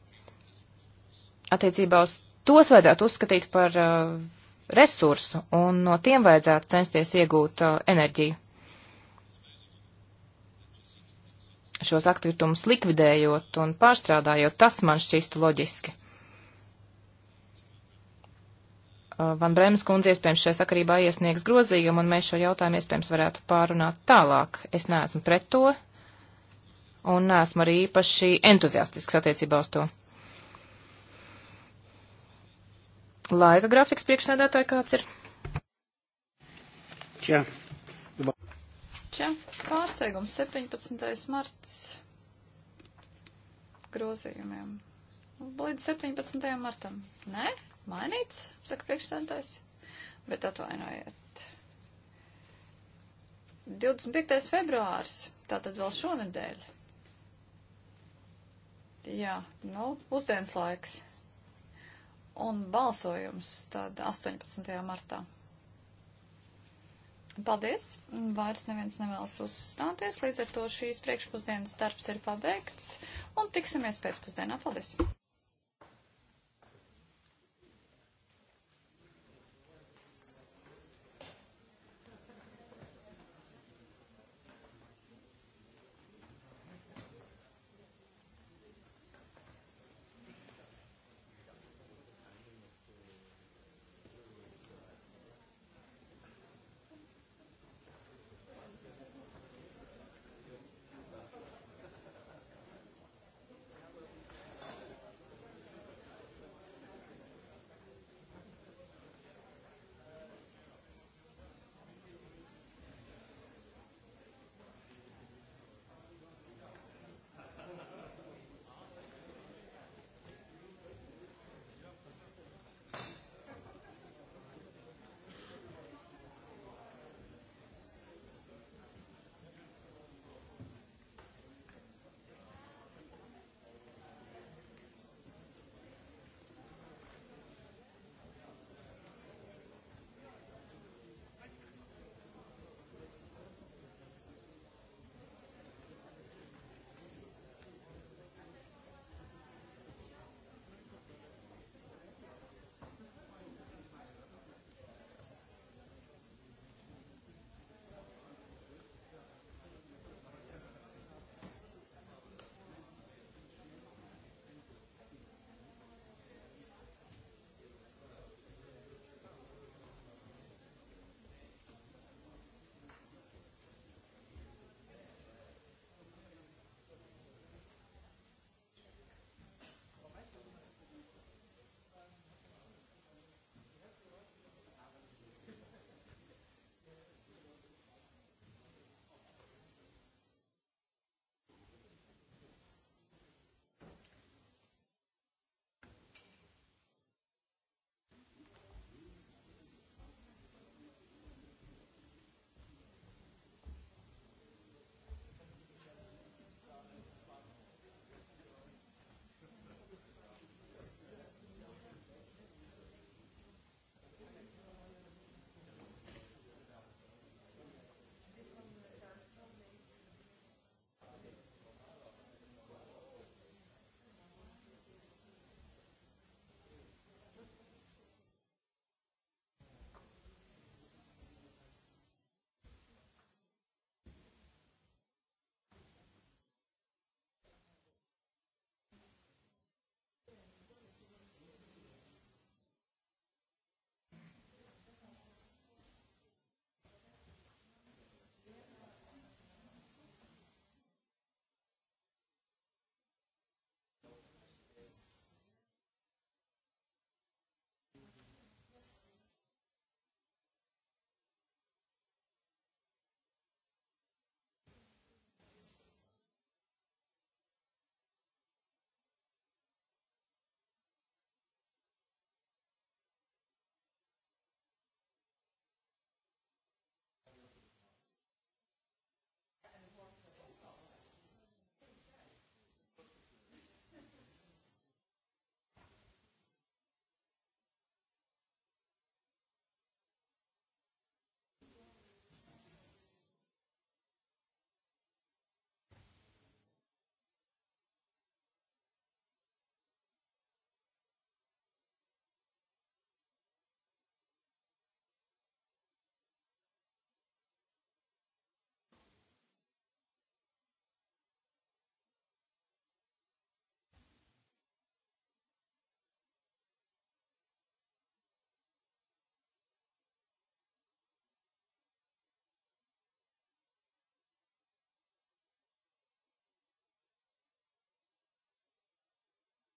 attiecībā uz tos vajadzētu uzskatīt par uh, resursu, un no tiem vajadzētu censties iegūt uh, enerģiju. šos atkritumus likvidējot un pārstrādājot, tas man šķistu loģiski. Uh, Van Brēmas kundze iespējams šajā sakarībā iesniegs grozījumu, un mēs šo jautājumu iespējams varētu pārunāt tālāk. Es neesmu pret to, un neesmu arī īpaši entuziastisks attiecībā uz to. Laika grafiks priekšsēdētāji kāds ir? Tja, Čia pārsteigums 17. marts grozījumiem. Līdz 17. martam. Nē, mainīts, saka priekšstādājs, bet atvainojiet. 25. februārs, tātad vēl šonedēļ. Jā, nu, pusdienas laiks. Un balsojums tad 18. martā. Paldies! Vairs neviens nevēlas uzstāties, līdz ar to šīs priekšpusdienas darbs ir pabeigts un tiksimies pēcpusdienā. Paldies!